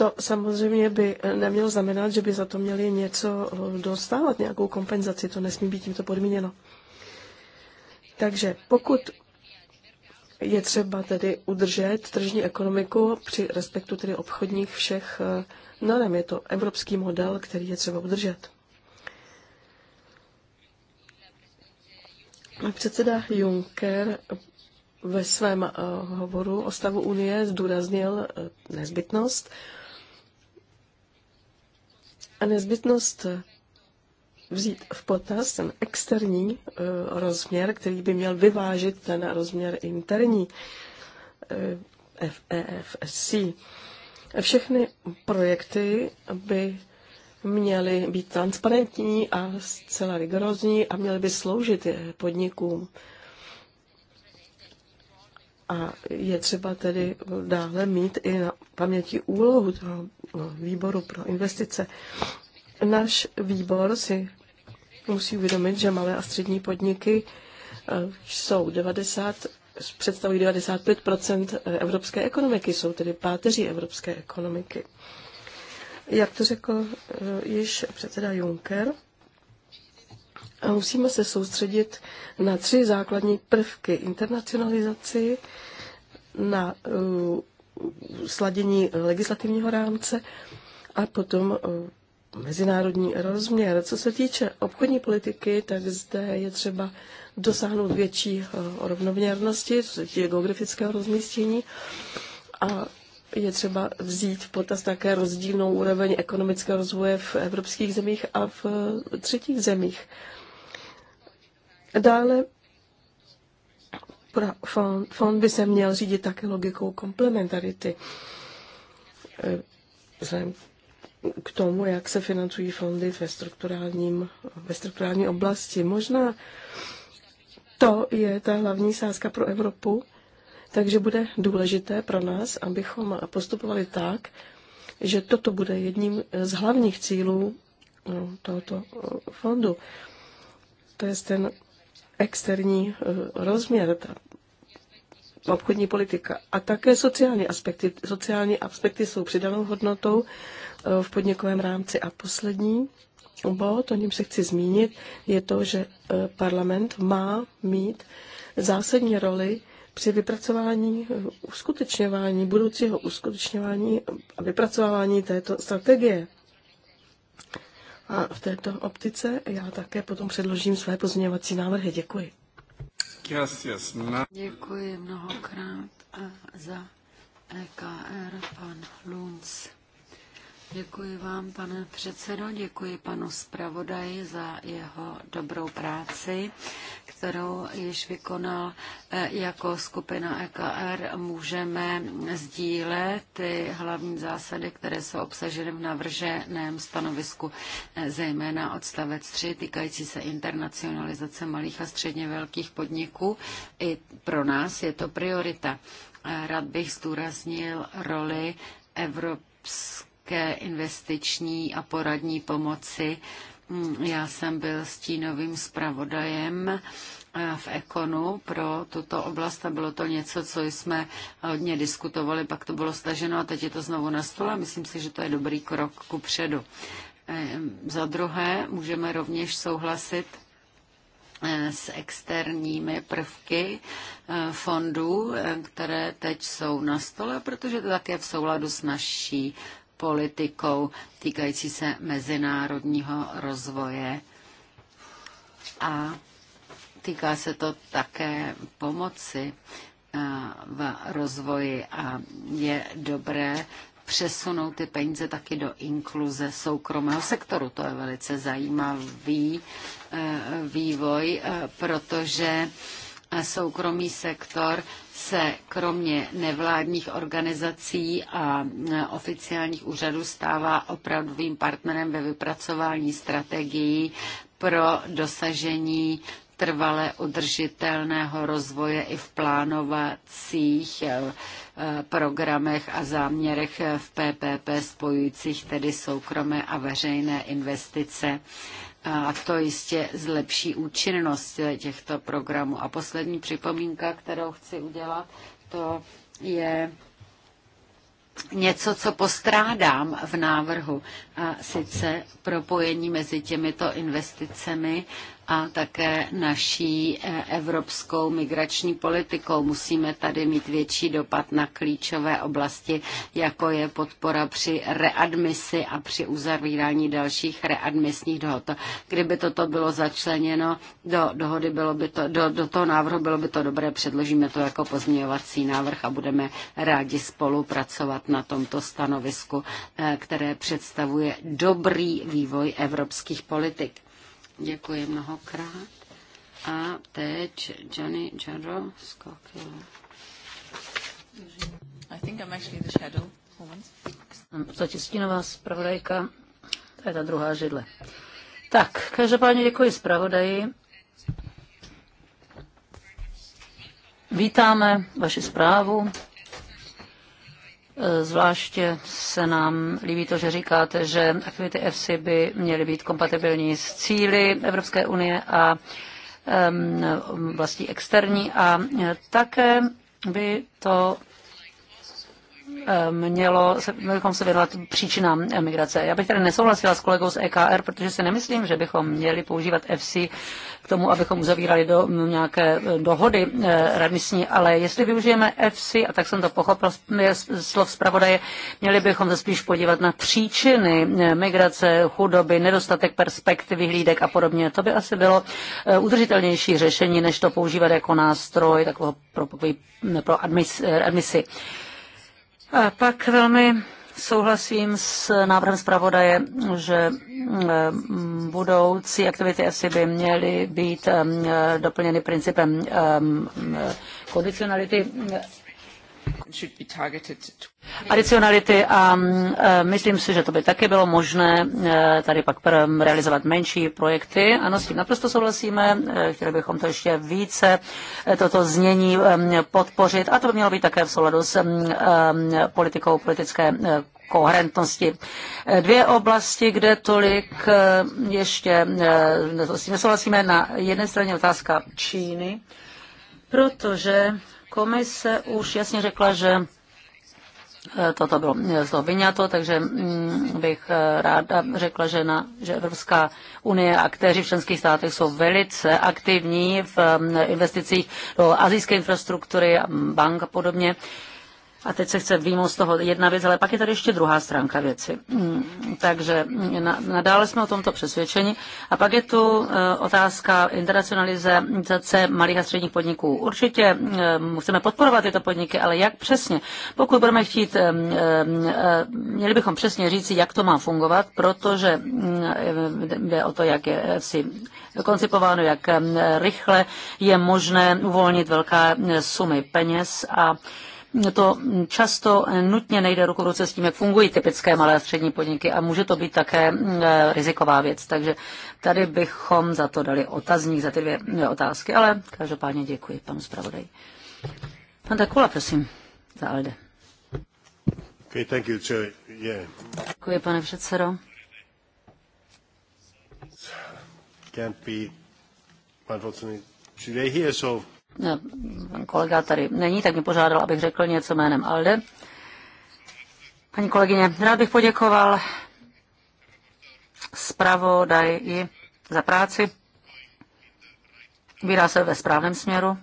To samozřejmě by nemělo znamenat, že by za to měli něco dostávat, nějakou kompenzaci. To nesmí být tímto podmíněno. Takže pokud je třeba tedy udržet tržní ekonomiku při respektu tedy obchodních všech eh, norm. Je to evropský model, který je třeba udržet. Předseda Juncker ve svém eh, hovoru o stavu Unie zdůraznil eh, nezbytnost a nezbytnost vzít v potaz ten externí eh, rozměr, který by měl vyvážit ten rozměr interní eh, FEFSC. Všechny projekty by měly být transparentní a zcela rigorózní a měly by sloužit eh, podnikům a je třeba tedy dále mít i na paměti úlohu toho no, výboru pro investice. Náš výbor si musí uvědomit, že malé a střední podniky eh, jsou 90, představují 95 evropské ekonomiky, jsou tedy páteří evropské ekonomiky. Jak to řekl eh, již předseda Juncker, a musíme se soustředit na tři základní prvky. Internacionalizaci, na uh, sladění legislativního rámce a potom uh, mezinárodní rozměr. Co se týče obchodní politiky, tak zde je třeba dosáhnout větší uh, rovnoměrnosti, co se týče geografického rozmístění a je třeba vzít v potaz také rozdílnou úroveň ekonomického rozvoje v evropských zemích a v třetích zemích. Dále fond, fond by se měl řídit také logikou komplementarity. E, vzhledem k tomu, jak se financují fondy ve, strukturálním, ve strukturální oblasti. Možná to je ta hlavní sázka pro Evropu, takže bude důležité pro nás, abychom postupovali tak, že toto bude jedním z hlavních cílů e, tohoto e, fondu. To je ten externí eh, rozměr, ta obchodní politika a také sociální aspekty. Sociální aspekty jsou přidanou hodnotou eh, v podnikovém rámci. A poslední bod, o něm se chci zmínit, je to, že eh, parlament má mít zásadní roli při vypracování, uskutečňování, budoucího uskutečňování a vypracování této strategie. A v této optice já také potom předložím své pozměňovací návrhy. Děkuji. Děkuji mnohokrát eh, za EKR, pan Lunc. Děkuji vám, pane předsedo, děkuji panu zpravodaji za jeho dobrou práci, kterou již vykonal eh, jako skupina EKR, můžeme sdílet ty hlavní zásady, které jsou obsaženy v navrženém stanovisku, eh, zejména odstavec 3 týkající se internacionalizace malých a středně velkých podniků. I pro nás je to priorita. Eh, rád bych zdůraznil roli Evropské investiční a poradní pomoci Mm, já jsem byl stínovým zpravodajem eh, v Ekonu pro tuto oblast a bylo to něco, co jsme hodně diskutovali, pak to bylo staženo a teď je to znovu na stole a myslím si, že to je dobrý krok ku předu. Eh, za druhé můžeme rovněž souhlasit eh, s externími prvky fondů, které teď jsou na stole, protože to také v souladu s naší politikou týkající se mezinárodního rozvoje a týká se to také pomoci v rozvoji a je dobré přesunout ty peníze taky do inkluze soukromého sektoru. To je velice zajímavý e, vývoj, e, protože soukromý sektor se kromě nevládních organizací a oficiálních úřadů stává opravdovým partnerem ve vypracování strategií pro dosažení trvale udržitelného rozvoje i v plánovacích eh, programech a záměrech v PPP spojujících tedy soukromé a veřejné investice a to jistě zlepší účinnost těchto programů. A poslední připomínka, kterou chci udělat, to je něco, co postrádám v návrhu a sice propojení mezi těmito investicemi a také naší eh, evropskou migrační politikou. Musíme tady mít větší dopad na klíčové oblasti, jako je podpora při readmisi a při uzavírání dalších readmisních dohod. Kdyby toto bylo začleněno do dohody, bylo by to, do, do toho návrhu bylo by to dobré, předložíme to jako pozměňovací návrh a budeme rádi spolupracovat na tomto stanovisku, eh, které představuje představuje dobrý vývoj evropských politik. Děkuji mnohokrát. A teď Johnny Jarro skokil. I think I'm actually the shadow. Zatistínová zpravodajka, to je ta druhá židle. Tak, každopádně děkuji zpravodaji. Vítáme vaši zprávu. Zvláště se nám líbí to, že říkáte, že aktivity EFSI by měly být kompatibilní s cíly Evropské unie a vlastní externí a také by to Eh, mělo, se, bychom se věnovat příčinám migrace. Já bych tady nesouhlasila s kolegou z EKR, protože si nemyslím, že bychom měli používat FC k tomu, abychom uzavírali do, mm, nějaké eh, dohody eh, remisní, ale jestli využijeme FC, a tak jsem to pochopil slov zpravodaje, měli bychom se spíš podívat na příčiny migrace, chudoby, nedostatek perspektivy, hlídek a podobně. To by asi bylo udržitelnější řešení, než to používat jako nástroj takového pro, pro admis, admisi. A pak velmi souhlasím s návrhem zpravodaje, že mm, eh, budoucí aktivity asi by měly být eh, doplněny principem eh, mm, kondicionality Adicionality a mm, e, myslím si, že to by také bylo možné e, tady pak realizovat menší projekty. Ano, s tím naprosto souhlasíme. E, chtěli bychom to ještě více toto znění podpořit a to by mělo být také v souladu s politikou politické koherentnosti. Dvě oblasti, kde tolik ještě nesouhlasíme. Na jedné straně otázka Číny, protože Komise už jasně řekla, že eh, toto bylo eh, z toho vyňato, takže mm, bych eh, ráda řekla, že, na, že Evropská unie a kteří v členských státech jsou velice aktivní v mm, investicích do azijské infrastruktury, mm, bank a podobně. A teď se chce výjmout z toho jedna věc, ale pak je tady ještě druhá stránka věci. Mm, takže mm, nadále jsme o tomto přesvědčeni. A pak je tu eh, otázka internacionalizace malých a středních podniků. Určitě musíme eh, podporovat tyto podniky, ale jak přesně? Pokud budeme chtít, eh, měli bychom přesně říci, jak to má fungovat, protože mm, jde o to, jak je si koncipováno, jak rychle je možné uvolnit velké sumy peněz a to často eh, nutně nejde ruku v ruce s tím, jak fungují typické malé a střední podniky a může to být také eh, riziková věc. Takže tady bychom za to dali otazník, za ty dvě otázky, ale každopádně děkuji panu zpravodaj. Pan Takula, prosím, za Alde. Okay, thank you, Chair. Yeah. Děkuji, pane předsedo. Can't be, unfortunately, today here, so pan kolega tady není, tak mě požádal, abych řekl něco jménem Alde. Paní kolegyně, rád bych poděkoval zpravodaji za práci. Vyrá se ve správném směru.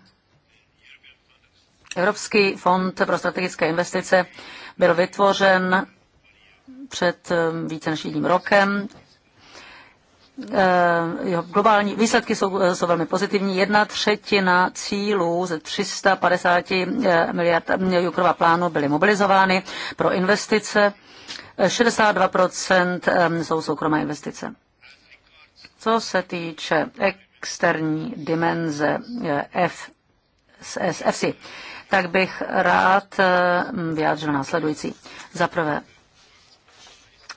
Evropský fond pro strategické investice byl vytvořen před um, více než jedním rokem Eh, jeho globální výsledky jsou, eh, jsou velmi pozitivní. Jedna třetina cílů ze 350 eh, miliard jukrova plánu byly mobilizovány pro investice. 62% jsou soukromé investice. Co se týče externí dimenze F, tak bych rád vyjádřil následující. Za prvé,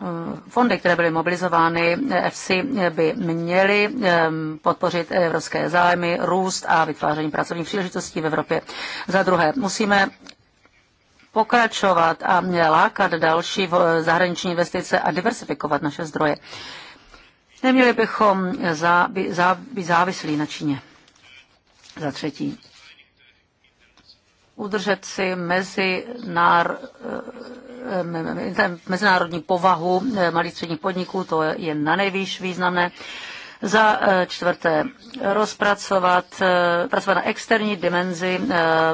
Eh, fondy, které byly mobilizovány EFSI, eh, by měly ehm, podpořit evropské zájmy, růst a vytváření pracovních příležitostí v Evropě. Za druhé, musíme pokračovat a lákat další zahraniční investice a diversifikovat naše zdroje. Neměli bychom být závislí na Číně. Za třetí, udržet si mezi nár, mezinárodní povahu e, malých středních podniků, to je na nejvýš významné. Za e, čtvrté, rozpracovat, e, pracovat na externí dimenzi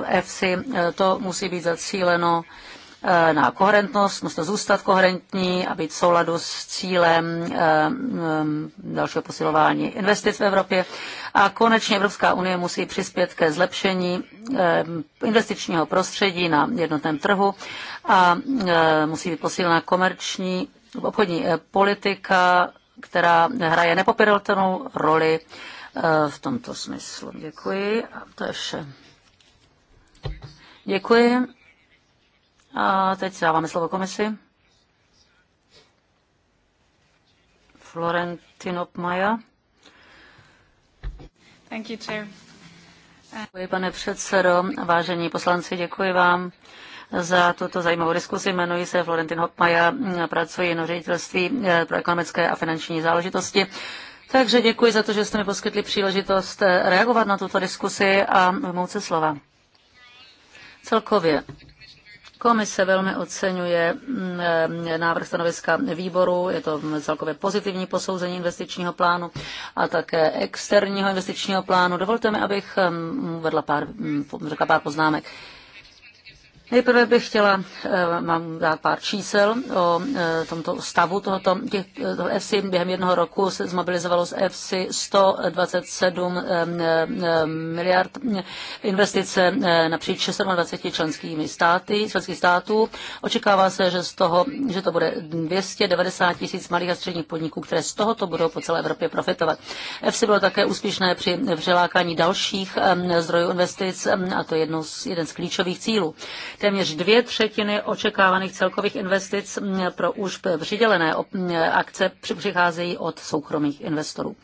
EFSI, to musí být zacíleno Eh, na koherentnost, musíme zůstat koherentní a být v souladu s cílem eh, eh, dalšího posilování investic v Evropě. A konečně Evropská unie musí přispět ke zlepšení investičního prostředí na jednotném trhu a musí být posílena komerční obchodní politika, která hraje nepopiratelnou roli v tomto smyslu. Děkuji a to je vše. Děkuji. A teď dáváme slovo komisi. Florentino Pmaja. Thank you, chair. Děkuji, pane předsedo. Vážení poslanci, děkuji vám za tuto zajímavou diskusi. Jmenuji se Florentin Hopmaja, pracuji na ředitelství eh, pro ekonomické a finanční záležitosti. Takže děkuji za to, že jste mi poskytli příležitost eh, reagovat na tuto diskusi a vymout se slova. Celkově Komise velmi oceňuje mm, eh, návrh stanoviska výboru, je to celkově pozitivní posouzení investičního plánu a také externího investičního plánu. Dovolte mi, abych mm, vedla pár, mm, řekla pár poznámek. Nejprve bych chtěla eh, mám dát pár čísel o eh, tomto stavu tohoto, těch, eh, toho EFSI. Během jednoho roku se zmobilizovalo z EFSI 127 miliard investice napříč 26 členskými státy, členských států. Očekává se, že, z toho, že to bude 290 tisíc malých a středních podniků, které z tohoto budou po celé Evropě profitovat. EFSI bylo také úspěšné při přilákání dalších zdrojů investic a to je jedno z, jeden z klíčových cílů. Téměř dvě třetiny očekávaných celkových investic pro už přidělené akce přicházejí od soukromých investorů.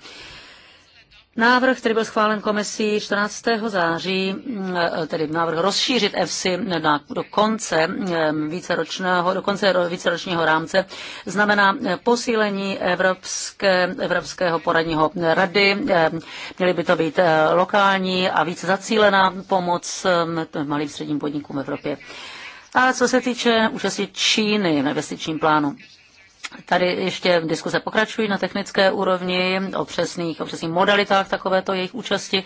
Návrh, který byl schválen komisí 14. září, mm, e, tedy návrh rozšířit EFSI na, do konce mm, víceročného, do konce víceročního rámce, znamená e, posílení Evropské, Evropského poradního rady. E, měly by to být lokální a více zacílená pomoc malým středním podnikům v Evropě. A co se týče účasti Číny v investičním plánu, Tady ještě diskuse pokračují na technické úrovni o přesných, o přesných modalitách takovéto jejich účasti.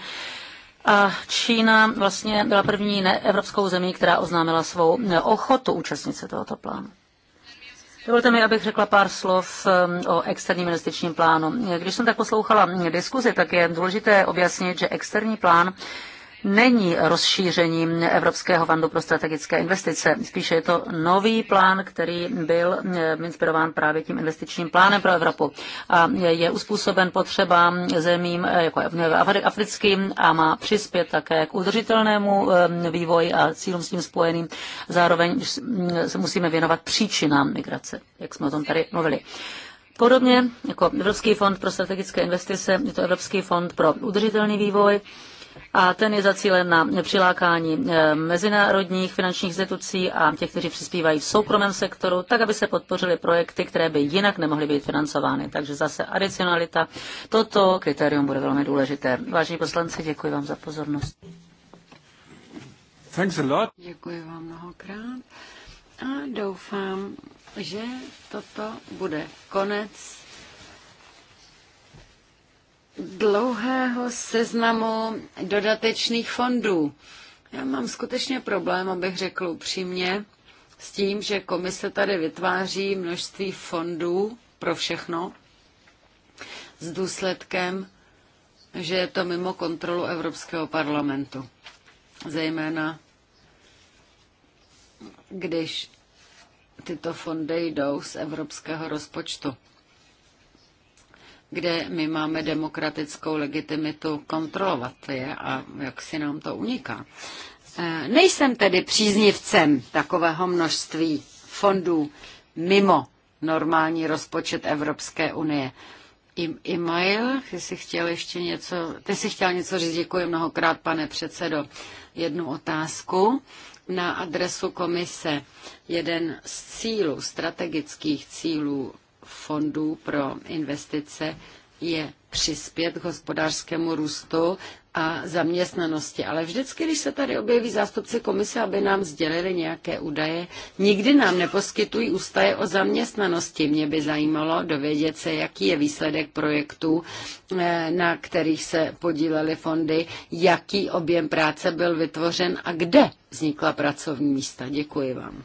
A Čína vlastně byla první neevropskou zemí, která oznámila svou ochotu účastnit se tohoto plánu. Dovolte mi, abych řekla pár slov um, o externím investičním plánu. Když jsem tak poslouchala diskuzi, tak je důležité objasnit, že externí plán není rozšířením Evropského fondu pro strategické investice. Spíše je to nový plán, který byl eh, inspirován právě tím investičním plánem pro Evropu. A je uspůsoben potřebám zemím eh, jako africkým a má přispět také k udržitelnému eh, vývoji a cílům s tím spojeným. Zároveň mm, se musíme věnovat příčinám migrace, jak jsme o tom tady mluvili. Podobně jako Evropský fond pro strategické investice, je to Evropský fond pro udržitelný vývoj, a ten je zacílen na přilákání eh, mezinárodních finančních institucí a těch, kteří přispívají v soukromém sektoru, tak, aby se podpořily projekty, které by jinak nemohly být financovány. Takže zase adicionalita. Toto kritérium bude velmi důležité. Vážení poslanci, děkuji vám za pozornost. Thanks a lot. Děkuji vám mnohokrát a doufám, že toto bude konec dlouhého seznamu dodatečných fondů. Já mám skutečně problém, abych řekl upřímně, s tím, že komise tady vytváří množství fondů pro všechno s důsledkem, že je to mimo kontrolu Evropského parlamentu. Zejména když tyto fondy jdou z evropského rozpočtu kde my máme demokratickou legitimitu kontrolovat je a jak si nám to uniká. E, nejsem tedy příznivcem takového množství fondů mimo normální rozpočet Evropské unie. e ty jsi chtěl ještě něco, ty jsi chtěl něco říct, děkuji mnohokrát, pane předsedo, jednu otázku na adresu komise. Jeden z cílů, strategických cílů fondů pro investice je přispět k hospodářskému růstu a zaměstnanosti. Ale vždycky, když se tady objeví zástupci komise, aby nám sdělili nějaké údaje, nikdy nám neposkytují ústaje o zaměstnanosti. Mě by zajímalo dovědět se, jaký je výsledek projektů, eh, na kterých se podílely fondy, jaký objem práce byl vytvořen a kde vznikla pracovní místa. Děkuji vám.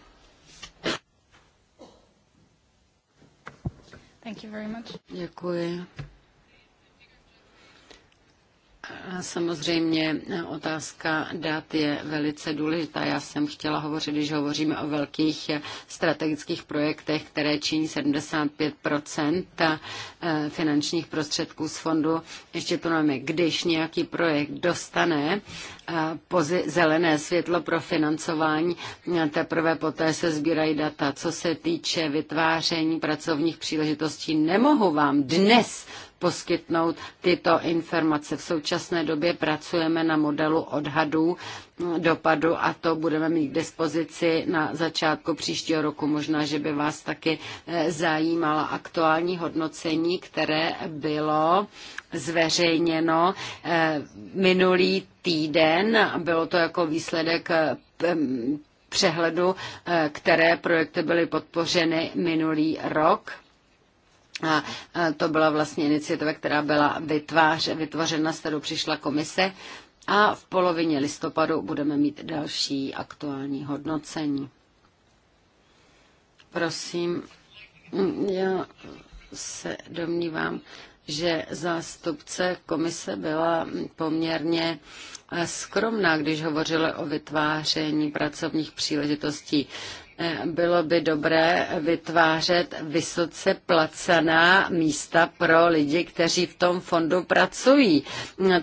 Děkuji. Samozřejmě otázka dat je velice důležitá. Já jsem chtěla hovořit, když hovoříme o velkých strategických projektech, které činí 75 eh, finančních prostředků z fondu. Ještě to máme, když nějaký projekt dostane eh, pozi- zelené světlo pro financování, eh, teprve poté se sbírají data. Co se týče vytváření pracovních příležitostí, nemohu vám dnes poskytnout tyto informace. V současné době pracujeme na modelu odhadů dopadu a to budeme mít k dispozici na začátku příštího roku. Možná, že by vás taky eh, zajímala aktuální hodnocení, které bylo zveřejněno eh, minulý týden. Bylo to jako výsledek eh, přehledu, které projekty byly podpořeny minulý rok a to byla vlastně iniciativa, která byla vytvář, vytvořena, s kterou přišla komise. A v polovině listopadu budeme mít další aktuální hodnocení. Prosím, já se domnívám, že zástupce komise byla poměrně eh, skromná, když hovořila o vytváření pracovních příležitostí. Bylo by dobré vytvářet vysoce placená místa pro lidi, kteří v tom fondu pracují.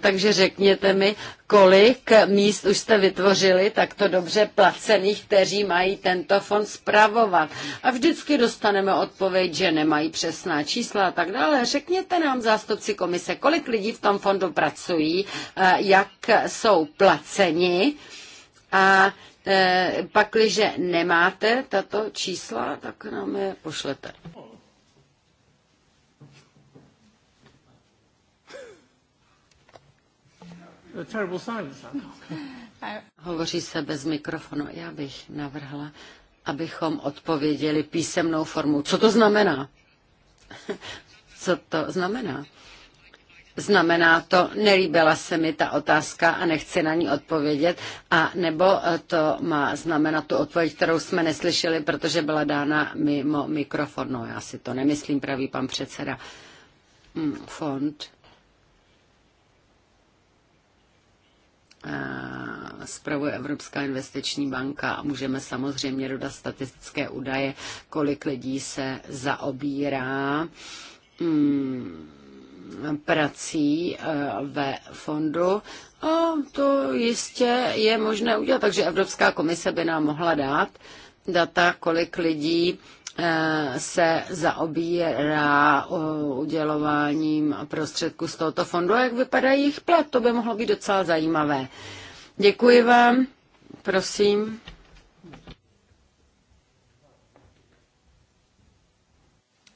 Takže řekněte mi, kolik míst už jste vytvořili takto dobře placených, kteří mají tento fond spravovat. A vždycky dostaneme odpověď, že nemají přesná čísla a tak dále. Řekněte nám, zástupci komise, kolik lidí v tom fondu pracují, eh, jak jsou placeni a Eh, pakliže nemáte tato čísla, tak nám je pošlete. Hovoří se bez mikrofonu. Já bych navrhla, abychom odpověděli písemnou formou. Co to znamená? Co to znamená? Znamená to, nelíbila se mi ta otázka a nechci na ní odpovědět, a nebo eh, to má znamenat tu odpověď, kterou jsme neslyšeli, protože byla dána mimo mikrofon. No, já si to nemyslím, pravý pan předseda. Hmm, fond. Eh, spravuje Evropská investiční banka a můžeme samozřejmě dodat statistické údaje, kolik lidí se zaobírá. Hmm prací eh, ve fondu. A to jistě je možné udělat, takže Evropská komise by nám mohla dát data, kolik lidí eh, se zaobírá eh, udělováním prostředků z tohoto fondu a jak vypadá jejich plat. To by mohlo být docela zajímavé. Děkuji vám. Prosím.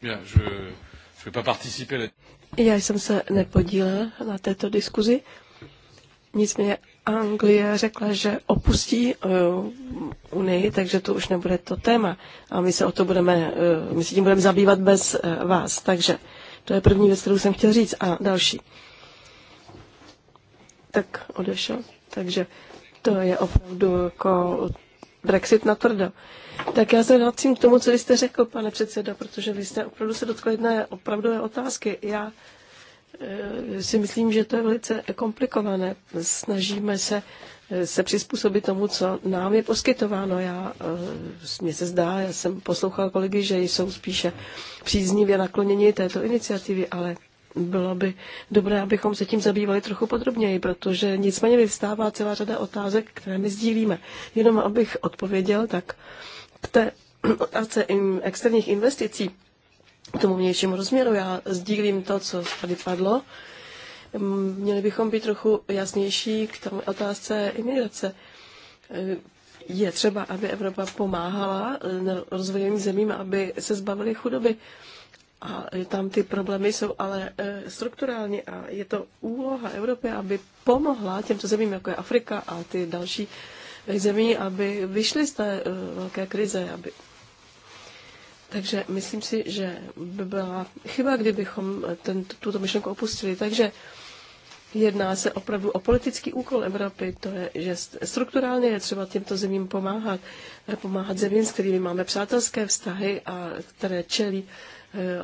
Bien, je, je vais pas participer à já jsem se nepodílela na této diskuzi, nicméně Anglie řekla, že opustí uh, Unii, takže to už nebude to téma. A my se o to budeme, uh, my se tím budeme zabývat bez uh, vás. Takže to je první věc, kterou jsem chtěl říct. A další. Tak odešel. Takže to je opravdu jako Brexit na tvrdo. Tak já se vracím k tomu, co jste řekl, pane předsedo, protože vy jste opravdu se dotkl jedné opravdové otázky. Já eh, si myslím, že to je velice komplikované. Snažíme se eh, se přizpůsobit tomu, co nám je poskytováno. Já, eh, mně se zdá, já jsem poslouchal kolegy, že jsou spíše příznivě nakloněni této iniciativy, ale bylo by dobré, abychom se tím zabývali trochu podrobněji, protože nicméně vyvstává celá řada otázek, které my sdílíme. Jenom abych odpověděl, tak té otázce externích investicí, k tomu vnějšímu rozměru, já sdílím to, co tady padlo, měli bychom být trochu jasnější k tomu otázce imigrace. E, je třeba, aby Evropa pomáhala e, rozvojovým zemím, aby se zbavili chudoby. A e, tam ty problémy jsou ale strukturální a je to úloha Evropy, aby pomohla těmto zemím, jako je Afrika a ty další zemí, aby vyšly z té eh, velké krize. Aby... Takže myslím si, že by byla chyba, kdybychom eh, ten, tuto myšlenku opustili. Takže jedná se opravdu o politický úkol Evropy, to je, že strukturálně je třeba těmto zemím pomáhat, eh, pomáhat zemím, s kterými máme přátelské vztahy a které čelí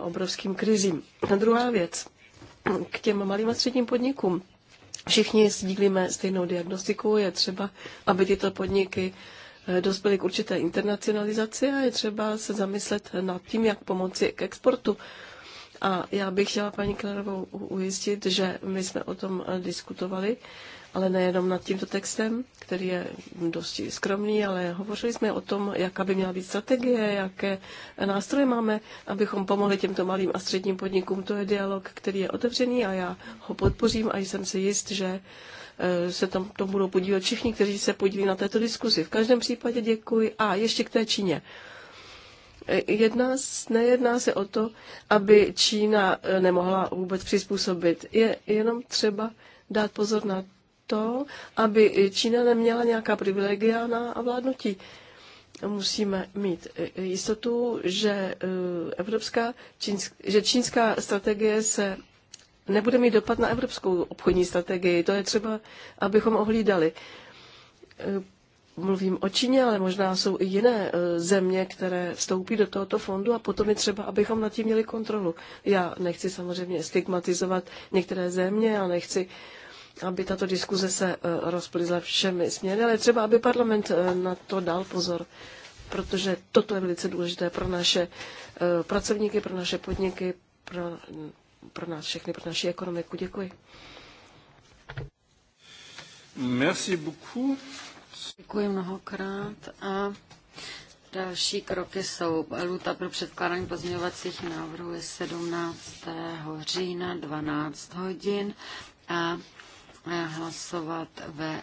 obrovským krizím. A druhá věc, k těm malým a středním podnikům. Všichni sdílíme stejnou diagnostiku, je třeba, aby tyto podniky eh, dospěly k určité internacionalizaci a je třeba se zamyslet nad tím, jak pomoci k exportu. A já bych chtěla paní Klerovou ujistit, že my jsme o tom eh, diskutovali ale nejenom nad tímto textem, který je dosti skromný, ale hovořili jsme o tom, jaká by měla být strategie, jaké nástroje máme, abychom pomohli těmto malým a středním podnikům. To je dialog, který je otevřený a já ho podpořím a jsem si jist, že eh, se tam to budou podívat všichni, kteří se podílí na této diskuzi. V každém případě děkuji. A ještě k té Číně. Eh, jedná, nejedná se o to, aby Čína eh, nemohla vůbec přizpůsobit. Je jenom třeba dát pozor na to, aby Čína neměla nějaká privilegia na vládnutí. Musíme mít jistotu, že, e, evropská, čínsk, že čínská strategie se nebude mít dopad na evropskou obchodní strategii. To je třeba, abychom ohlídali. E, mluvím o Číně, ale možná jsou i jiné e, země, které vstoupí do tohoto fondu a potom je třeba, abychom nad tím měli kontrolu. Já nechci samozřejmě stigmatizovat některé země a nechci uh, aby tato diskuze se e, rozplyzla všemi směry, ale třeba, aby parlament e, na to dal pozor, protože toto je velice důležité pro naše e, pracovníky, pro naše podniky, pro, pro nás všechny, pro naši ekonomiku. Děkuji. Merci beaucoup. Děkuji mnohokrát a další kroky jsou luta pro předkládání pozměňovacích návrhů je 17. října 12 hodin a hlasovat ve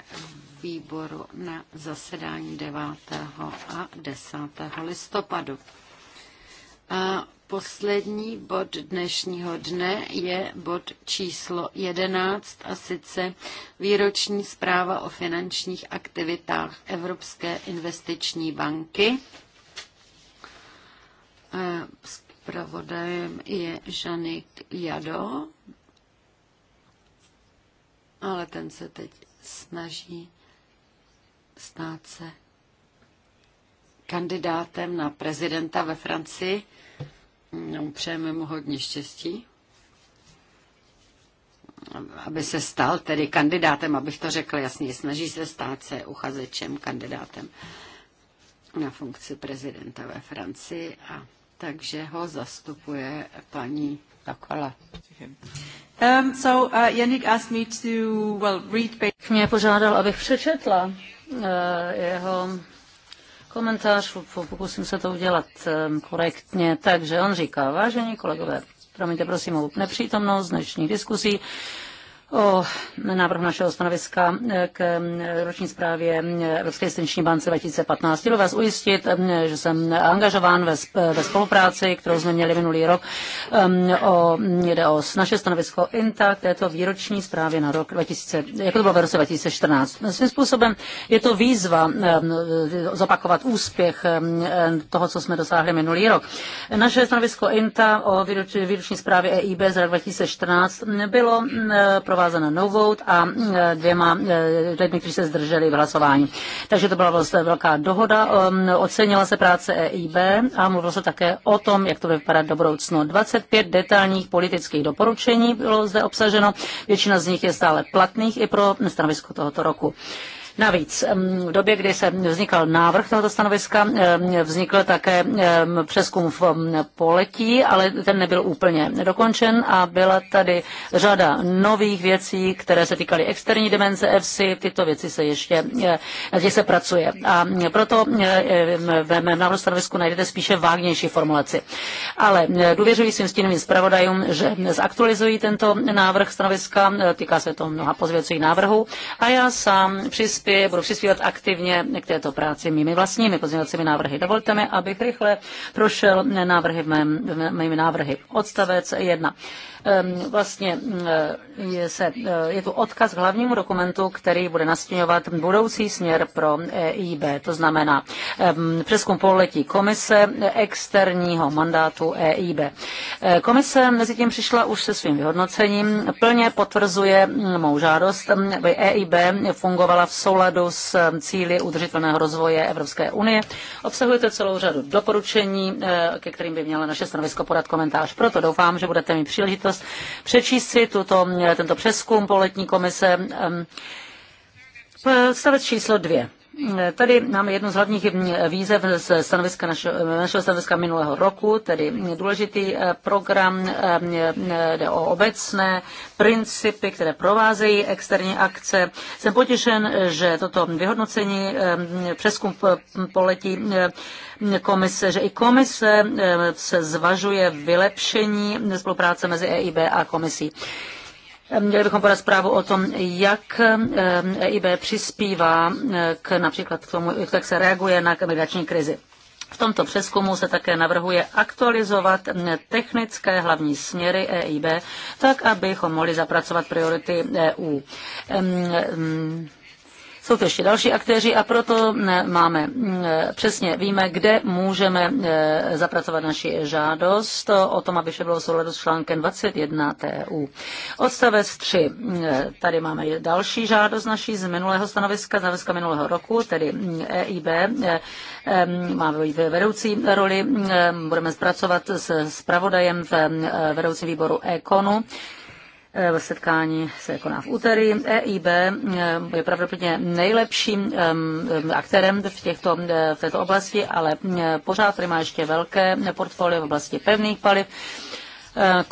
výboru na zasedání 9. a 10. listopadu. A poslední bod dnešního dne je bod číslo 11 a sice výroční zpráva o finančních aktivitách Evropské investiční banky. E, zpravodajem je Žanik Jado ale ten se teď snaží stát se kandidátem na prezidenta ve Francii. No, přejeme mu hodně štěstí, aby se stal tedy kandidátem, abych to řekl jasně. Snaží se stát se uchazečem, kandidátem na funkci prezidenta ve Francii a takže ho zastupuje paní takhle. Um, so, uh, Yannick asked me to, well, read... Mě požádal, abych přečetla uh, jeho komentář, pokusím se to udělat um, korektně, takže on říká, vážení kolegové, promiňte prosím o nepřítomnost dnešních diskusí, o návrhu našeho stanoviska eh, k eh, roční zprávě eh, Evropské instituční bance 2015. Chtěl vás ujistit, že jsem angažován ve, ve spolupráci, kterou jsme měli minulý rok. Ehm, o, jde o naše stanovisko INTA k této výroční zprávě na rok 2000, jako to bylo v roce 2014. Svým způsobem je to výzva ehm, zopakovat úspěch ehm, toho, co jsme dosáhli minulý rok. Naše stanovisko INTA o výroční zprávě EIB z roku 2014 bylo pro vás provázena no vote a mm, dvěma eh, lidmi, kteří se zdrželi v hlasování. Takže to byla vlastně velká dohoda. Ehm, ocenila se práce EIB a mluvilo se také o tom, jak to bude vypadat do budoucnu. 25 detailních politických doporučení bylo zde obsaženo. Většina z nich je stále platných i pro stanovisko tohoto roku. Navíc v době, kdy se vznikal návrh tohoto stanoviska, vznikl také přeskum v poletí, ale ten nebyl úplně dokončen a byla tady řada nových věcí, které se týkaly externí dimenze FC. Tyto věci se ještě, e, těch se pracuje. A proto e, ve mém návrhu stanovisku najdete spíše vágnější formulaci. Ale e, důvěřuji svým stínovým zpravodajům, že zaktualizují tento návrh stanoviska, týká se to mnoha pozvěcích návrhů a já sám přispěl přispěje, budu přispívat aktivně k této práci mými vlastními pozměňovacími návrhy. Dovolte mi, abych rychle prošel návrhy v mém, v mými návrhy. Odstavec 1. Ehm, vlastně ehm, je, se, ehm, je tu odkaz k hlavnímu dokumentu, který bude nastěňovat budoucí směr pro EIB, to znamená přeskum pololetí komise externího mandátu EIB. Komise mezi tím přišla už se svým vyhodnocením, plně potvrzuje mou žádost, aby EIB fungovala v souladu souladu s cíly udržitelného rozvoje Evropské unie. Obsahujete celou řadu doporučení, eh, ke kterým by měla naše stanovisko podat komentář. Proto doufám, že budete mít příležitost přečíst si tuto, eh, tento přeskum poletní komise. Ehm, eh, stavec číslo dvě. Eh, tady máme jednu z hlavních mm, výzev z stanoviska našeho, eh, našeho stanoviska minulého roku, tedy důležitý eh, program jde o obecné principy, které provázejí externí akce. Jsem potěšen, že toto vyhodnocení přeskum poletí komise, že i komise se zvažuje vylepšení spolupráce mezi EIB a komisí. Měli bychom podat zprávu o tom, jak EIB eh, přispívá eh, k například k tomu, jak se reaguje na migrační krizi. V tomto přeskumu se také navrhuje aktualizovat eh, technické hlavní směry EIB, tak abychom mohli zapracovat priority EU. Jsou to ještě další aktéři a proto mm, máme mm, přesně, víme, kde můžeme mm, zapracovat naši žádost o tom, aby vše bylo v souladu s článkem 21 TU. E Odstavec 3. Tady máme další žádost naší z minulého stanoviska, stanoviska minulého roku, tedy EIB e, má vedoucí roli. Budeme zpracovat s zpravodajem v vedoucím výboru EKONu. Eh, setkání se koná v úterý. EIB eh, je pravděpodobně nejlepším ehm, aktérem v, těchto, eh, v této oblasti, ale pořád tady má ještě velké portfolio v oblasti pevných paliv.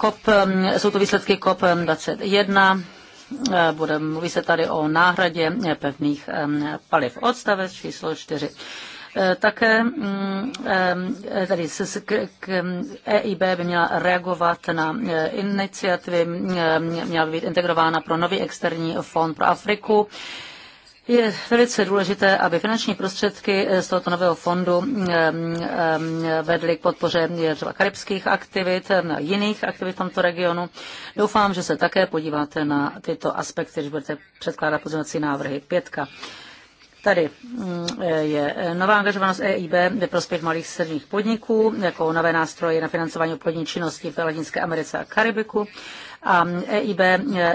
COP, ehm, jsou to výsledky COP21, ehm, bude, mluví se tady o náhradě pevných paliv. Odstavec číslo 4. Eh, také mm, eh, tady EIB e by měla reagovat na eh, iniciativy, měla by být integrována pro nový externí fond pro Afriku. Je velice důležité, aby finanční prostředky z tohoto nového fondu vedly k podpoře třeba karibských aktivit, na jiných aktivit v tomto regionu. Doufám, že se také podíváte na tyto aspekty, když budete předkládat pozornací návrhy. Pětka. Tady mm, je e, nová angažovanost EIB ve prospěch malých středních podniků jako nové nástroje na financování obchodní činnosti v Latinské Americe a Karibiku a EIB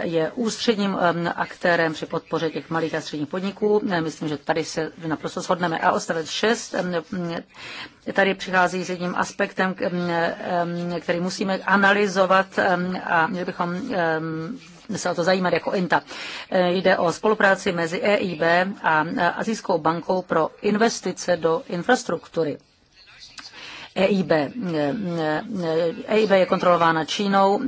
je ústředním um, aktérem při podpoře těch malých a středních podniků. Myslím, že tady se naprosto shodneme. A odstavec 6, um, um, tady přichází s jedním aspektem, který musíme analyzovat a měli bychom se o to zajímat jako INTA. E, jde o spolupráci mezi EIB a Azijskou bankou pro investice do infrastruktury. EIB. EIB je kontrolována Čínou,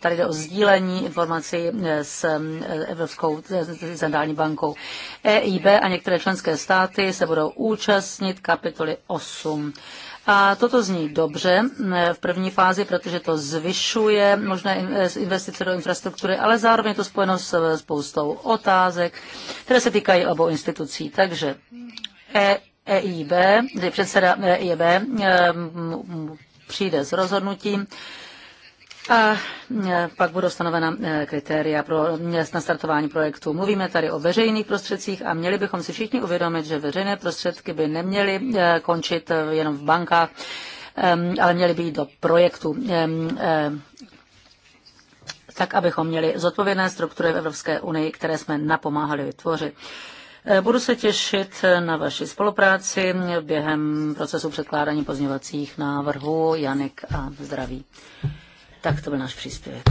tady jde o sdílení informací s eh, Evropskou centrální bankou. EIB a některé členské státy se budou účastnit kapitoly 8. A toto zní dobře eh, v první fázi, protože to zvyšuje možné eh, investice do infrastruktury, ale zároveň je to spojeno s spoustou otázek, které se týkají obou institucí. Takže e EIB, kdy předseda EIB eh, přijde s rozhodnutím, a eh, pak budou stanovena eh, kritéria pro nastartování projektu. Mluvíme tady o veřejných prostředcích a měli bychom si všichni uvědomit, že veřejné prostředky by neměly končit jenom v bankách, ale měly by jít do projektu tak, abychom měli zodpovědné struktury v Evropské unii, které jsme napomáhali vytvořit. Eh, budu se těšit na vaši spolupráci během procesu předkládání pozměvacích návrhů. Janik a zdraví. Tak to byl náš příspěvek.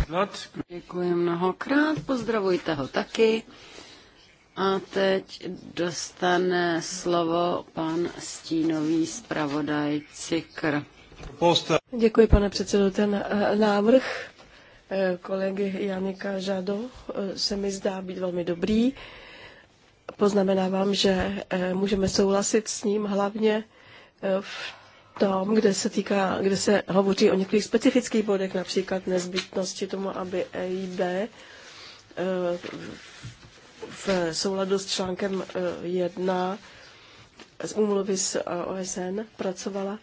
Děkuji mnohokrát, pozdravujte ho taky. A teď dostane slovo pan stínový zpravodaj Cikr. Děkuji, pane předsedo. Ten eh, návrh eh, kolegy Janika Žado se mi zdá být velmi dobrý poznamenávám, že eh, můžeme souhlasit s ním hlavně eh, v tom, kde se, týká, kde se hovoří o některých specifických bodech, například nezbytnosti tomu, aby EIB eh, v souladu s článkem 1 z úmluvy s OSN pracovala,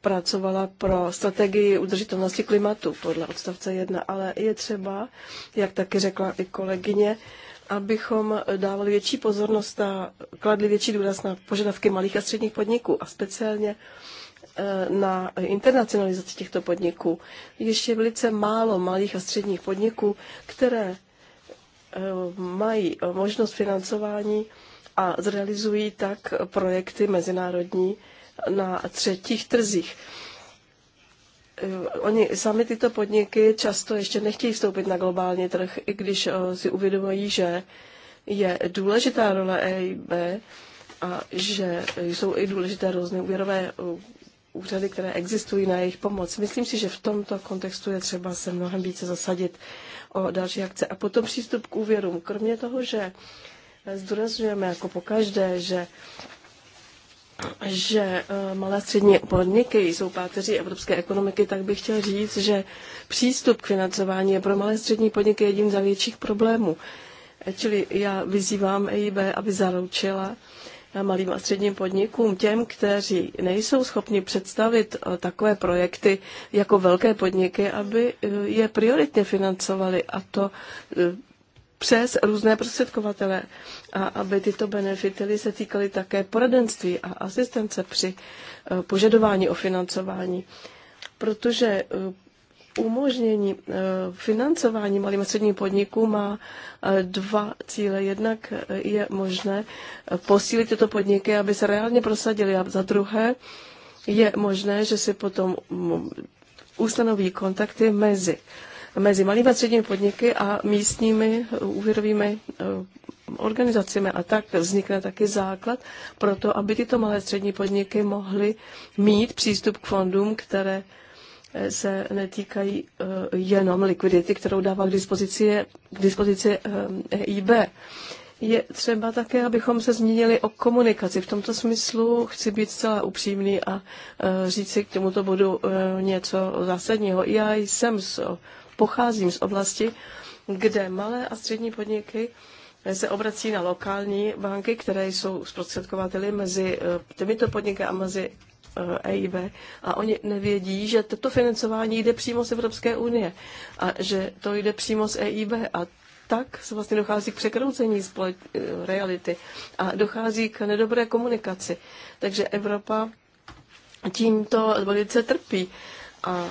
pracovala pro strategii udržitelnosti klimatu podle odstavce 1, ale je třeba, jak taky řekla i kolegyně, abychom dávali větší pozornost a kladli větší důraz na požadavky malých a středních podniků a speciálně eh, na internacionalizaci těchto podniků. Ještě je velice málo malých a středních podniků, které eh, mají možnost financování a zrealizují tak projekty mezinárodní na třetích trzích. Eh, oni sami tyto podniky často ještě nechtějí vstoupit na globální trh, i když eh, si uvědomují, že je důležitá role EIB a že jsou i důležité různé úvěrové eh, úřady, které existují na jejich pomoc. Myslím si, že v tomto kontextu je třeba se mnohem více zasadit o další akce. A potom přístup k úvěrům. Kromě toho, že zdůrazňujeme jako pokaždé, že že eh, malé střední podniky jsou páteří evropské ekonomiky, tak bych chtěl říct, že přístup k financování je pro malé střední podniky jedním z největších problémů. Eh, čili já vyzývám EIB, aby zaručila eh, malým a středním podnikům, těm, kteří nejsou schopni představit takové projekty jako velké podniky, aby je prioritně financovali a to přes různé prostředkovatele a aby tyto benefity se týkaly také poradenství a asistence při eh, požadování o financování. Protože eh, umožnění eh, financování malým a středním podniků má dva cíle. Jednak je možné posílit tyto podniky, aby se reálně prosadili a za druhé je možné, že si potom mm, ustanoví kontakty mezi mezi malými a středními podniky a místními eh, úvěrovými eh, organizacemi. A tak vznikne taky základ pro to, aby tyto malé střední podniky mohly mít přístup k fondům, které eh, se netýkají jenom likvidity, kterou dává k dispozici, k dispozici EIB. E Je třeba také, abychom se zmínili o komunikaci. V tomto smyslu chci být zcela upřímný a říct si k tomuto bodu něco zásadního. Já jsem z Pocházím z oblasti, kde malé a střední podniky se obrací na lokální banky, které jsou zprostředkovateli mezi eh, těmito podniky a mezi EIB eh, a oni nevědí, že toto financování jde přímo z Evropské unie a že to jde přímo z EIB a tak se vlastně dochází k překroucení eh, reality a dochází k nedobré komunikaci. Takže Evropa tímto velice trpí. A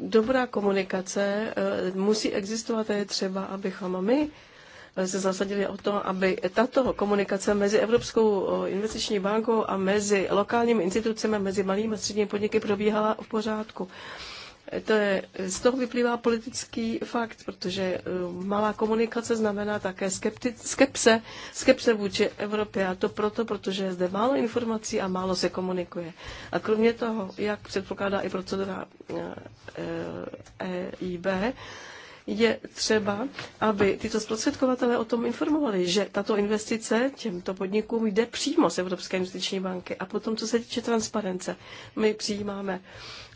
dobrá komunikace eh, musí existovat a je třeba, abychom my eh, se zasadili o to, aby tato komunikace mezi Evropskou eh, investiční bankou a mezi lokálními institucemi, mezi malými a středními podniky probíhala v pořádku. To je, z toho vyplývá politický fakt, protože eh, malá komunikace znamená také skepti, skepse, skepse vůči Evropě a to proto, protože je zde málo informací a málo se komunikuje. A kromě toho, jak předpokládá i procedura EIB, eh, eh, e, e, je třeba, aby tyto zprostředkovatele o tom informovali, že tato investice těmto podnikům jde přímo z Evropské investiční banky. A potom, co se týče transparence, my přijímáme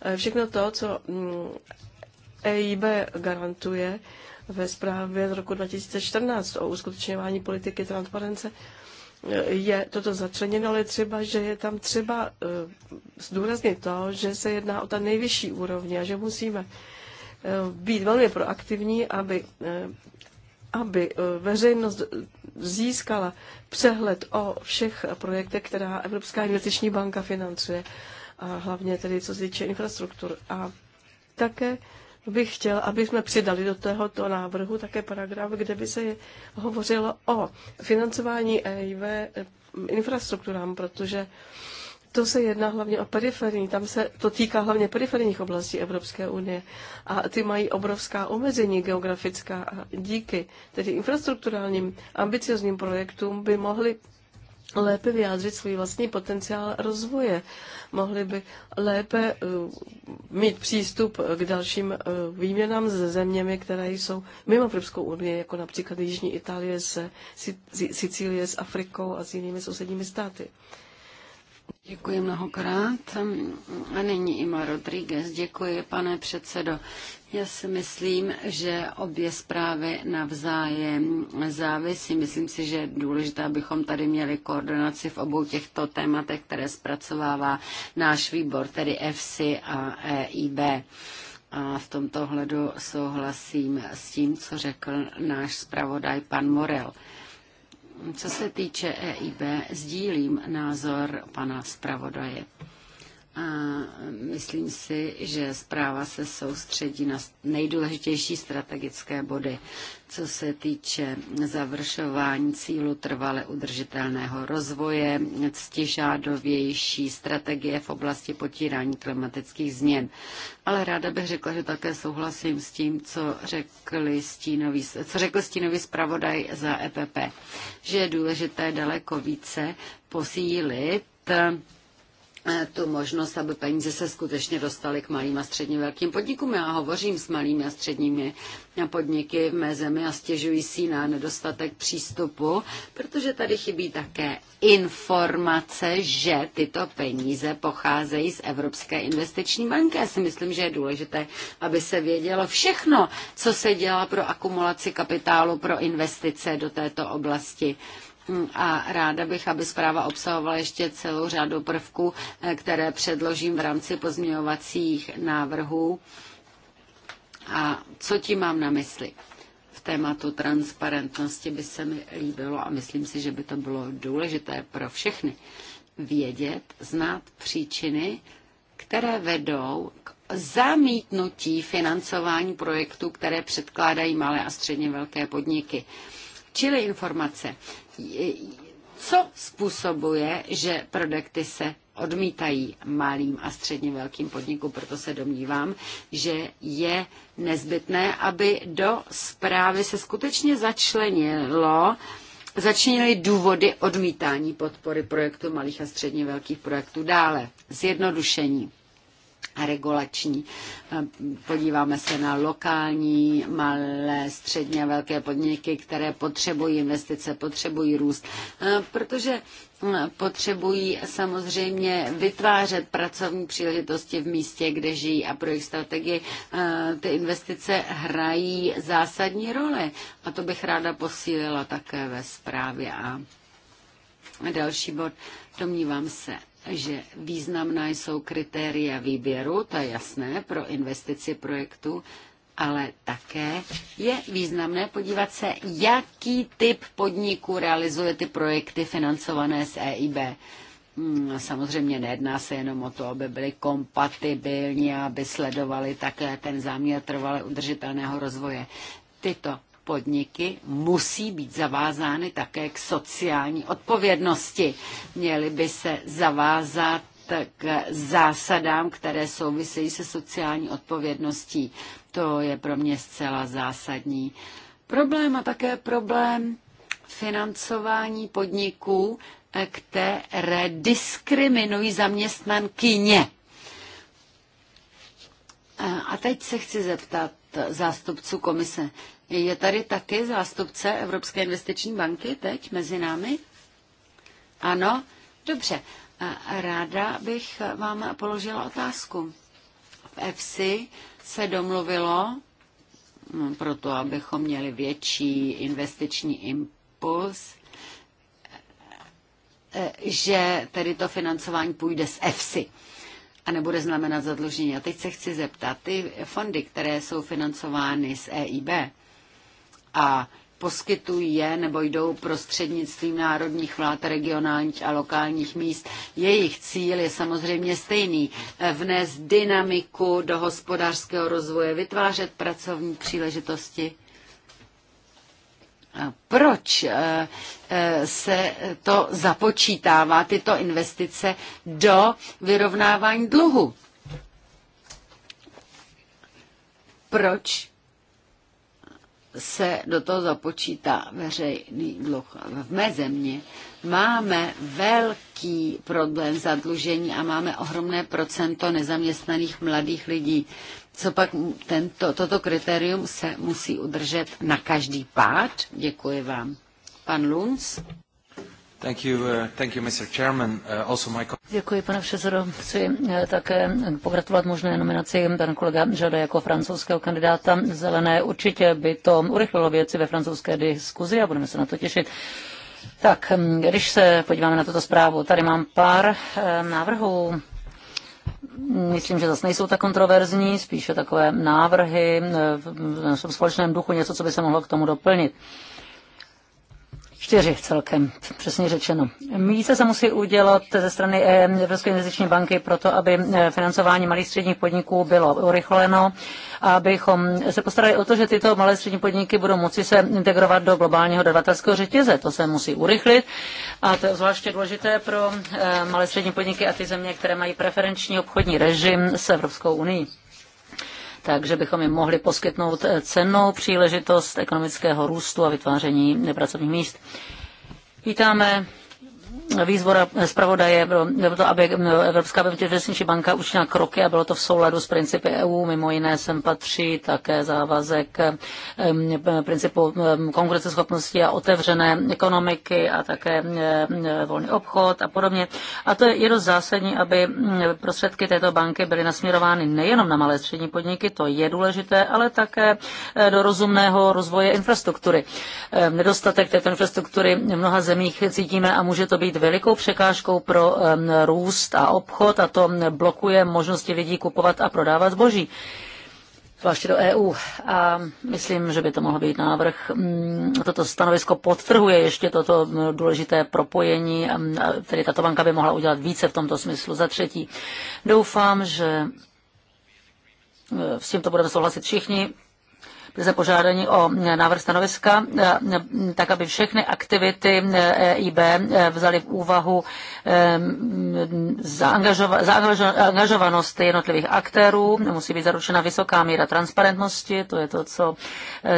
eh, všechno to, co mm, EIB garantuje ve zprávě z roku 2014 o uskutečňování politiky transparence, eh, je toto začleněno, ale třeba, že je tam třeba eh, zdůraznit to, že se jedná o ta nejvyšší úrovně a že musíme Eh, být velmi proaktivní, aby, eh, aby eh, veřejnost získala přehled o všech projektech, která Evropská investiční banka financuje, a hlavně tedy co se týče infrastruktur. A také bych chtěl, aby jsme přidali do tohoto návrhu také paragraf, kde by se hovořilo o financování EIV infrastrukturám, protože uh, to se jedná hlavně o periferní, tam se to týká hlavně periferních oblastí Evropské unie a ty mají obrovská omezení geografická a díky tedy infrastrukturálním ambiciozním projektům by mohly lépe vyjádřit svůj vlastní potenciál rozvoje. Mohli by lépe uh, mít přístup k dalším uh, výměnám se zeměmi, které jsou mimo Evropskou unii, jako například Jižní Itálie, se Sicílie s Afrikou a s jinými sousedními státy. Děkuji mnohokrát. A nyní Ima Rodriguez. Děkuji, pane předsedo. Já si myslím, že obě zprávy navzájem závisí. Myslím si, že je důležité, abychom tady měli koordinaci v obou těchto tématech, které zpracovává náš výbor, tedy FC a EIB. A v tomto hledu souhlasím s tím, co řekl náš zpravodaj pan Morel. Co se týče EIB, sdílím názor pana zpravodaje. A myslím si, že zpráva se soustředí na nejdůležitější strategické body, co se týče završování cílu trvale udržitelného rozvoje, ctižádovější strategie v oblasti potírání klimatických změn. Ale ráda bych řekla, že také souhlasím s tím, co, řekli stínový, co řekl stínový zpravodaj za EPP, že je důležité daleko více posílit Eh, tu možnost, aby peníze se skutečně dostaly k malým a středně velkým podnikům. Já hovořím s malými a středními podniky v mé zemi a stěžují si na nedostatek přístupu, protože tady chybí také informace, že tyto peníze pocházejí z Evropské investiční banky. Já si myslím, že je důležité, aby se vědělo všechno, co se dělá pro akumulaci kapitálu, pro investice do této oblasti a ráda bych, aby zpráva obsahovala ještě celou řadu prvků, eh, které předložím v rámci pozměňovacích návrhů. A co tím mám na mysli? V tématu transparentnosti by se mi líbilo a myslím si, že by to bylo důležité pro všechny vědět, znát příčiny, které vedou k zamítnutí financování projektů, které předkládají malé a středně velké podniky. Čili informace, co způsobuje, že produkty se odmítají malým a středně velkým podnikům, proto se domnívám, že je nezbytné, aby do zprávy se skutečně začlenilo začínily důvody odmítání podpory projektu malých a středně velkých projektů dále. Zjednodušení regulační. Podíváme se na lokální, malé, středně a velké podniky, které potřebují investice, potřebují růst, protože potřebují samozřejmě vytvářet pracovní příležitosti v místě, kde žijí a pro jejich strategii ty investice hrají zásadní roli. A to bych ráda posílila také ve zprávě. A další bod, domnívám se, že významná jsou kritéria výběru, to je jasné, pro investici projektu, ale také je významné podívat se, jaký typ podniků realizuje ty projekty financované z EIB. Hmm, samozřejmě nejedná se jenom o to, aby byly kompatibilní, aby sledovali také ten záměr trvale udržitelného rozvoje. Tyto podniky musí být zavázány také k sociální odpovědnosti. Měly by se zavázat k zásadám, které souvisejí se sociální odpovědností. To je pro mě zcela zásadní problém a také problém financování podniků, které diskriminují zaměstnankyně. A teď se chci zeptat zástupců komise. Je tady taky zástupce Evropské investiční banky teď mezi námi? Ano, dobře. Ráda bych vám položila otázku. V EFSI se domluvilo, no, proto abychom měli větší investiční impuls, eh, že tedy to financování půjde z EFSI a nebude znamenat zadlužení. A teď se chci zeptat, ty fondy, které jsou financovány z EIB, a poskytují je nebo jdou prostřednictvím národních vlád, regionálních a lokálních míst. Jejich cíl je samozřejmě stejný. Eh, vnést dynamiku do hospodářského rozvoje, vytvářet pracovní příležitosti. Proč eh, eh, se to započítává, tyto investice, do vyrovnávání dluhu? Proč se do toho započítá veřejný dluh. V mé země máme velký problém zadlužení a máme ohromné procento nezaměstnaných mladých lidí. Co pak tento, toto kritérium se musí udržet na každý pád? Děkuji vám. Pan Lunz? Uh, uh, Děkuji, pane předsedo. Chci eh, také pogratulovat možné nominaci pana kolega Žada jako francouzského kandidáta. Zelené určitě by to urychlilo věci ve francouzské diskuzi a budeme se na to těšit. Tak, hm, když se podíváme na tuto zprávu, tady mám pár eh, návrhů. Myslím, že zase nejsou tak kontroverzní, spíše takové návrhy eh, v našem společném duchu, něco, co by se mohlo k tomu doplnit. Čtyři celkem, přesně řečeno. Více se musí udělat ze strany eh, Evropské investiční banky proto, aby eh, financování malých středních podniků bylo urychleno, abychom se postarali o to, že tyto malé střední podniky budou moci se integrovat do globálního dodavatelského řetěze. To se musí urychlit a to je zvláště důležité pro eh, malé střední podniky a ty země, které mají preferenční obchodní režim s Evropskou unii takže bychom jim mohli poskytnout eh, cennou příležitost ekonomického růstu a vytváření pracovních míst. Vítáme výzvora zpravodaje bylo to, aby Evropská investiční banka učinila kroky a bylo to v souladu s principy EU. Mimo jiné sem patří také závazek principu konkurenceschopnosti a otevřené ekonomiky a také volný obchod a podobně. A to je dost zásadní, aby prostředky této banky byly nasměrovány nejenom na malé střední podniky, to je důležité, ale také e, do rozumného rozvoje infrastruktury. E, nedostatek této infrastruktury v mnoha zemích cítíme a může to být velikou překážkou pro růst a obchod a to blokuje možnosti lidí kupovat a prodávat zboží zvláště do EU. A myslím, že by to mohl být návrh. Mm, toto stanovisko podtrhuje ještě toto mm, důležité propojení, tedy tato banka by mohla udělat více v tomto smyslu. Za třetí, doufám, že e, s tímto budeme souhlasit všichni, za požádání o návrh stanoviska, eh, tak aby všechny aktivity EIB eh, vzaly v úvahu eh, zaangažovanost jednotlivých aktérů. Musí být zaručena vysoká míra transparentnosti, to je to, co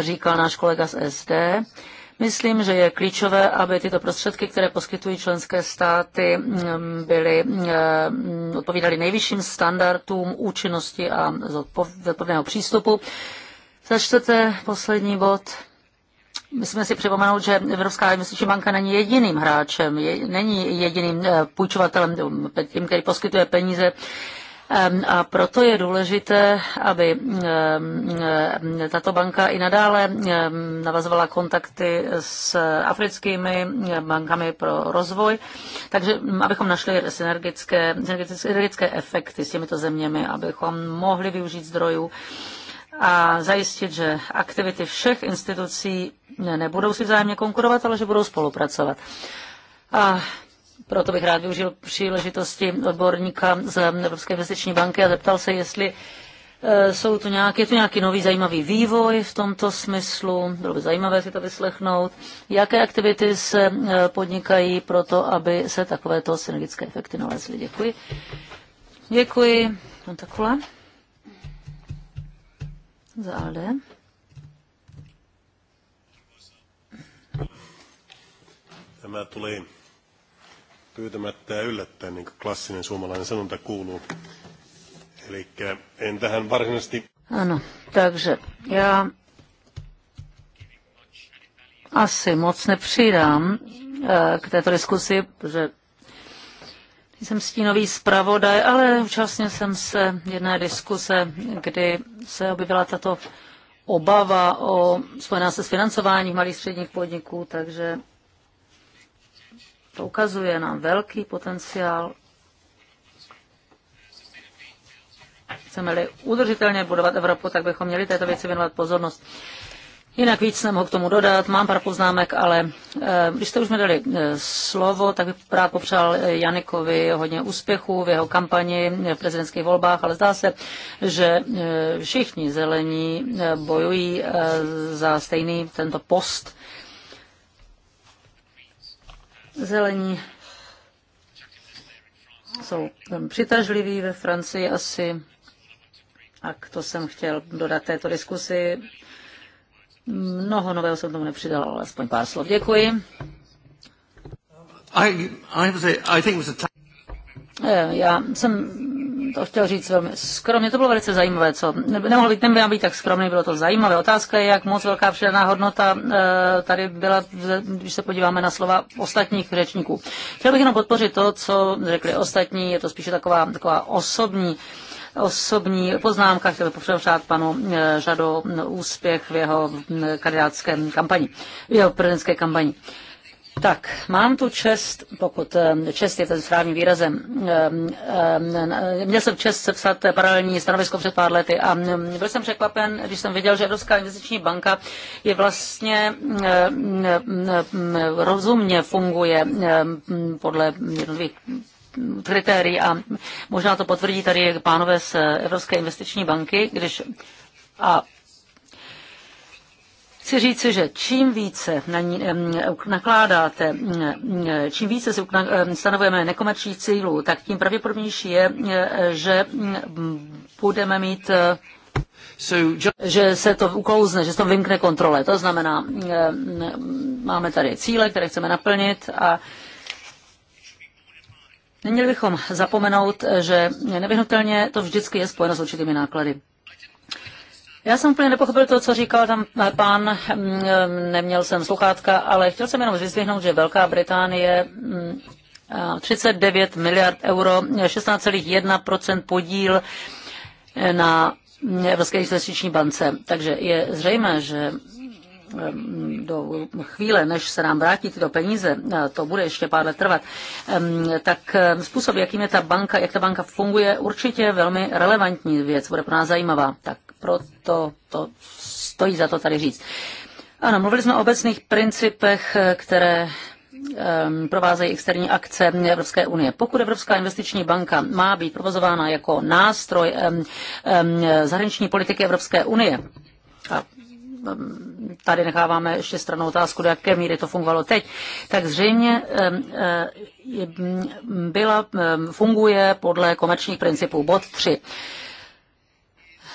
říkal náš kolega z SD. Myslím, že je klíčové, aby tyto prostředky, které poskytují členské státy, mm, byly, odpovídaly nejvyšším standardům účinnosti a zodpovědného přístupu. Za čtvrté, poslední bod. Musíme si připomenout, že Evropská investiční banka není jediným hráčem, je, není jediným eh, půjčovatelem, eh, tím, který poskytuje peníze. Ehm, a proto je důležité, aby ehm, eh, tato banka i nadále ehm, navazovala kontakty s africkými bankami pro rozvoj, takže hm, abychom našli synergické, synergické efekty s těmito zeměmi, abychom mohli využít zdrojů a zajistit, že aktivity všech institucí nebudou si vzájemně konkurovat, ale že budou spolupracovat. A proto bych rád využil příležitosti odborníka z Evropské investiční banky a zeptal se, jestli e, jsou tu nějaký, je tu nějaký nový zajímavý vývoj v tomto smyslu, bylo by zajímavé si to vyslechnout, jaké aktivity se e, podnikají pro to, aby se takovéto synergické efekty nalezly. Děkuji. Děkuji. Pan Takula za ALDE. Tämä tuli pyytämättä ja yllättäen, niin kuin klassinen suomalainen sanonta kuuluu. Eli en tähän varsinaisesti... Ano, ah, takže já asi moc nepřidám eh, k této diskusi, protože jsem stínový zpravodaj, ale účastnil jsem se jedné diskuse, kdy se objevila tato obava o, spojená se s financováním malých středních podniků, takže to ukazuje nám velký potenciál. Chceme-li udržitelně budovat Evropu, tak bychom měli této věci věnovat pozornost. Jinak víc nemohu k tomu dodat, mám pár poznámek, ale eh, když jste už mi dali eh, slovo, tak bych právě popřál eh, Janikovi hodně úspěchů v jeho kampani v prezidentských volbách, ale zdá se, že všichni zelení bojují za stejný tento post. Zelení jsou přitažliví ve Francii asi. A to jsem chtěl dodat této diskusi. Mnoho nového jsem tomu nepřidal, ale aspoň pár slov. Děkuji. Já jsem to chtěl říct velmi skromně. To bylo velice zajímavé, co nemohl být, nemohl být tak skromný, bylo to zajímavé. Otázka je, jak moc velká přidaná hodnota eh, tady byla, když se podíváme na slova ostatních řečníků. Chtěl bych jenom podpořit to, co řekli ostatní, je to spíše taková, taková osobní osobní poznámka. Chtěl bych popřát panu e, Žado úspěch v jeho kandidátské kampani, v jeho prezidentské kampani. Tak, mám tu čest, pokud e, čest je ten správným výrazem, e, měl jsem čest sepsat paralelní stanovisko před pár lety a byl jsem překvapen, když jsem viděl, že Evropská investiční banka je vlastně rozumně funguje podle jednotlivých kritérií a možná to potvrdí tady pánové z Evropské investiční banky, když a Chci říci, že čím více na ní, nakládáte, čím více si stanovujeme nekomerční cílů, tak tím pravděpodobnější je, že mm, budeme mít eh, že se to uklouzne, že se to vymkne kontrole. To znamená, máme tady cíle, které chceme naplnit a Neměli bychom zapomenout, že nevyhnutelně to vždycky je spojeno s určitými náklady. Já jsem úplně nepochopil to, co říkal tam pán, mm, neměl jsem sluchátka, ale chtěl jsem jenom vyzvihnout, že Velká Británie 39 mm, miliard euro, 16,1 podíl na Evropské investiční bance. Takže je zřejmé, že do chvíle, než se nám vrátí tyto peníze, to bude ještě pár let trvat, tak způsob, jakým je ta banka, jak ta banka funguje, určitě velmi relevantní věc, bude pro nás zajímavá. Tak proto to stojí za to tady říct. Ano, mluvili jsme o obecných principech, které provázejí externí akce Evropské unie. Pokud Evropská investiční banka má být provozována jako nástroj zahraniční politiky Evropské unie, tady necháváme ještě stranou otázku, do jaké míry to fungovalo teď, tak zřejmě byla, funguje podle komerčních principů. Bod 3.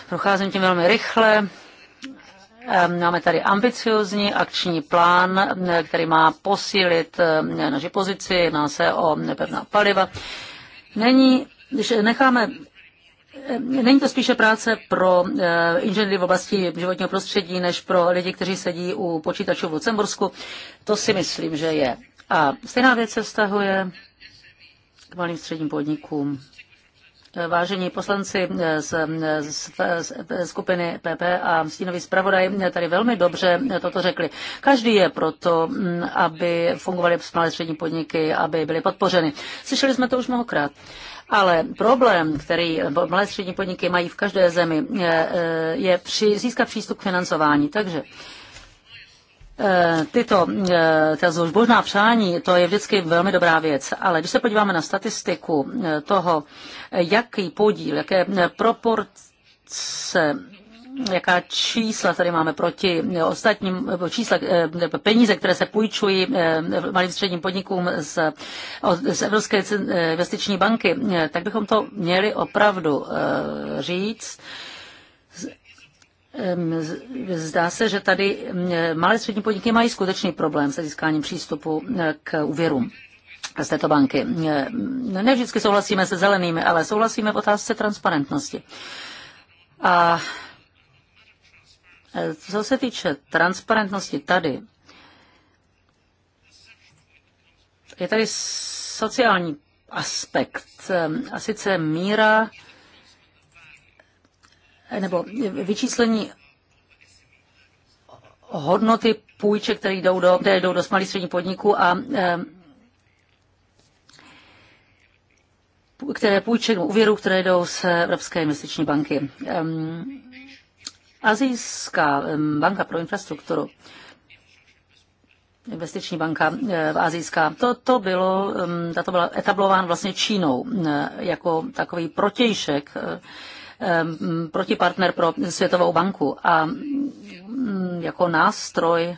Procházím tím velmi rychle. Máme tady ambiciozní akční plán, který má posílit naši pozici, jedná se o pevná paliva. Není, když necháme Eh, není to spíše práce pro eh, inženýry v oblasti životního prostředí, než pro lidi, kteří sedí u počítačů v Lucembursku? To si myslím, že je. A stejná věc se vztahuje k malým středním podnikům. Eh, vážení poslanci z, z, z skupiny PP a stínový zpravodaj tady velmi dobře toto řekli. Každý je proto, mm, aby fungovaly malé střední podniky, aby byly podpořeny. Slyšeli jsme to už mnohokrát. Ale problém, který malé střední podniky mají v každé zemi, je eh, při, získat přístup k financování. Takže eh, tyto, eh, ta zbožná přání, to je vždycky velmi dobrá věc, ale když se podíváme na statistiku toho, jaký podíl, jaké proporce jaká čísla tady máme proti ostatním, čísla, eh, peníze, které se půjčují eh, malým středním podnikům z, z Evropské investiční banky, eh, tak bychom to měli opravdu říct. Zdá se, že tady malé střední podniky mají skutečný problém se získáním přístupu k úvěrům z této banky. Ne vždycky souhlasíme se zelenými, ale souhlasíme v otázce transparentnosti. A Eh, co se týče transparentnosti tady, je tady sociální aspekt, eh, a sice míra eh, nebo vyčíslení hodnoty půjček, které jdou do, které jdou do smalých středních podniků a které půjček, úvěrů, které jdou z Evropské investiční banky. Azijská banka pro infrastrukturu investiční banka eh, v Azijská. To, to bylo, tato byla etablován vlastně Čínou eh, jako takový protějšek, eh, protipartner pro Světovou banku a mm, jako nástroj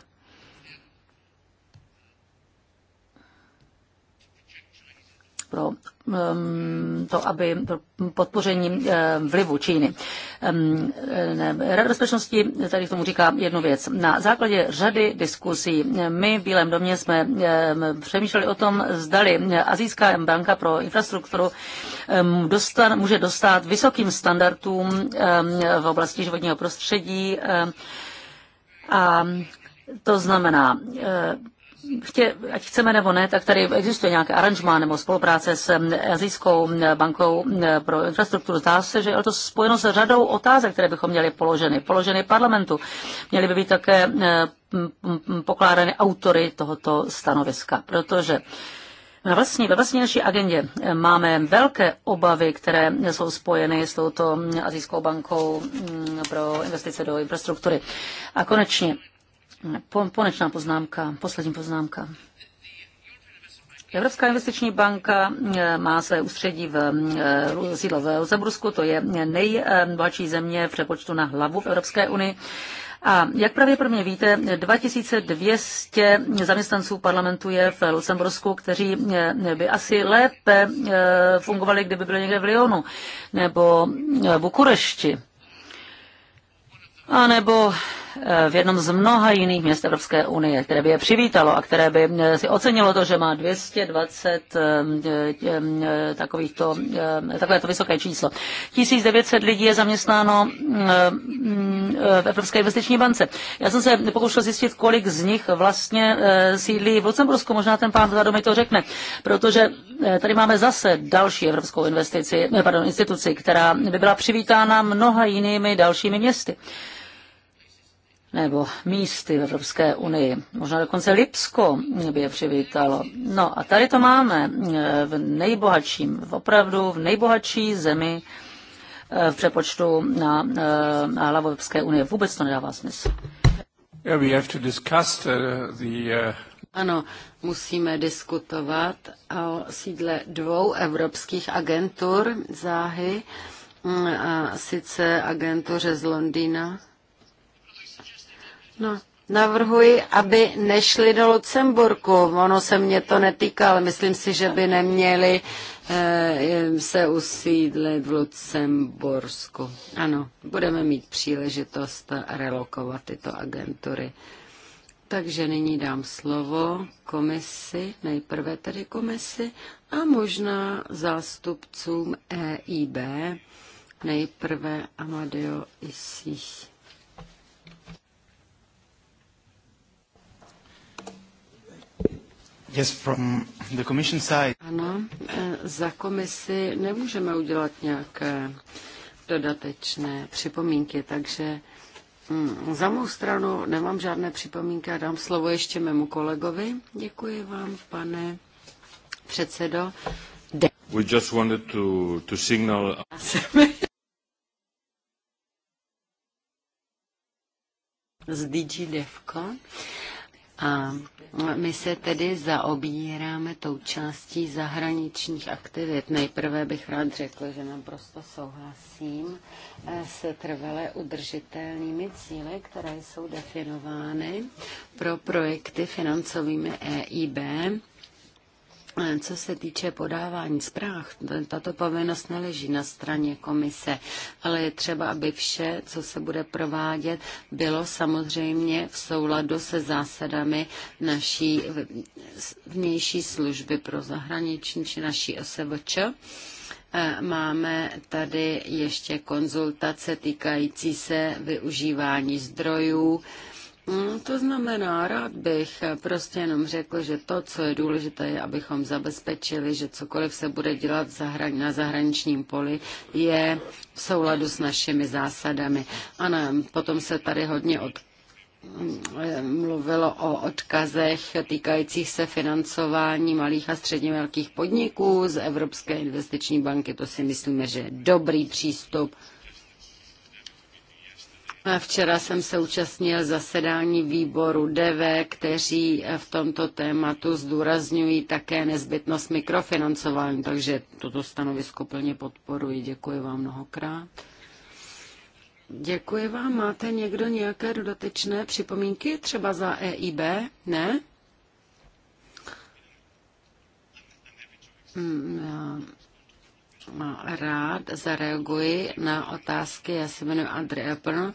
pro um, to, aby pro podpoření eh, vlivu Číny. Um, eh, Rada bezpečnosti tady k tomu říká jednu věc. Na základě řady diskusí eh, my v Bílém domě jsme přemýšleli o tom, zdali Azijská banka pro infrastrukturu dostan, může dostat vysokým standardům v oblasti životního prostředí a to znamená chtě, ať chceme nebo ne, tak tady existuje nějaké aranžmá nebo spolupráce s Azijskou bankou pro infrastrukturu. Zdá se, že je to spojeno s řadou otázek, které bychom měli položeny. Položeny parlamentu. Měly by být také pokládány autory tohoto stanoviska, protože na vlastní, ve vlastní naší agendě máme velké obavy, které jsou spojeny s touto Azijskou bankou pro investice do infrastruktury. A konečně Ponečná poznámka, poslední poznámka. Evropská investiční banka eh, má své ústředí v eh, sídlo v Luxembursku, to je nejbohatší země v přepočtu na hlavu v Evropské unii. A jak právě pro mě víte, 2200 zaměstnanců parlamentu je v Lucembursku, kteří eh, by asi lépe fungovali, kdyby byli někde v Lyonu nebo v Bukurešti. A nebo Eh, v jednom z mnoha jiných měst Evropské unie, které by je přivítalo a které by eh, si ocenilo to, že má 220 eh, takovýchto, takové to vysoké číslo. 1900 lidí je zaměstnáno mm, v Evropské investiční bance. Já jsem se pokoušel zjistit, kolik z nich vlastně sídlí v Lucembursku. Možná ten pán Zadomy to řekne, protože tady máme zase další evropskou investici, pardon, instituci, která by byla přivítána mnoha jinými dalšími městy nebo místy v Evropské unii. Možná dokonce Lipsko by je přivítalo. No a tady to máme eh, v nejbohatším, v opravdu v nejbohatší zemi eh, v přepočtu na, eh, na hlavu Evropské unie. Vůbec to nedává smysl. Yeah, we have to discuss the, the, uh... Ano, musíme diskutovat o sídle dvou evropských agentur záhy, mm, a sice agentuře z Londýna No, navrhuji, aby nešli do Lucemburku. Ono se mě to netýká, ale myslím si, že by neměli eh, se usídlit v Lucembursku. Ano, budeme mít příležitost relokovat tyto agentury. Takže nyní dám slovo komisi, nejprve tedy komisi a možná zástupcům EIB, nejprve Amadeo Isich. Yes, from the commission side. Ano, eh, za komisi nemůžeme udělat nějaké dodatečné připomínky, takže hm, za mou stranu nemám žádné připomínky a dám slovo ještě mému kolegovi. Děkuji vám, pane předsedo. De- We just wanted to, to signal... Z DG Devco a my se tedy zaobíráme tou částí zahraničních aktivit. Nejprve bych rád řekl, že naprosto souhlasím eh, se trvale udržitelnými cíly, které jsou definovány pro projekty financovými EIB co se týče podávání zpráv, tato povinnost neleží na straně komise, ale je třeba, aby vše, co se bude provádět, bylo samozřejmě v souladu se zásadami naší vnější služby pro zahraniční či naší OSVČ. Máme tady ještě konzultace týkající se využívání zdrojů, No, to znamená, rád bych prostě jenom řekl, že to, co je důležité, je, abychom zabezpečili, že cokoliv se bude dělat na zahraničním poli, je v souladu s našimi zásadami. ne, potom se tady hodně od mm, mluvilo o odkazech týkajících se financování malých a středně velkých podniků z Evropské investiční banky. To si myslíme, že je dobrý přístup Včera jsem se účastnil zasedání výboru DV, kteří v tomto tématu zdůrazňují také nezbytnost mikrofinancování, takže toto stanovisko plně podporuji. Děkuji vám mnohokrát. Děkuji vám. Máte někdo nějaké dodatečné připomínky, třeba za EIB? Ne? Hmm, já rád zareaguji na otázky. Já se jmenuji Andrej Plno.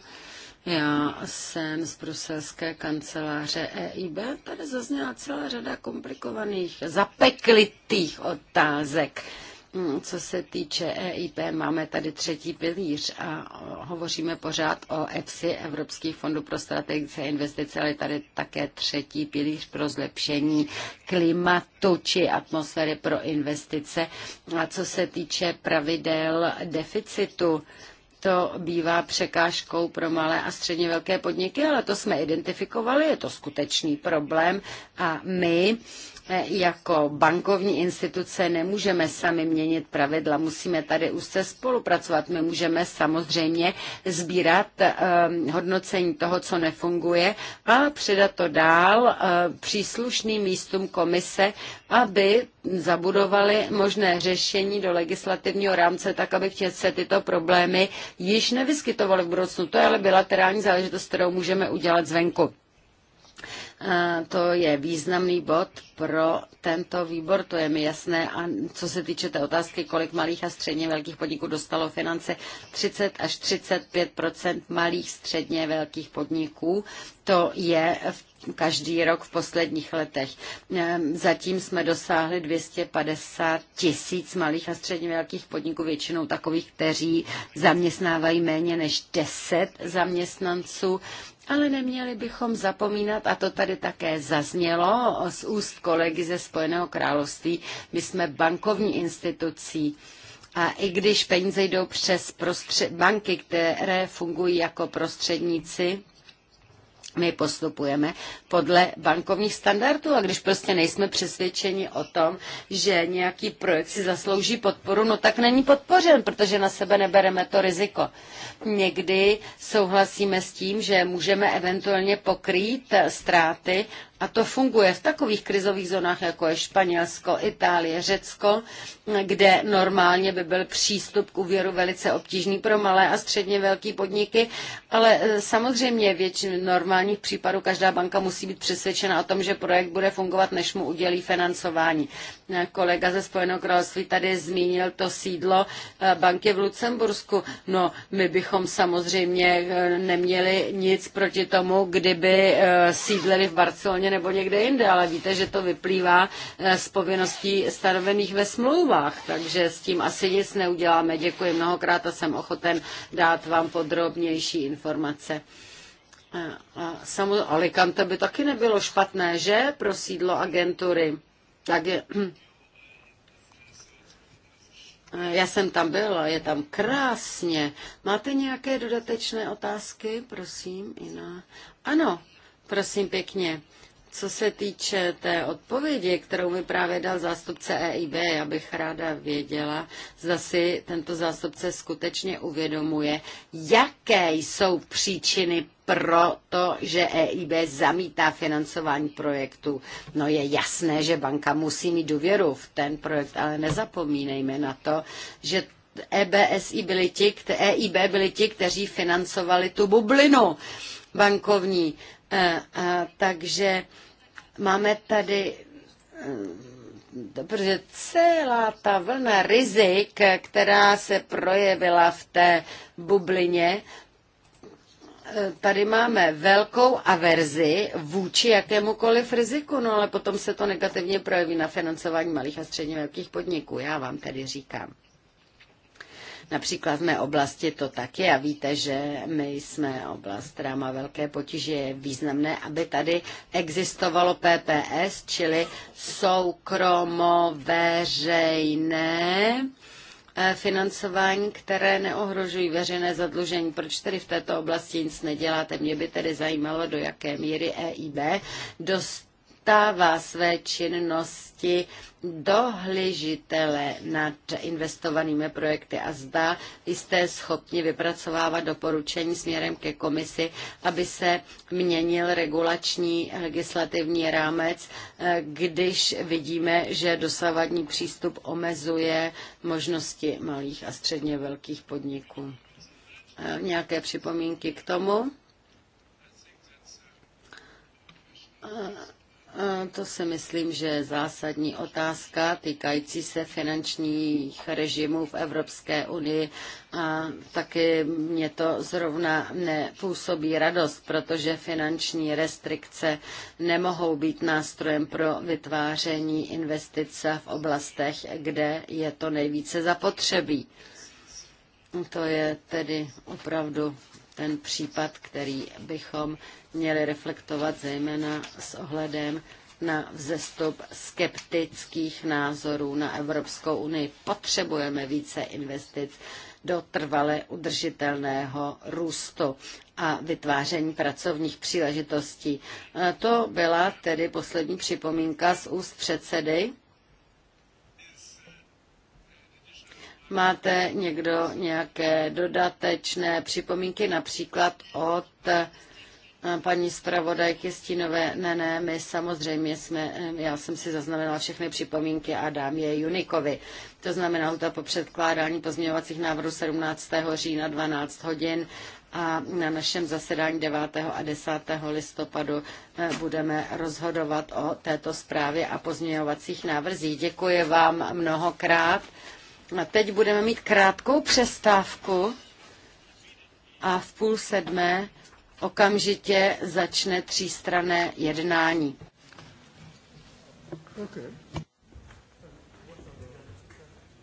Já jsem z bruselské kanceláře EIB. Tady zazněla celá řada komplikovaných, zapeklitých otázek. Mm, co se týče EIP, máme tady třetí pilíř a hovoříme pořád o EFSI, Evropských fondů pro strategické investice, ale tady také třetí pilíř pro zlepšení klimatu či atmosféry pro investice. A co se týče pravidel deficitu, to bývá překážkou pro malé a středně velké podniky, ale to jsme identifikovali, je to skutečný problém a my jako bankovní instituce nemůžeme sami měnit pravidla, musíme tady úzce spolupracovat. My můžeme samozřejmě sbírat ehm, hodnocení toho, co nefunguje a předat to dál ehm, příslušným místům komise, aby zabudovali možné řešení do legislativního rámce, tak aby se tyto problémy již nevyskytovaly v budoucnu. To je ale bilaterální záležitost, kterou můžeme udělat zvenku. To je významný bod pro tento výbor, to je mi jasné. A co se týče té otázky, kolik malých a středně velkých podniků dostalo finance, 30 až 35 malých středně velkých podniků, to je každý rok v posledních letech. Ehm, zatím jsme dosáhli 250 tisíc malých a středně velkých podniků, většinou takových, kteří zaměstnávají méně než 10 zaměstnanců ale neměli bychom zapomínat, a to tady také zaznělo z úst kolegy ze Spojeného království, my jsme bankovní institucí. A i když peníze jdou přes banky, které fungují jako prostředníci, my postupujeme podle bankovních standardů a když prostě nejsme přesvědčeni o tom, že nějaký projekt si zaslouží podporu, no tak není podpořen, protože na sebe nebereme to riziko. Někdy souhlasíme s tím, že můžeme eventuálně pokrýt ztráty, a to funguje v takových krizových zónách, jako je Španělsko, Itálie, Řecko, kde normálně by byl přístup k úvěru velice obtížný pro malé a středně velké podniky, ale e, samozřejmě většině normálních případů každá banka musí být přesvědčena o tom, že projekt bude fungovat, než mu udělí financování kolega ze Spojeného království tady zmínil to sídlo eh, banky v Lucembursku. No, my bychom samozřejmě eh, neměli nic proti tomu, kdyby eh, sídlili v Barceloně nebo někde jinde, ale víte, že to vyplývá z povinností stanovených ve smlouvách, takže s tím asi nic neuděláme. Děkuji mnohokrát a jsem ochoten dát vám podrobnější informace. A, a Alicante by taky nebylo špatné, že? Pro sídlo agentury tak je, já jsem tam byla, je tam krásně. Máte nějaké dodatečné otázky, prosím, Ina? Ano, prosím pěkně. Co se týče té odpovědi, kterou mi právě dal zástupce EIB, já bych ráda věděla, zda si tento zástupce skutečně uvědomuje, jaké jsou příčiny pro to, že EIB zamítá financování projektu. No je jasné, že banka musí mít důvěru v ten projekt, ale nezapomínejme na to, že EBSI byli ti, EIB e byli ti, kteří financovali tu bublinu bankovní. Uh, uh, takže Máme tady eh, protože celá ta vlna rizik, která se projevila v té bublině, eh, tady máme velkou averzi vůči jakémukoliv riziku, no ale potom se to negativně projeví na financování malých a středně velkých podniků. Já vám tedy říkám. Například v mé oblasti to tak je a víte, že my jsme oblast, která má velké potíže, je významné, aby tady existovalo PPS, čili soukromoveřejné eh, financování, které neohrožují veřejné zadlužení. Proč tedy v této oblasti nic neděláte? Mě by tedy zajímalo, do jaké míry EIB dost zůstává své činnosti dohližitele nad investovanými projekty a zda jste schopni vypracovávat doporučení směrem ke komisi, aby se měnil regulační legislativní rámec, když vidíme, že dosavadní přístup omezuje možnosti malých a středně velkých podniků. Nějaké připomínky k tomu? To si myslím, že je zásadní otázka týkající se finančních režimů v Evropské unii a taky mě to zrovna nepůsobí radost, protože finanční restrikce nemohou být nástrojem pro vytváření investice v oblastech, kde je to nejvíce zapotřebí. To je tedy opravdu ten případ, který bychom měly reflektovat zejména s ohledem na vzestup skeptických názorů na Evropskou unii. Potřebujeme více investic do trvale udržitelného růstu a vytváření pracovních příležitostí. E, to byla tedy poslední připomínka z úst předsedy. Máte někdo nějaké dodatečné připomínky, například od paní zpravodajky Stínové. Ne, ne, my samozřejmě jsme, eh, já jsem si zaznamenala všechny připomínky a dám je Junikovi. To znamená, to po předkládání pozměňovacích návrhů 17. října 12 hodin a na našem zasedání 9. a 10. listopadu eh, budeme rozhodovat o této zprávě a pozměňovacích návrzích. Děkuji vám mnohokrát. A teď budeme mít krátkou přestávku a v půl sedmé okamžitě začne třístrané jednání. Okay.